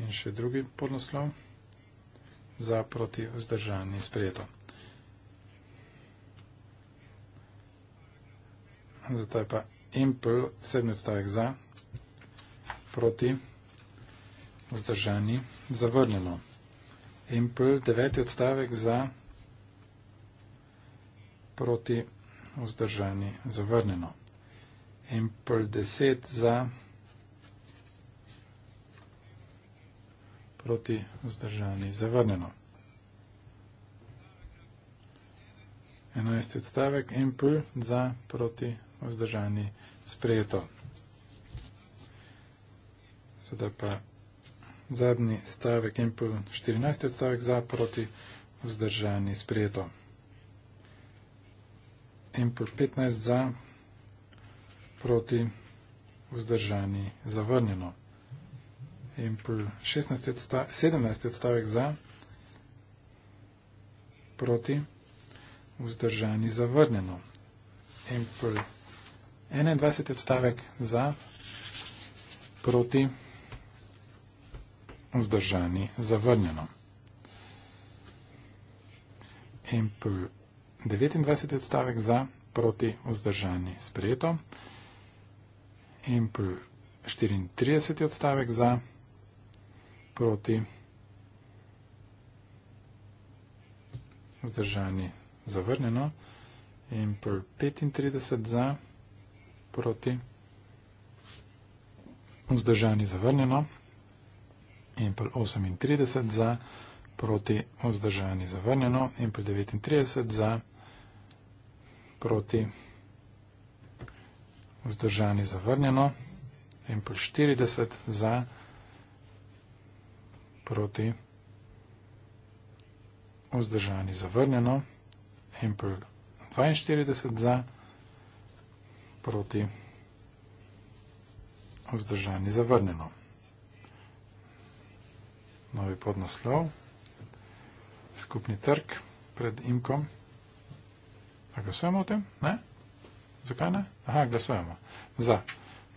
in še drugi podnaslov za proti vzdržanje sprejeto. Zato je pa impl sedmi odstavek za proti vzdržanje zavrnjeno. Impl deveti odstavek za proti vzdržanje zavrnjeno. Impl deset za vzdržanje. proti vzdržani zavrneno. 11. stavek en pl za proti vzdržani sprejeto. Sedaj pa zadnji stavek en pl 14. stavek za proti vzdržani sprejeto. En pl 15 za proti vzdržani zavrneno in 16 odstav 17 odstavek za, proti, vzdržani, zavrnjeno. In 21 odstavek za, proti, vzdržani, zavrnjeno. In 29 odstavek za, proti, vzdržani, sprejeto. In 34 odstavek za, proti, proti vzdržani zavrnjeno in 35 za proti vzdržani zavrnjeno in 38 za proti vzdržani zavrnjeno in 39 za proti vzdržani zavrnjeno in 40 za proti proti, vzdržani zavrnjeno, Ampel 42 za, proti, vzdržani zavrnjeno. Novi podnoslov, skupni trg pred imkom. A glasujemo o tem? Ne? Zakaj ne? Aha, glasujemo. Za,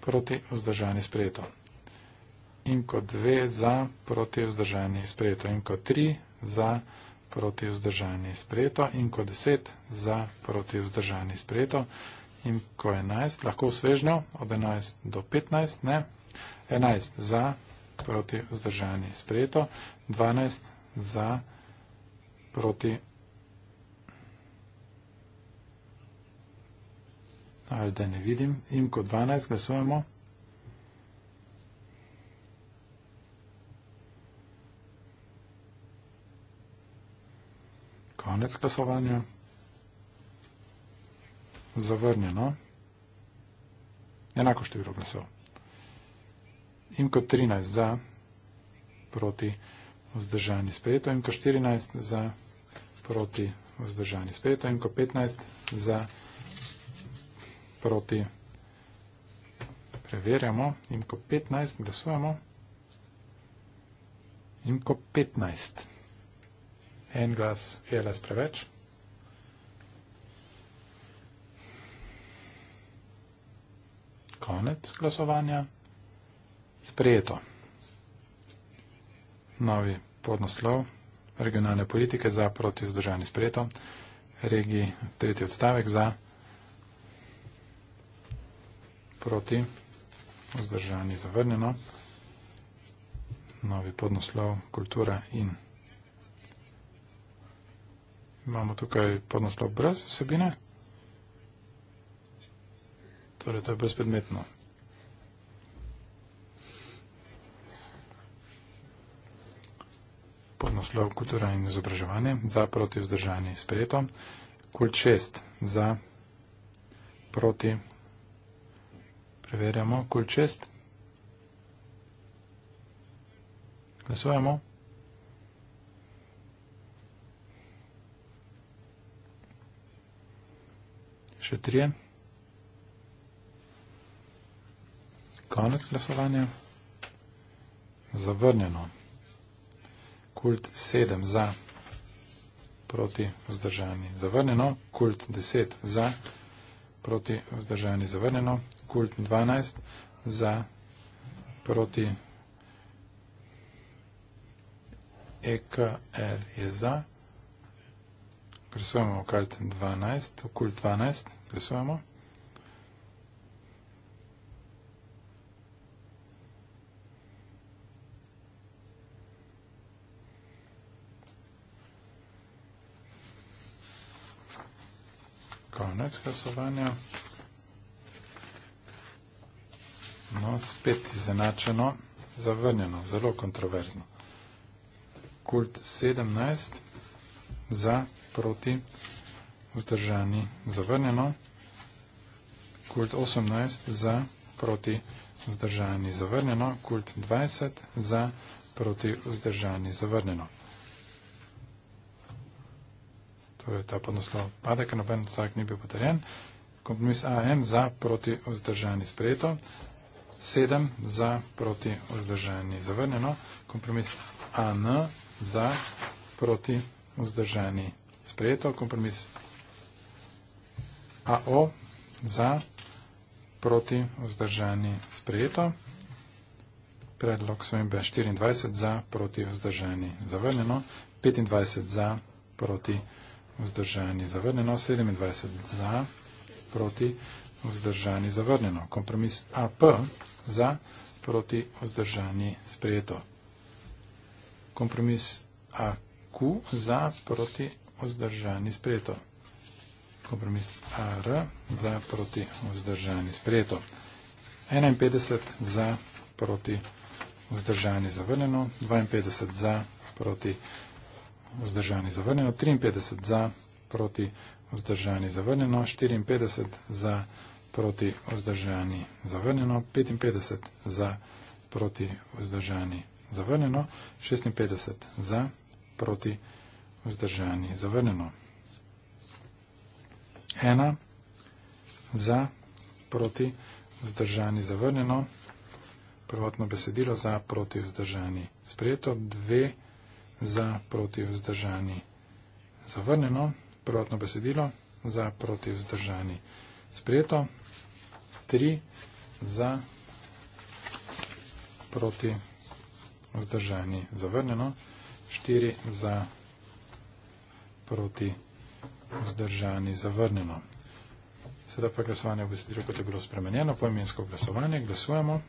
proti, vzdržani sprejeto in kot dve za proti vzdržanje sprejeto in kot tri za proti vzdržanje sprejeto in kot deset za proti vzdržanje sprejeto in ko enajst lahko svežnjo od enajst do petnajst ne enajst za proti vzdržanje sprejeto dvanajst za proti ali da ne vidim in kot dvanajst glasujemo Konec glasovanja. Zavrnjeno. Enako število glasov. In kot 13 za, proti vzdržani sprejeto. In kot 14 za, proti vzdržani sprejeto. In kot 15 za, proti preverjamo. In kot 15 glasujemo. In kot 15 glasujemo. En glas je le preveč. Konec glasovanja. Sprejeto. Novi podnoslov regionalne politike za proti vzdržani sprejeto. Regi tretji odstavek za proti vzdržani zavrnjeno. Novi podnoslov kultura in. Imamo tukaj podnaslov brez vsebine. Torej, to je brezpredmetno. Podnaslov kultura in izobraževanje. Za proti vzdržanje je sprejeto. Kult šest. Za proti. Preverjamo. Kult šest. Glasujemo. Glasujemo. še tri. Konec glasovanja. Zavrnjeno. Kult 7 za, proti vzdržani zavrnjeno. Kult 10 za, proti vzdržani zavrnjeno. Kult 12 za, proti EKR je za. Glasujemo kart 12, okult 12, glasujemo. Konec glasovanja. No, spet izenačeno, zavrnjeno, zelo kontroverzno. Kult 17 za 17 proti, vzdržani, zavrnjeno. Kult 18 za, proti, vzdržani, zavrnjeno. Kult 20 za, proti, vzdržani, zavrnjeno. Torej, ta podnoslov pade, ker noben vsak ni bil potrjen. Kompromis AN za, proti, vzdržani, sprejeto. 7 za, proti, vzdržani, zavrnjeno. Kompromis AN za, proti, vzdržani, sprejeto sprejeto, kompromis AO za proti vzdržani sprejeto, predlog svojimbe 24 za proti vzdržani zavrnjeno, 25 za proti vzdržani zavrnjeno, 27 za proti vzdržani zavrnjeno, kompromis AP za proti vzdržani sprejeto, kompromis AQ za proti vzdržani zavrnjeno, vzdržani sprejeto. Kompromis AR za proti vzdržani sprejeto. 51 za proti vzdržani zavrneno, 52 za proti vzdržani zavrneno, 53 za proti vzdržani zavrneno, 54 za proti vzdržani zavrneno, 55 za proti vzdržani zavrneno, 56 za proti vzdržani zavrneno vzdržani, zavrnjeno. Ena, za, proti, vzdržani, zavrnjeno. Prvotno besedilo za, proti, vzdržani, sprejeto. Dve, za, proti, vzdržani, zavrnjeno. Prvotno besedilo za, proti, vzdržani, sprejeto. Tri, za, proti, vzdržani, zavrnjeno. Štiri, za, proti, vzdržani, zavrnjeno proti vzdržani zavrnjeno. Sedaj pa glasovanje v besedilu, kot je bilo spremenjeno, poimensko glasovanje, glasujemo.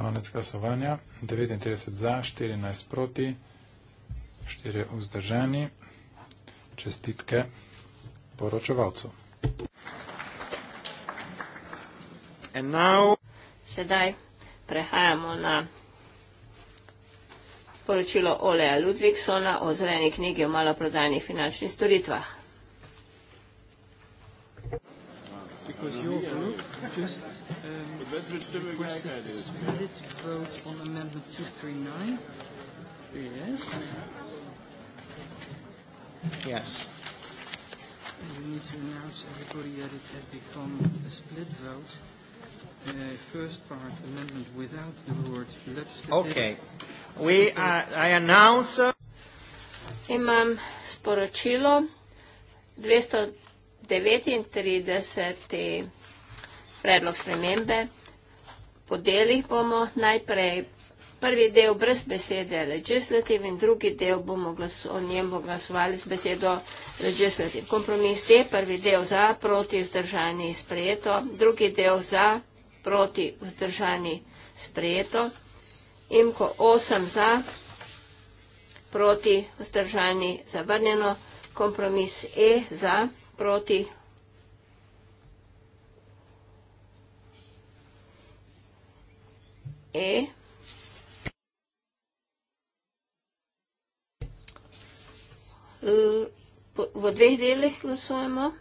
Konec glasovanja, 39 za, 14 proti, 4 vzdržani, čestitke poročevalcev. Now... Sedaj prehajamo na poročilo Oleja Ludvigsona o zeleni knjigi o maloprodajnih finančnih storitvah. Um, yes. We need to announce everybody that it had become a split vote. Uh, first part amendment without the word legislative. Okay. We, uh, I announce. Uh, Imam sporočilo 239. predlog spremembe. Podelih bomo najprej prvi del brez besede legislative in drugi del bomo glasu, o njem bomo glasovali z besedo legislative. Kompromis je prvi del za, proti, vzdržani, sprejeto, drugi del za, proti, vzdržani, sprejeto, imko 8 za, proti, vzdržani, zavrnjeno, kompromis E za, proti. E. Eh? Eh, v dveh delih glasujemo.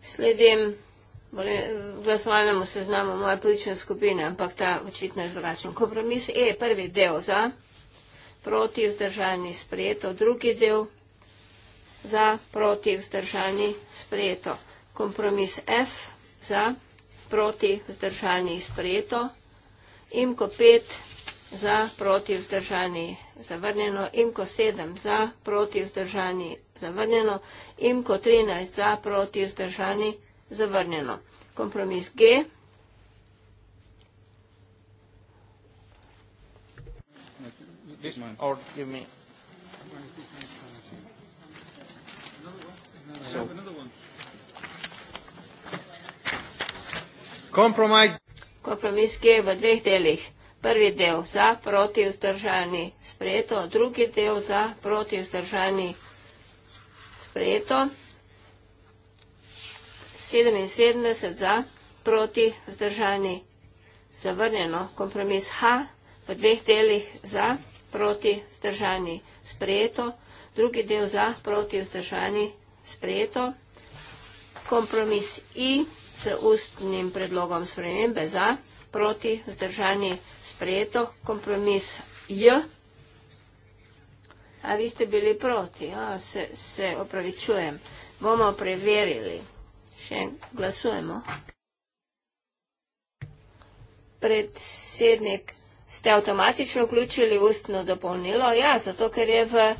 Sledim glasovalnemu seznamu moje politične skupine, ampak ta očitno je drugačen. Kompromis E, prvi del za, proti vzdržani sprejeto, drugi del za, proti vzdržani sprejeto. Kompromis F za, proti vzdržani sprejeto. Imko 5 za, proti vzdržani zavrnjeno. Imko 7 za, proti vzdržani zavrnjeno. Imko 13 za, proti vzdržani zavrnjeno zavrnjeno. Kompromis G. Kompromis G v dveh delih. Prvi del za, proti, vzdržani, sprejeto. Drugi del za, proti, vzdržani, sprejeto. 77 za, proti vzdržani zavrnjeno. Kompromis H v dveh delih za, proti vzdržani sprejeto, drugi del za, proti vzdržani sprejeto. Kompromis I z ustnim predlogom spremembe za, proti vzdržani sprejeto. Kompromis J. A vi ste bili proti, A, se, se opravičujem. Bomo preverili. Še glasujemo. Predsednik, ste avtomatično vključili ustno dopolnilo? Ja, zato ker je v eh,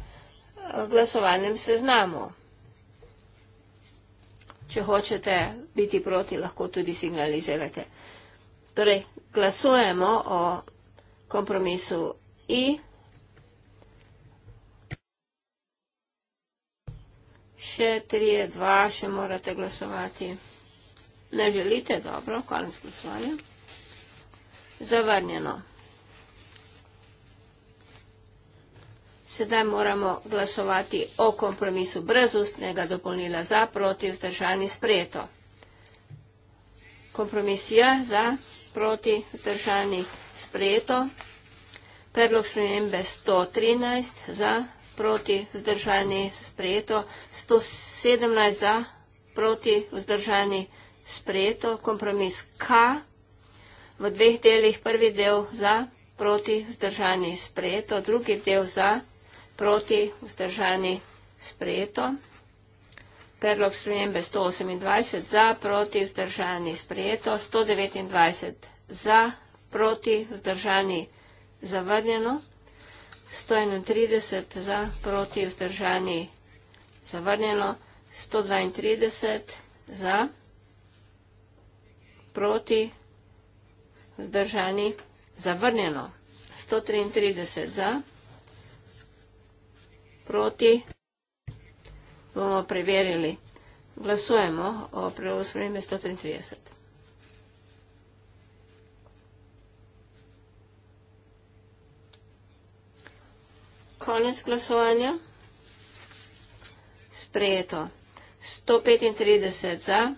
glasovalnem seznamu. Če hočete biti proti, lahko tudi signalizirate. Torej, glasujemo o kompromisu I. Še tri, dva, še morate glasovati. Ne želite, dobro, konec glasovanja. Zavrnjeno. Sedaj moramo glasovati o kompromisu brez ustnega dopolnila za, proti, zdržani, sprejeto. Kompromis je za, proti, zdržani, sprejeto. Predlog spremembe 113 za, proti, vzdržani so sprejeto, 117 za, proti, vzdržani sprejeto, kompromis K, v dveh delih prvi del za, proti, vzdržani sprejeto, drugi del za, proti, vzdržani sprejeto. Predlog spremembe 128 za, proti, vzdržani sprejeto, 129 za, proti, vzdržani zavrnjeno. 131 za, proti vzdržani zavrnjeno, 132 za, proti vzdržani zavrnjeno, 133 za, proti bomo preverili. Glasujemo o preuzvremi 133. Konec glasovanja. Sprejeto. 135 za,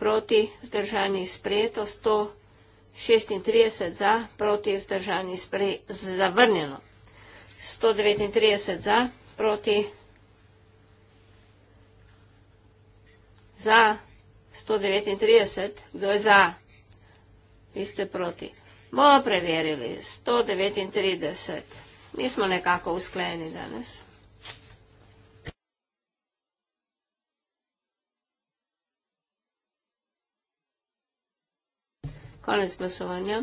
proti zdržani sprejeto. 136 za, proti zdržani sprejeto. Zavrnjeno. 139 za, proti za 139. Kdo je za? Vi ste proti. Bomo preverili. 139 za. Mi smo nekako uskleni danes. Konec glasovanja.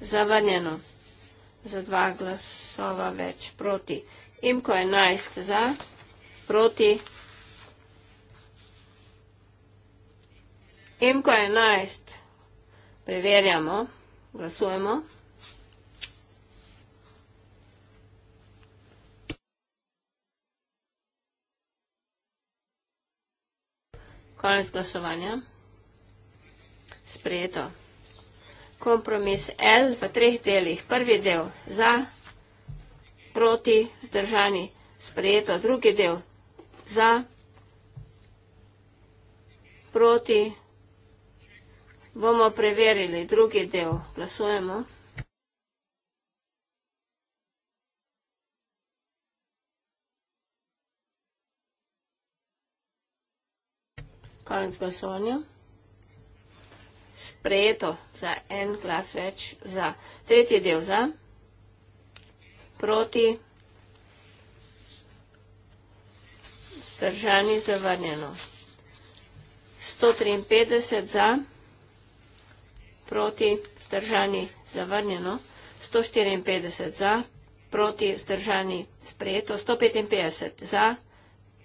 Zavrnjeno. Za dva glasova več proti. Imko je najst za, proti. Imko je najst. Preverjamo. Glasujemo. Konec glasovanja. Sprejeto. Kompromis L v treh delih. Prvi del za, proti, zdržani. Sprejeto. Drugi del za, proti. Bomo preverili drugi del. Glasujemo. Konec glasovanja. Sprejeto za en glas več za. Tretji del za. Proti. Zdržani zavrnjeno. 153 za. Proti. Zdržani zavrnjeno. 154 za. Proti. Zdržani sprejeto. 155 za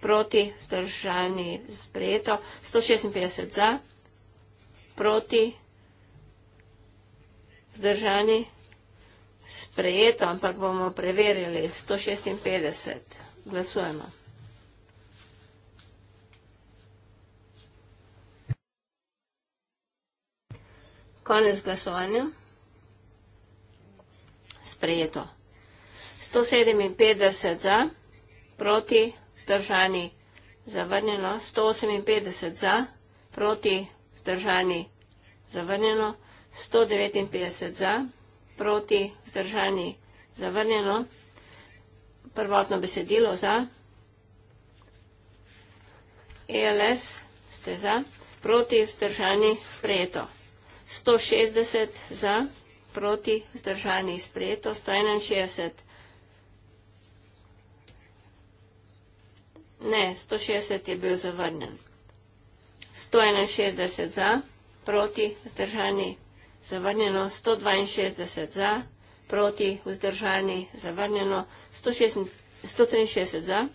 proti, zdržani, sprejeto, 156 za, proti, zdržani, sprejeto, ampak bomo preverili, 156, glasujemo. Konec glasovanja, sprejeto, 157 za, proti, zdržani, sprejeto vzdržani, zavrnjeno, 158 za, proti, vzdržani, zavrnjeno, 159 za, proti, vzdržani, zavrnjeno, prvotno besedilo za, ELS ste za, proti, vzdržani, sprejeto. 160 za, proti, vzdržani, sprejeto, 161 za. Ne, 160 je bil zavrnen. 161 za, proti, vzdržani, zavrnjeno, 162 za, proti, vzdržani, zavrnjeno, 163 za,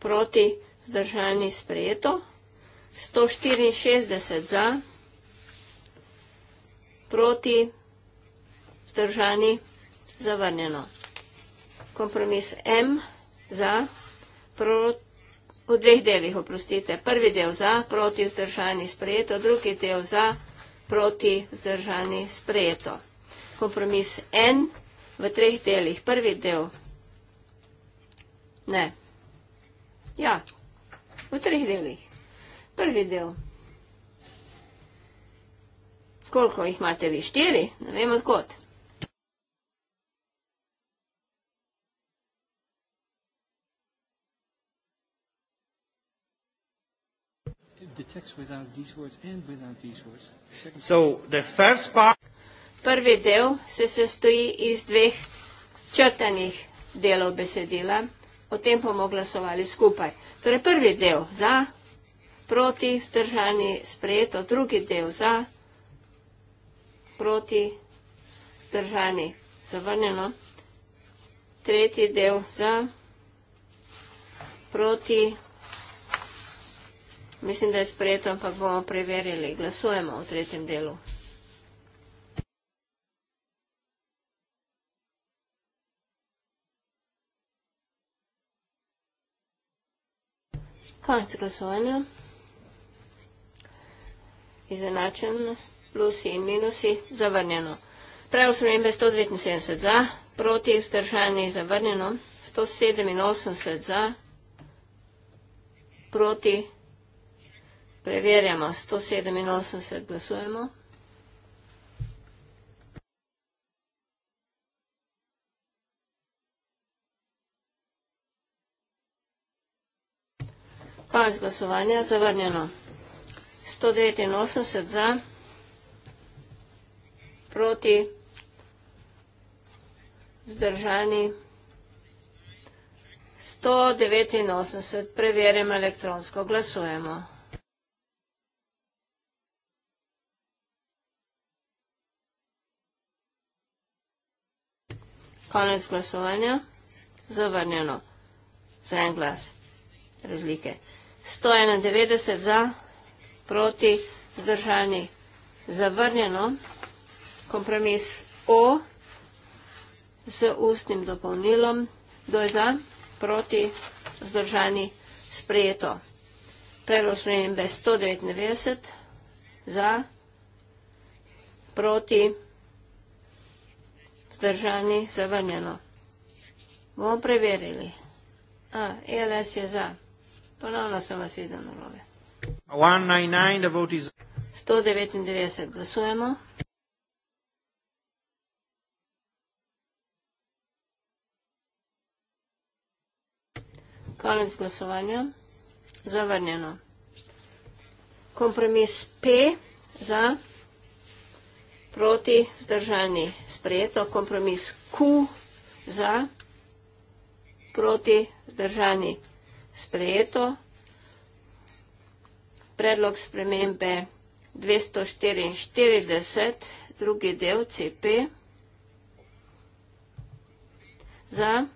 proti, vzdržani, sprejeto, 164 za, proti, vzdržani, zavrnjeno. Kompromis M za proti. V dveh delih, oprostite. Prvi del za, proti vzdržani sprejeto, drugi del za, proti vzdržani sprejeto. Kompromis en v treh delih. Prvi del. Ne. Ja, v treh delih. Prvi del. Koliko jih imate vi? Štiri? Ne vem odkot. text without these words and without these words. So the first part Prvi del se sestoji iz dveh črtanih delov besedila. O tem bomo glasovali skupaj. Torej prvi del za, proti, vzdržani, sprejeto. Drugi del za, proti, vzdržani, zavrnjeno. Tretji del za, proti, Mislim, da je sprejeto, ampak bomo preverili. Glasujemo v tretjem delu. Konec glasovanja. Izenačen plusi in minusi. Zavrnjeno. Pravo spremembe 179 za, proti vzdržani zavrnjeno. 187 za, proti vzdržani. Preverjamo 187, glasujemo. Konec glasovanja, zavrnjeno. 189 za, proti, zdržani. 189, preverjamo elektronsko, glasujemo. Konec glasovanja. Zavrnjeno. Za en glas. Razlike. 191 za, proti, zdržani. Zavrnjeno. Kompromis O z ustnim dopolnilom. Kdo je za, proti, zdržani, sprejeto. Predlog sprejem bez 199 za, proti, zdržani vzdržani, zavrnjeno. Bomo preverili. A, ELS je za. Ponovno sem vas videl na robe. 199 glasujemo. Konec glasovanja. Zavrnjeno. Kompromis P za vzdržanje proti, zdržani, sprejeto, kompromis Q za, proti, zdržani, sprejeto, predlog spremembe 244, drugi del CP, za,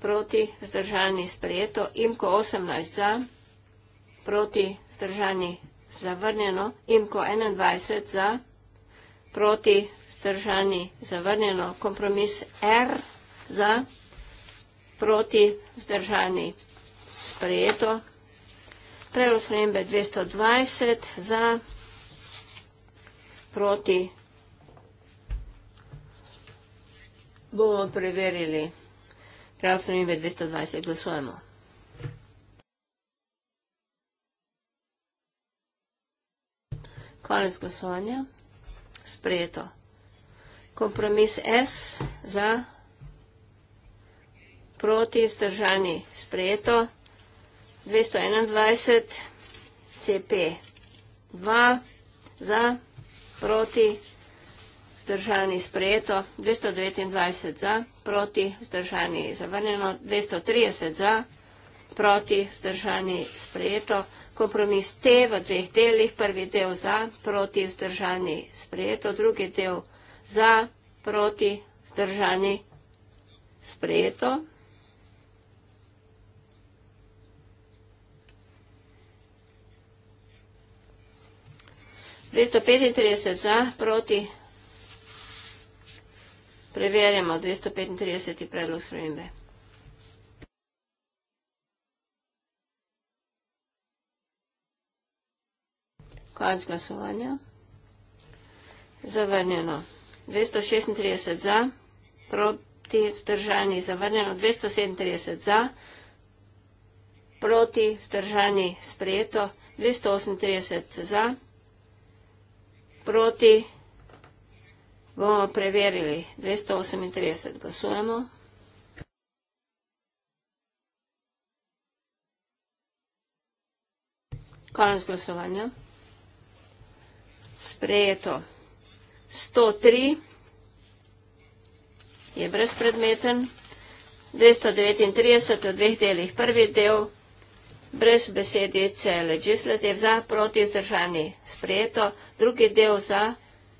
proti, zdržani, sprejeto, imko 18 za, proti, zdržani, zavrnjeno, imko 21 za, proti, zdržani, sprejeto, proti, vzdržani, zavrnjeno. Kompromis R za, proti, vzdržani, sprejeto. Prelo srembe 220 za, proti, bomo preverili. Prelo srembe 220, glasujemo. Konec glasovanja sprejeto. Kompromis S za proti vzdržani sprejeto. 221 CP 2 za proti vzdržani sprejeto. 229 za proti vzdržani zavrnjeno. 230 za proti vzdržani sprejeto kompromis T v dveh delih, prvi del za, proti, zdržani, sprejeto, drugi del za, proti, zdržani, sprejeto. Dvesto petintrideset za, proti, preverjamo dvesto petintrideseti predlog spremembe. Konec glasovanja. Zavrnjeno. 236 za, proti vzdržani zavrnjeno. 237 za, proti vzdržani sprejeto. 238 za, proti bomo preverili. 238 glasujemo. Konec glasovanja sprejeto 103, je brezpredmeten, 239 v dveh delih prvi del, brez besedice legislativ za, proti zdržani sprejeto, drugi del za,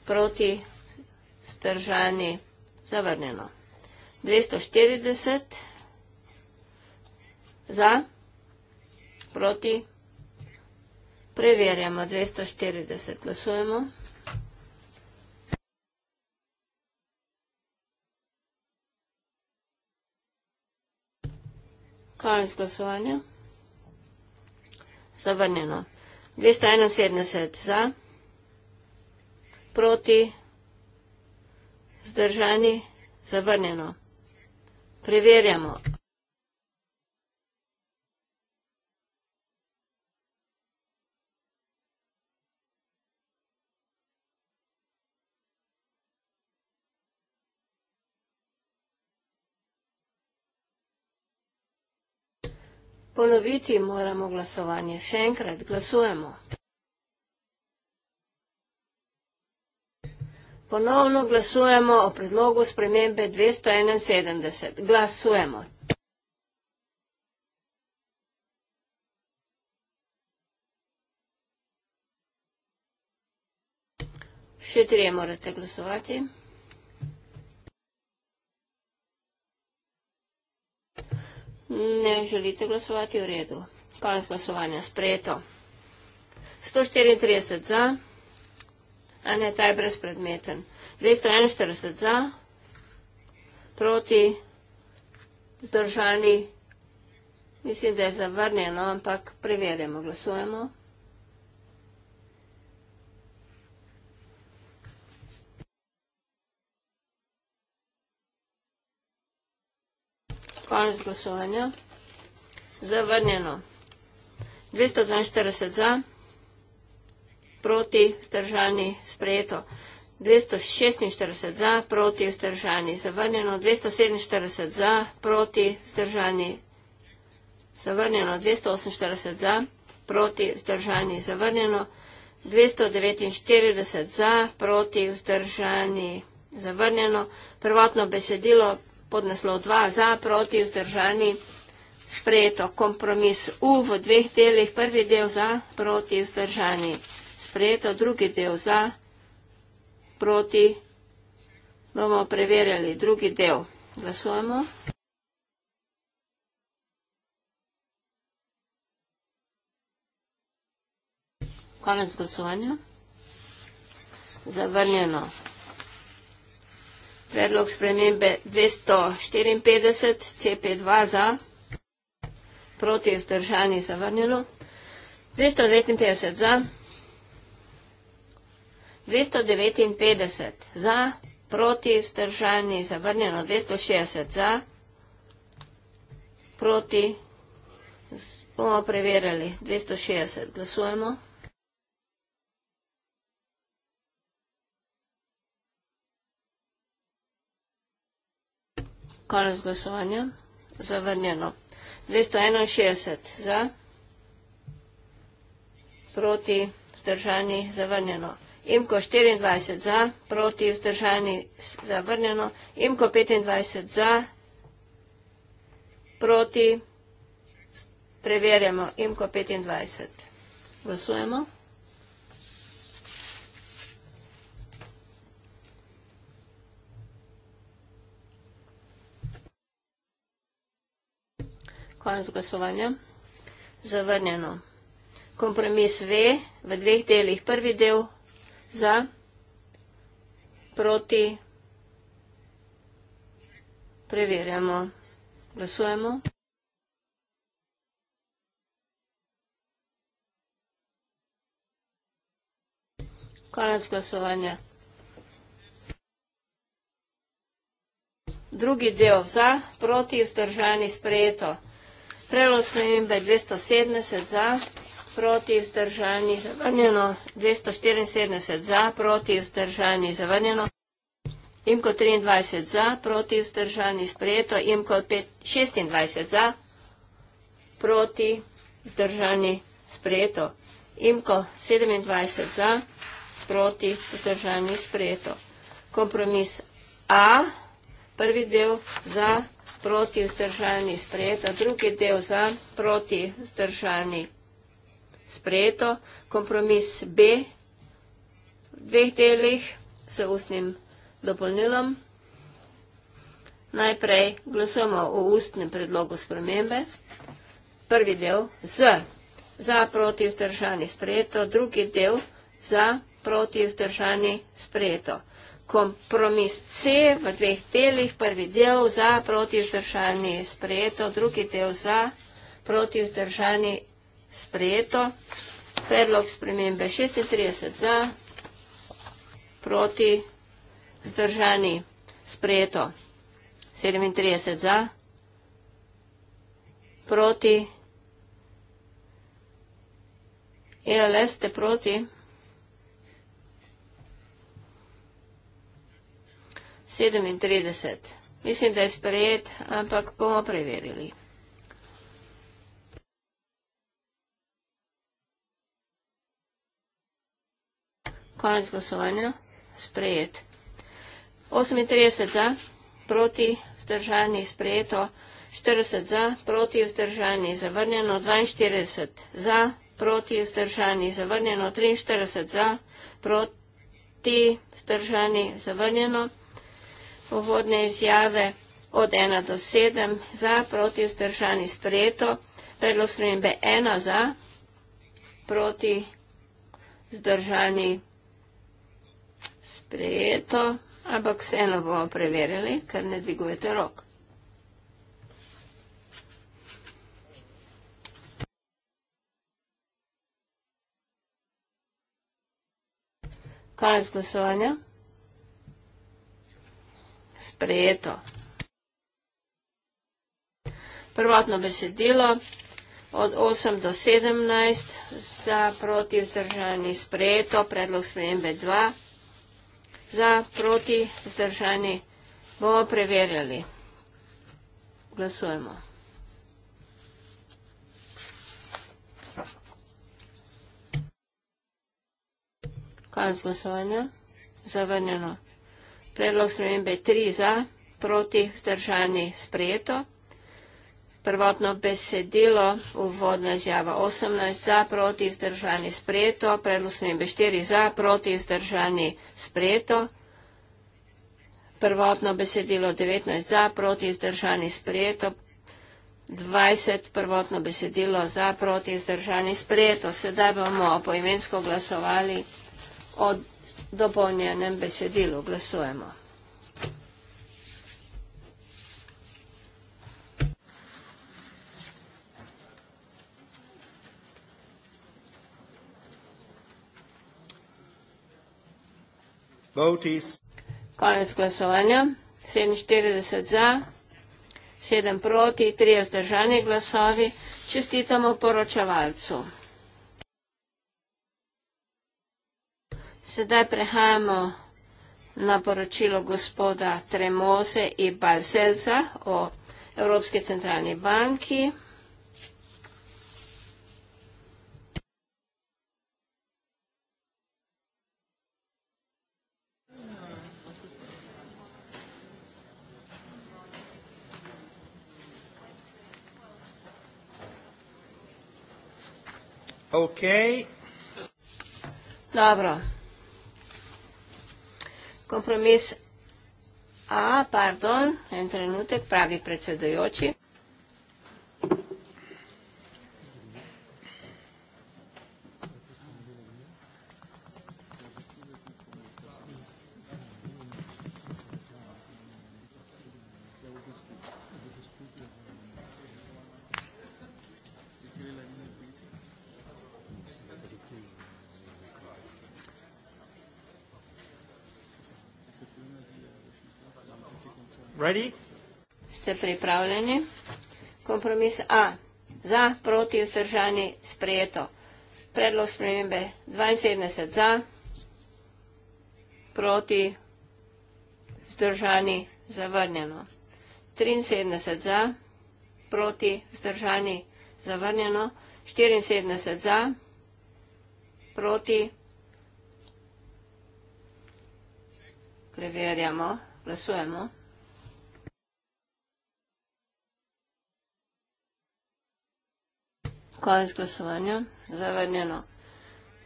proti zdržani zavrnjeno. 240 za, proti zdržani. Preverjamo 240, glasujemo. Konec glasovanja. Zavrnjeno. 271 za, proti, zdržani, zavrnjeno. Preverjamo. Ponoviti moramo glasovanje. Še enkrat glasujemo. Ponovno glasujemo o predlogu spremembe 271. Glasujemo. Še trije morate glasovati. Ne želite glasovati v redu. Konec glasovanja sprejeto. 134 za, a ne, ta je brezpredmeten. 241 za, proti, zdržani, mislim, da je zavrnjeno, ampak preverjamo, glasujemo. Konec glasovanja. Zavrnjeno. 242 za, proti vzdržani sprejeto. 246 za, proti vzdržani zavrnjeno. 247 za, proti vzdržani zavrnjeno. 248 za, proti vzdržani zavrnjeno. 249 za, proti vzdržani zavrnjeno. Prvotno besedilo pod naslov 2 za, proti, vzdržani, sprejeto, kompromis U v dveh delih, prvi del za, proti, vzdržani, sprejeto, drugi del za, proti, bomo preverjali, drugi del, glasujemo. Konec glasovanja. Zavrnjeno. Predlog spremembe 254, CP2 za, proti vzdržani zavrnilo. 259 za, 259 za, proti vzdržani zavrnilo. 260 za, proti, bomo preverjali, 260 glasujemo. 260 za. Konec glasovanja. Zavrnjeno. 261 za. Proti vzdržani zavrnjeno. Imko 24 za. Proti vzdržani zavrnjeno. Imko 25 za. Proti. Preverjamo. Imko 25. Glasujemo. Konec glasovanja. Zavrnjeno. Kompromis V v dveh delih. Prvi del za, proti, preverjamo, glasujemo. Konec glasovanja. Drugi del za, proti, vzdržani, sprejeto. Prelo smembe 270 za, proti vzdržani zavrnjeno, 274 za, proti vzdržani zavrnjeno, imko 23 za, proti vzdržani sprejeto, imko 26 za, proti vzdržani sprejeto, imko 27 za, proti vzdržani sprejeto. Kompromis A, prvi del za vzdržani proti vzdržani sprejeto, drugi del za proti vzdržani sprejeto, kompromis B v dveh delih s ustnim dopolnilom. Najprej glasujemo o ustnem predlogu spremembe. Prvi del z za proti vzdržani sprejeto, drugi del za proti vzdržani sprejeto kompromis C v dveh delih, prvi del za protizdržani sprejeto, drugi del za protizdržani sprejeto, predlog spremembe 36 za protizdržani sprejeto, 37 za proti, ELS e, ste proti. 37. Mislim, da je sprejet, ampak bomo preverili. Konec glasovanja. Sprejet. 38 za, proti, zdržani, sprejeto. 40 za, proti, zdržani, zavrnjeno. 42 za, proti, zdržani, zavrnjeno. 43 za, proti, zdržani, zavrnjeno. 43 za, proti, zdržani, zavrnjeno uvodne izjave od 1 do 7 za, proti vzdržani sprejeto, predlog spremembe 1 za, proti vzdržani sprejeto, ampak vseeno bomo preverili, ker ne dvigujete rok. Konec glasovanja sprejeto. Prvotno besedilo od 8 do 17 za proti vzdržani sprejeto, predlog spremembe 2 za proti vzdržani bomo preverjali. Glasujemo. Konc glasovanja. Zavrnjeno predlog spremembe 3 za, proti vzdržani sprejeto. Prvotno besedilo, uvodna izjava 18, za, proti, vzdržani, sprejeto, predlog spremembe 4, za, proti, vzdržani, sprejeto. Prvotno besedilo 19, za, proti, vzdržani, sprejeto. 20, prvotno besedilo, za, proti, vzdržani, sprejeto. Sedaj bomo poimensko glasovali od dopolnjenem besedilu. Glasujemo. Konec glasovanja. 47 za, 7 proti, 3 vzdržani glasovi. Čestitamo poročevalcu. Sedaj prehajamo na poročilo gospoda Tremose in Balselsa o Evropske centralne banki. Okay. Dobro kompromis A, pardon, en trenutek, pravi predsedojoči. Ready? Ste pripravljeni? Kompromis A. Za, proti, vzdržani, sprejeto. Predlog spremembe 72 za, proti, vzdržani, zavrnjeno. 73 za, proti, vzdržani, zavrnjeno. 74 za, proti, preverjamo, glasujemo. Konec glasovanja. Zavrnjeno.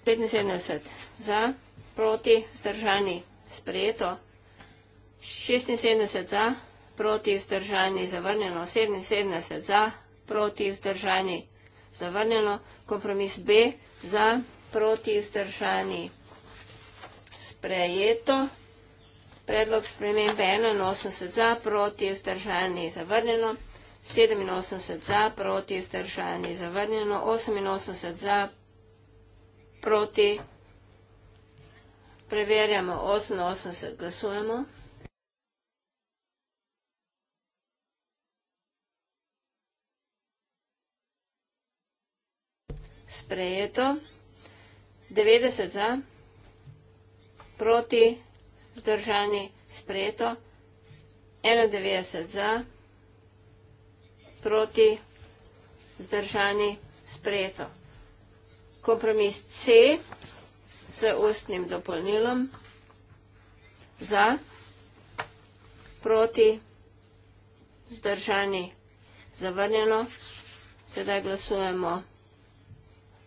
75 za, proti, zdržani, sprejeto. 76 za, proti, zdržani, zavrnjeno. 77 za, proti, zdržani, zavrnjeno. Kompromis B za, proti, zdržani, sprejeto. Predlog spremembe 81 za, proti, zdržani, zavrnjeno. 87 za, proti, stršani, zavrnjeno, 88 za, proti, preverjamo, 88 glasujemo. Sprejeto, 90 za, proti, zdržani, sprejeto, 91 za, proti, proti zdržani sprejeto. Kompromis C z ustnim dopolnilom za proti zdržani zavrnjeno. Sedaj glasujemo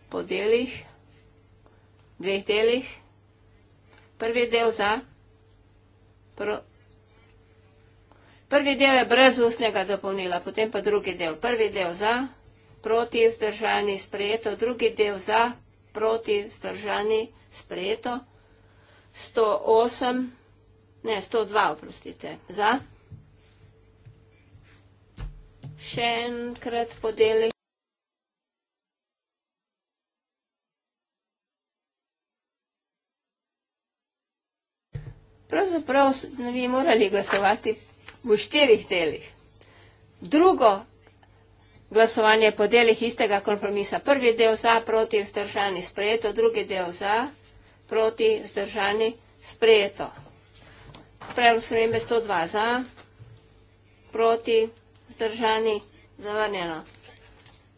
po delih, dveh delih. Prvi del za proti Prvi del je brez ustnega dopolnila, potem pa drugi del. Prvi del za, proti, vzdržani, sprejeto, drugi del za, proti, vzdržani, sprejeto. 108, ne, 102, oprostite, za. Še enkrat podeli. Pravzaprav ne bi morali glasovati v štirih delih. Drugo glasovanje po delih istega kompromisa. Prvi del za, proti, vzdržani, sprejeto. Drugi del za, proti, vzdržani, sprejeto. Predlog spremembe 102 za, proti, vzdržani, zavrnjeno.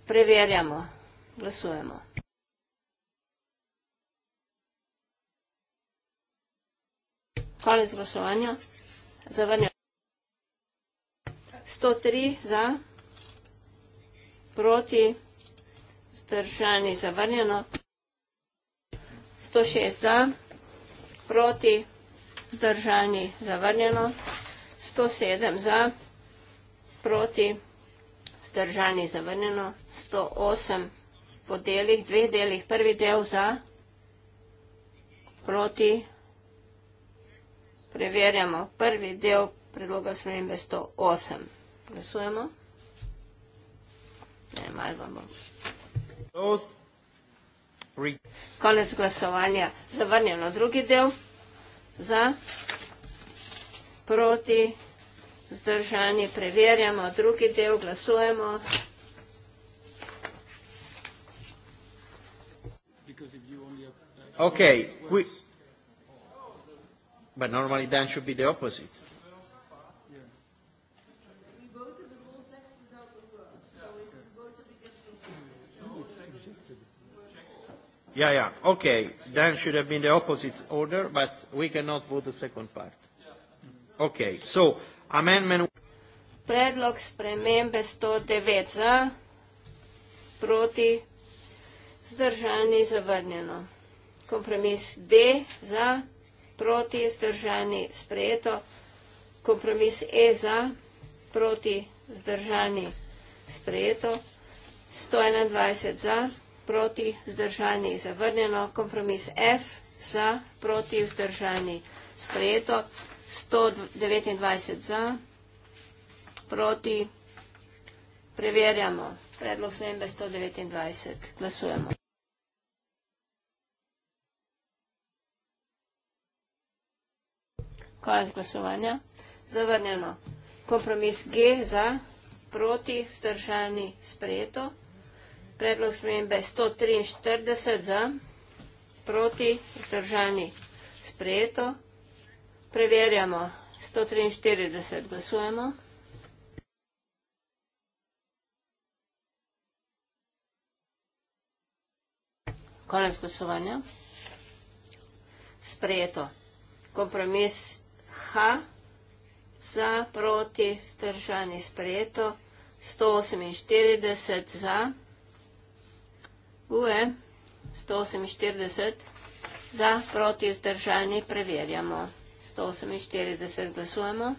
Preverjamo. Glasujemo. Konec glasovanja. Zavrnjeno. 103 za, proti, zdržani, zavrnjeno. 106 za, proti, zdržani, zavrnjeno. 107 za, proti, zdržani, zavrnjeno. 108 po delih, dveh delih, prvi del za, proti, preverjamo, prvi del proti, predloga spremembe 108. Glasujemo. Ne, malo bomo. Konec glasovanja. Zavrnjeno drugi del. Za, proti, zdržani, preverjamo. Drugi del, glasujemo. Okay, we, but normally then should be the opposite. Yeah, yeah. Okay. Then should have been the opposite order, but we cannot vote the second part. Okay. So, amendment... Predlog spremembe 109 za, proti, zdržani, zavrnjeno. Kompromis D za, proti, zdržani, sprejeto. Kompromis E za, proti, zdržani, sprejeto. 121 za, proti, zdržani, sprejeto proti, zdržani, zavrnjeno, kompromis F za, proti, zdržani, sprejeto, 129 za, proti, preverjamo, predlog smembe 129, glasujemo. Konec glasovanja, zavrnjeno, kompromis G za, proti, zdržani, sprejeto, 129 za, predlog smembe 143 za, proti, vzdržani, sprejeto. Preverjamo, 143 glasujemo. Konec glasovanja. Sprejeto. Kompromis H za, proti, vzdržani, sprejeto. 148 za. UE 148 za proti vzdržani preverjamo. 148 glasujemo.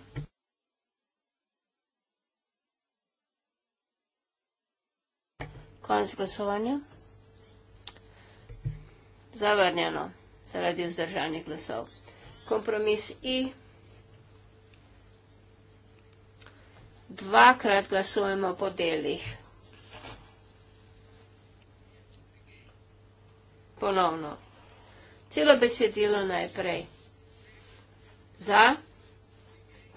Konec glasovanja. Zavrnjeno zaradi vzdržanih glasov. Kompromis I. Dvakrat glasujemo po delih. ponovno. Celo besedilo najprej. Za,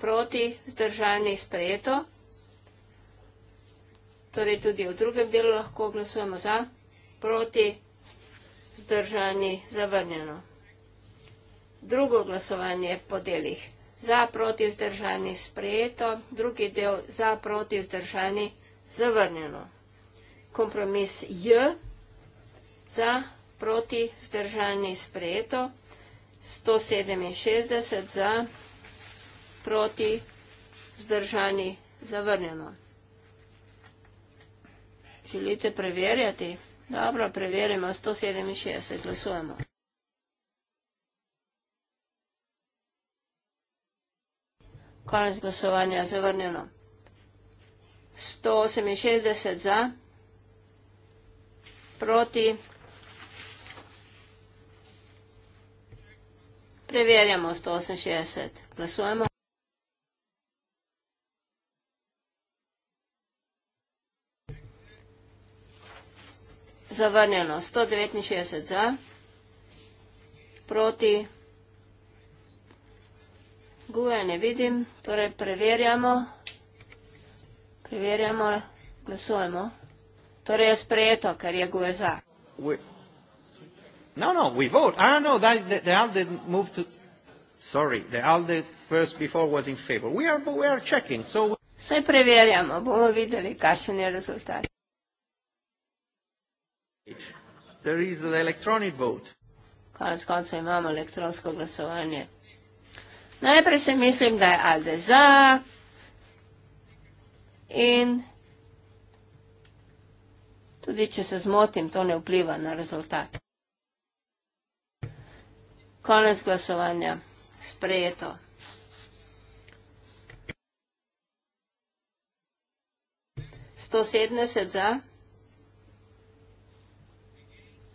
proti, zdržani, sprejeto. Torej tudi v drugem delu lahko glasujemo za, proti, zdržani, zavrnjeno. Drugo glasovanje po delih. Za, proti, zdržani, sprejeto. Drugi del za, proti, zdržani, zavrnjeno. Kompromis J. Za, proti vzdržalni sprejeto, 167 za proti vzdržani zavrnjeno. Želite preverjati? Dobro, preverimo, 167 glasujemo. Konec glasovanja zavrnjeno. 168 za, proti Preverjamo 168. Glasujemo. Zavrnjeno 169 za, proti, guje ne vidim, torej preverjamo, preverjamo, glasujemo. Torej je sprejeto, ker je guje za. Uj. No, no, we vote. Ah, no, that, the, the ALDE moved to... Sorry, the ALDE first before was in favor. We are, we are checking, so... Vse preverjamo, bomo videli, kakšen je rezultat. There is an electronic vote. Konec konca imamo elektronsko glasovanje. Najprej se mislim, da je ALDE za in tudi, če se zmotim, to ne vpliva na rezultat. Konec glasovanja. Sprejeto. Sto sedemdeset za,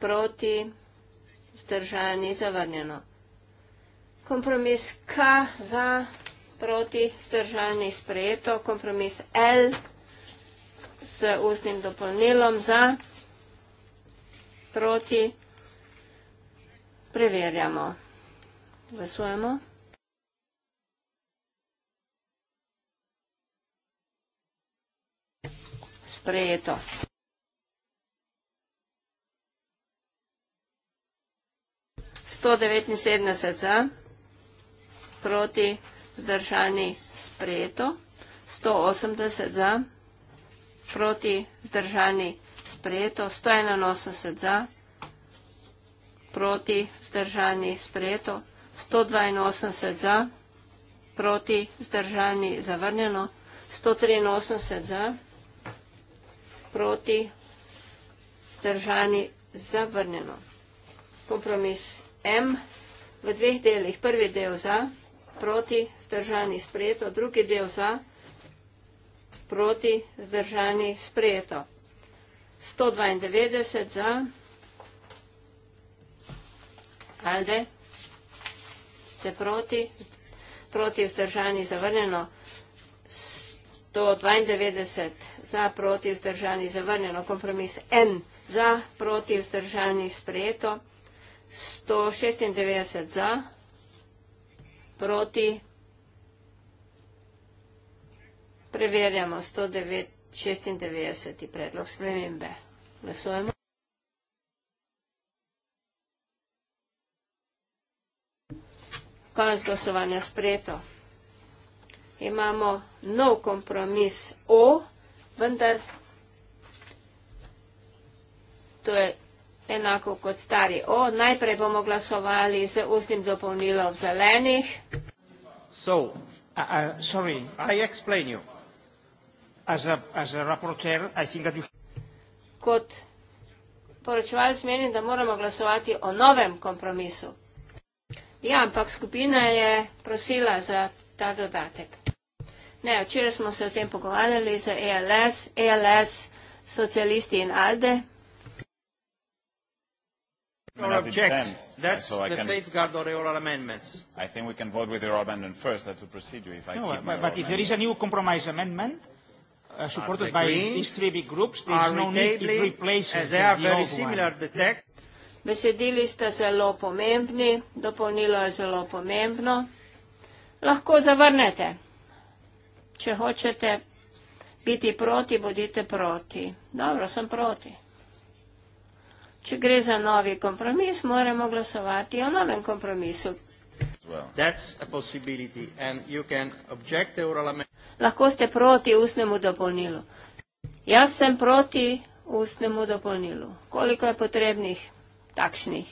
proti, vzdržani, zavrnjeno. Kompromis K za, proti, vzdržani, sprejeto. Kompromis L s ustnim dopolnilom za, proti, preverjamo. Glasujemo. Sprejeto. Sto devetinsedemdeset za, proti zdržani sprejeto. Sto osemdeset za, proti zdržani sprejeto. Sto enainosemdeset za, proti zdržani sprejeto. 182 za, proti, zdržani, zavrnjeno, 183 za, proti, zdržani, zavrnjeno. Kompromis M v dveh delih, prvi del za, proti, zdržani, sprejeto, drugi del za, proti, zdržani, sprejeto. 192 za, alde, ste proti, proti vzdržani zavrnjeno, 192 za, proti vzdržani zavrnjeno, kompromis N za, proti vzdržani sprejeto, 196 za, proti, preverjamo, 196 predlog spremembe. Glasujemo. Konec glasovanja sprejeto. Imamo nov kompromis O, vendar to je enako kot stari O. Najprej bomo glasovali z ustnim dopolnilom zelenih. So, uh, uh sorry, I explain you. As a, as a rapporteur, I think that you... Kot poročevalc menim, da moramo glasovati o novem kompromisu. Ja, ampak skupina je prosila za ta dodatek. Ne, včeraj smo se o tem pogovarjali z ALS, e ALS, e socialisti in ALDE. No, uh, supported by these three big groups, there is no need to replace as they are very similar. The text. Besedili sta zelo pomembni, dopolnilo je zelo pomembno. Lahko zavrnete. Če hočete biti proti, bodite proti. Dobro, sem proti. Če gre za novi kompromis, moramo glasovati o novem kompromisu. Lahko ste proti ustnemu dopolnilu. Jaz sem proti ustnemu dopolnilu. Koliko je potrebnih? takšnih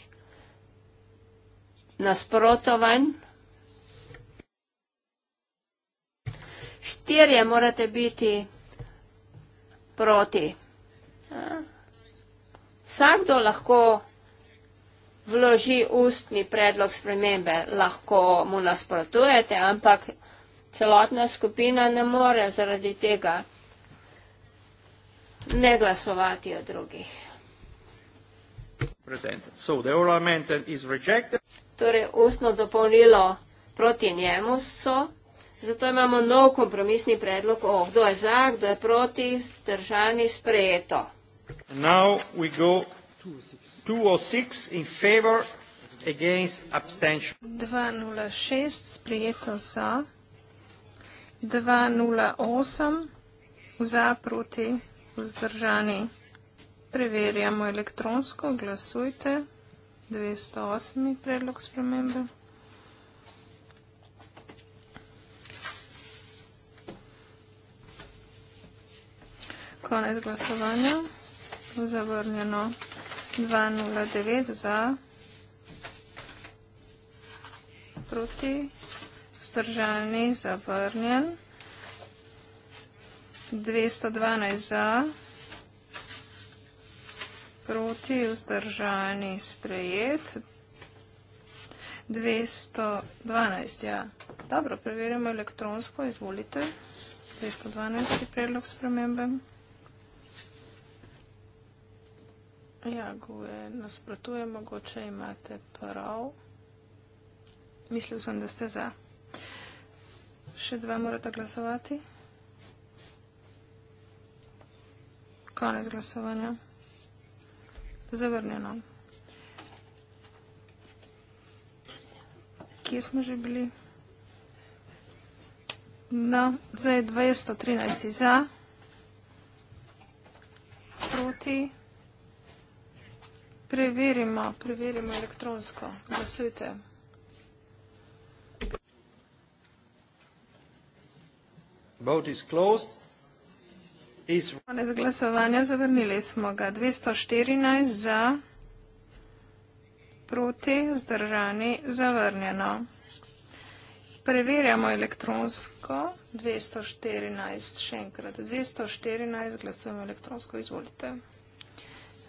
nasprotovanj. Štirje morate biti proti. Vsakdo lahko vloži ustni predlog spremembe, lahko mu nasprotujete, ampak celotna skupina ne more zaradi tega ne glasovati o drugih. Torej, ustno dopolnilo proti njemu so, zato imamo nov kompromisni predlog o, kdo je za, kdo je proti, držani sprejeto. Oh against abstention. 206 sprijeto za, 208 za proti vzdržani. Preverjamo elektronsko, glasujte. 208. predlog spremembe. Konec glasovanja. Zavrnjeno 209 za, proti, vzdržani, zavrnjen. 212 za proti, vzdržani, sprejet. 212, ja. Dobro, preverimo elektronsko, izvolite. 212 je predlog spremembe. Ja, gove, nasprotuje, mogoče imate prav. Mislil sem, da ste za. Še dva morata glasovati. Konec glasovanja. Zavrnjeno. Kje smo že bili? No, zdaj je 213 za, proti, preverimo, preverimo elektronsko, glasujte. Vote is closed. Konec glasovanja, zavrnili smo ga 214 za, proti, vzdržani, zavrnjeno. Preverjamo elektronsko, 214, še enkrat, 214, glasujemo elektronsko, izvolite.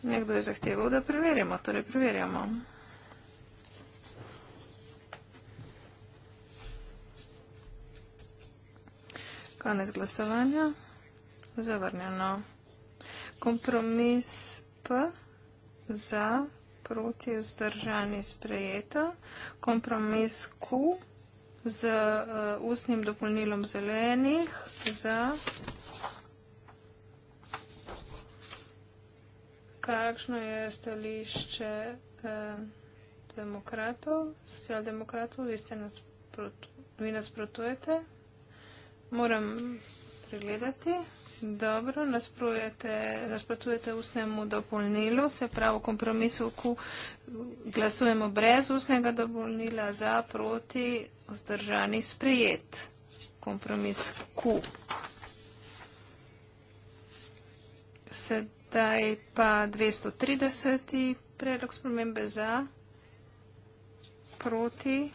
Nekdo je zahteval, da preverjamo, torej preverjamo. Konec glasovanja zavrnjeno. Kompromis P za, proti, vzdržani, sprejeto. Kompromis Q z uh, ustnim dopolnilom zelenih za, kakšno je stališče uh, demokratov, socialdemokratov, vi ste nas. Vi nasprotujete? Moram pregledati. Dobro, nasprotujete, nasprotujete ustnemu dopolnilu, se pravi v kompromisu, ko glasujemo brez ustnega dopolnila za, proti, vzdržani, sprijet. Kompromis Q. Sedaj pa 230. predlog spremembe za, proti,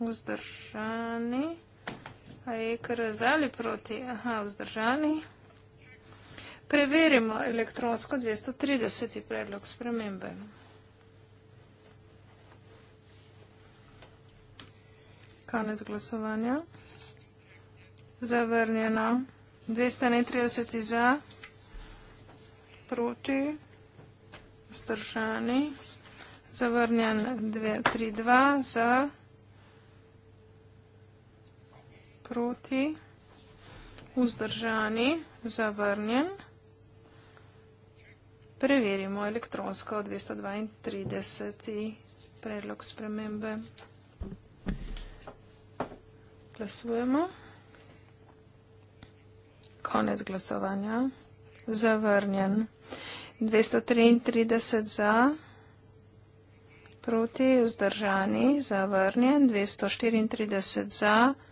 vzdržani, sprijet pa je KRZ ali proti, aha, vzdržani. Preverimo elektronsko 230. predlog spremembe. Konec glasovanja. Zavrnjeno. 230 za, proti, vzdržani. Zavrnjen 232 za. proti, vzdržani, zavrnjen. Preverimo elektronsko 232. predlog spremembe. Glasujemo. Konec glasovanja. Zavrnjen. 233 za, proti, vzdržani, zavrnjen. 234 za, proti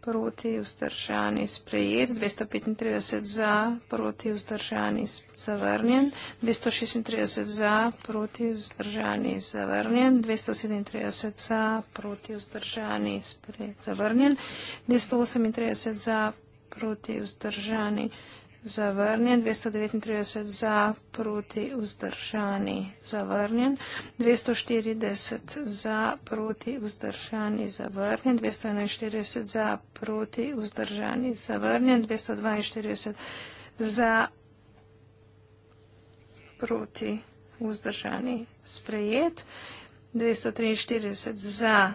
proti vzdržani sprejet, 235 za, proti vzdržani zavrnjen, 236 za, proti vzdržani zavrnjen, 237 za, proti vzdržani sprejet, zavrnjen, 238 za, proti vzdržani sprejet zavrnjen, 239 za, proti vzdržani, zavrnjen, 240 za, proti vzdržani, zavrnjen, 241 za, proti vzdržani, zavrnjen, 242 za, proti vzdržani, sprejet, 243 za,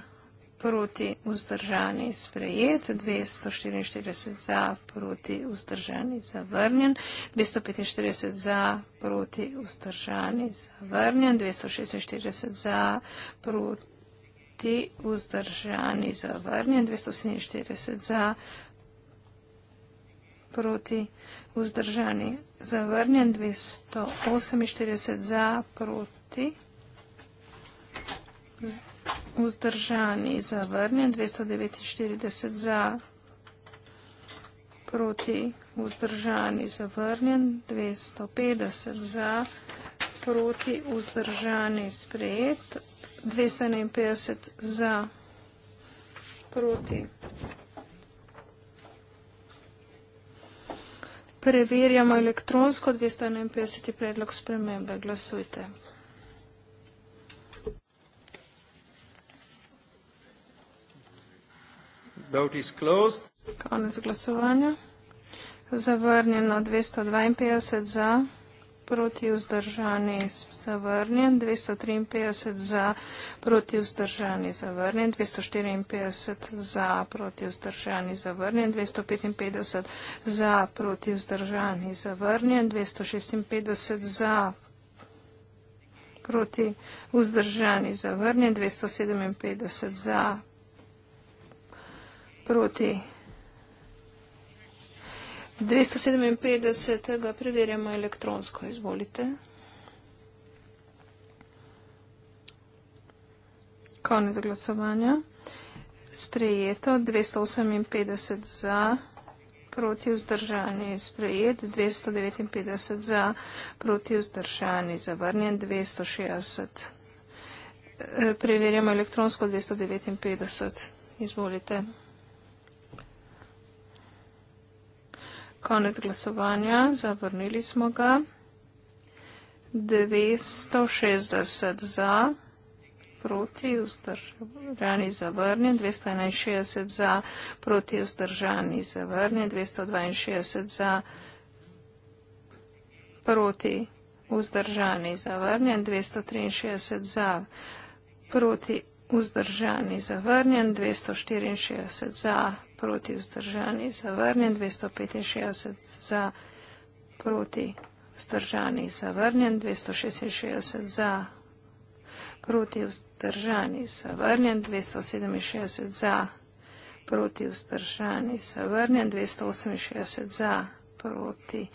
proti vzdržani sprejet, 244 za proti vzdržani zavrnjen, 245 za proti vzdržani zavrnjen, 246 za proti vzdržani zavrnjen, 247 za proti vzdržani zavrnjen, 248 za proti. Vzdržani zavrnjen, 249 za, proti vzdržani zavrnjen, 250 za, proti vzdržani sprejet, 251 za, proti. Preverjamo elektronsko 251. predlog spremembe. Glasujte. Vote is closed. Konec glasovanja. Zavrnjeno 252 za, proti vzdržani zavrnjen, 253 za, proti vzdržani zavrnjen, 254 za, proti vzdržani zavrnjen, 255 za, proti vzdržani zavrnjen, 256 za, proti vzdržani zavrnjen, 257 za, proti proti 257. ga preverjamo elektronsko. Izvolite. Konec glasovanja. Sprejeto. 258 za, proti vzdržani sprejet. 259 za, proti vzdržani zavrnjen. 260. Eh, preverjamo elektronsko 259. Izvolite. Konec glasovanja, zavrnili smo ga. 960 za, proti vzdržani zavrnjen, 261 za, proti vzdržani zavrnjen, 262 za, proti vzdržani zavrnjen, 263 za, proti vzdržani zavrnjen, 264 za, proti vzdržani, zavrnjen, 265 za proti vzdržani, zavrnjen, 266 za proti vzdržani, zavrnjen, 267 za proti vzdržani, zavrnjen, 268 za proti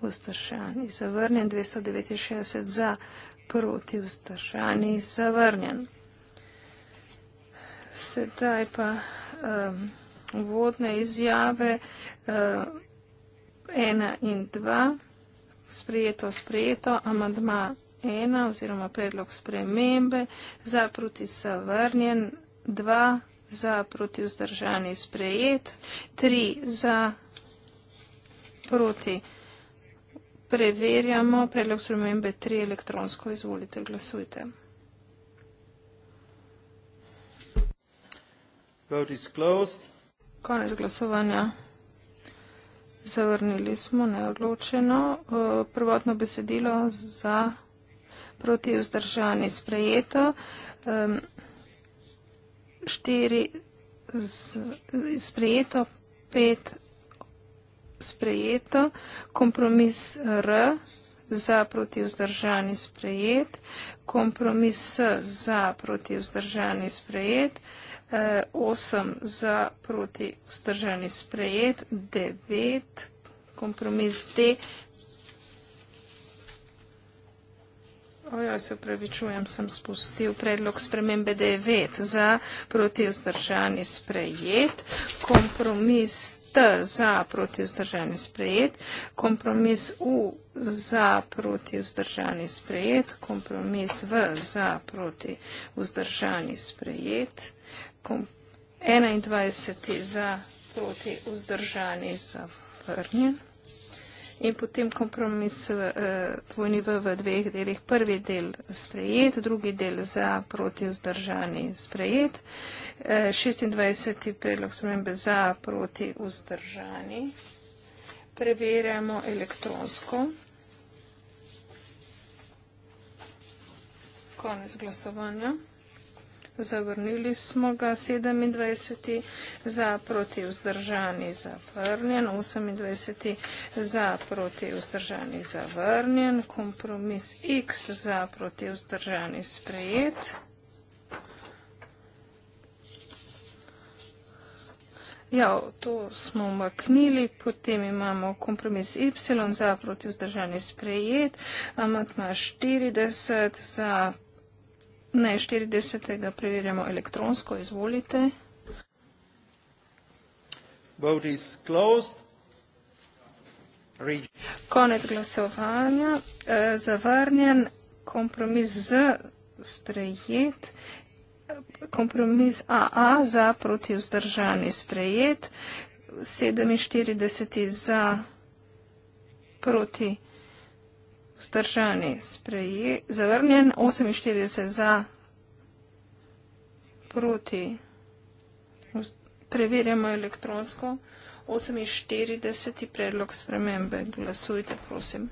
vzdržani, zavrnjen, 269 za proti vzdržani, zavrnjen. Sedaj pa um, uvodne izjave eh, ena in dva, sprejeto, sprejeto, amadma ena oziroma predlog spremembe, za proti se vrnjen, dva za proti vzdržani sprejet, tri za proti preverjamo, predlog spremembe tri elektronsko, izvolite, glasujte. Vote is closed. Konec glasovanja. Zavrnili smo neodločeno. Eh, prvotno besedilo za proti vzdržani sprejeto. Štiri sprejeto, pet sprejeto. Kompromis R za proti vzdržani sprejet. Kompromis S za proti vzdržani sprejet. 8 za proti vzdržani sprejet, 9 kompromis D. Ojoj, se upravičujem, sem spustil predlog spremembe 9 za proti vzdržani sprejet, kompromis T za proti vzdržani sprejet, kompromis U za proti vzdržani sprejet, kompromis V za proti vzdržani sprejet. 21 za proti vzdržani za vrnjen. In potem kompromis v eh, dvojni v v dveh delih. Prvi del sprejet, drugi del za proti vzdržani sprejet. 26. Eh, predlog spremembe za proti vzdržani. Preverjamo elektronsko. Konec glasovanja zavrnili smo ga 27 za proti vzdržani zavrnjen, 28 za proti vzdržani zavrnjen, kompromis X za proti vzdržani sprejet. Ja, to smo umaknili, potem imamo kompromis Y za proti vzdržani sprejet, amatma 40 za proti Ne, 40. preverjamo elektronsko, izvolite. Vote is closed. Reg Konec glasovanja, e, zavrnjen, kompromis z sprejet, kompromis AA za proti vzdržani sprejet, 47 za proti vzdržani vzdržani, spreji, zavrnjen, 48 za, proti, preverjamo elektronsko, 48 predlog spremembe, glasujte, prosim.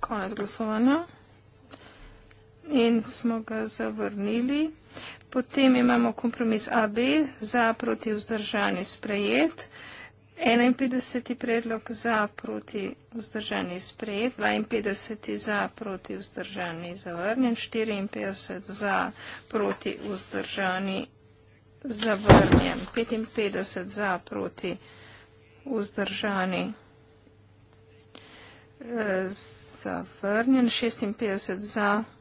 Konec glasovanja in smo ga zavrnili. Potem imamo kompromis AB za proti vzdržani sprejet, 51. predlog za proti vzdržani sprejet, 52. za proti vzdržani zavrnjen, 54. za proti vzdržani zavrnjen, 55. za proti vzdržani eh, zavrnjen, 56. za proti vzdržani zavrnjen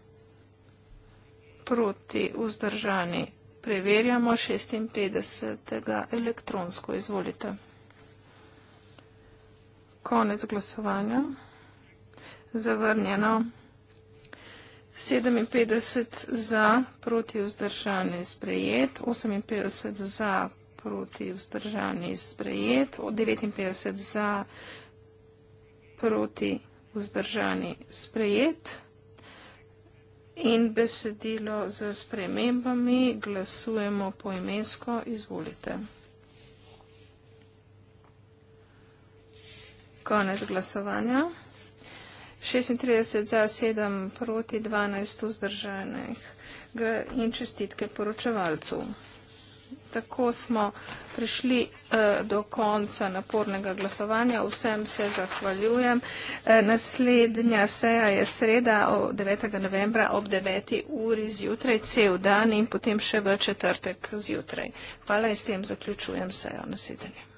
proti vzdržani. Preverjamo 56. elektronsko. Izvolite. Konec glasovanja. Zavrnjeno. 57 za proti vzdržani sprejet, 58 za proti vzdržani sprejet, 59 za proti vzdržani sprejet in besedilo z spremembami glasujemo poimensko. Izvolite. Konec glasovanja. 36 za 7 proti 12 vzdržanih in čestitke poročevalcu tako smo prišli eh, do konca napornega glasovanja. Vsem se zahvaljujem. Eh, naslednja seja je sreda 9. novembra ob 9. uri zjutraj, cel dan in potem še v četrtek zjutraj. Hvala in s tem zaključujem sejo. Nasedanje.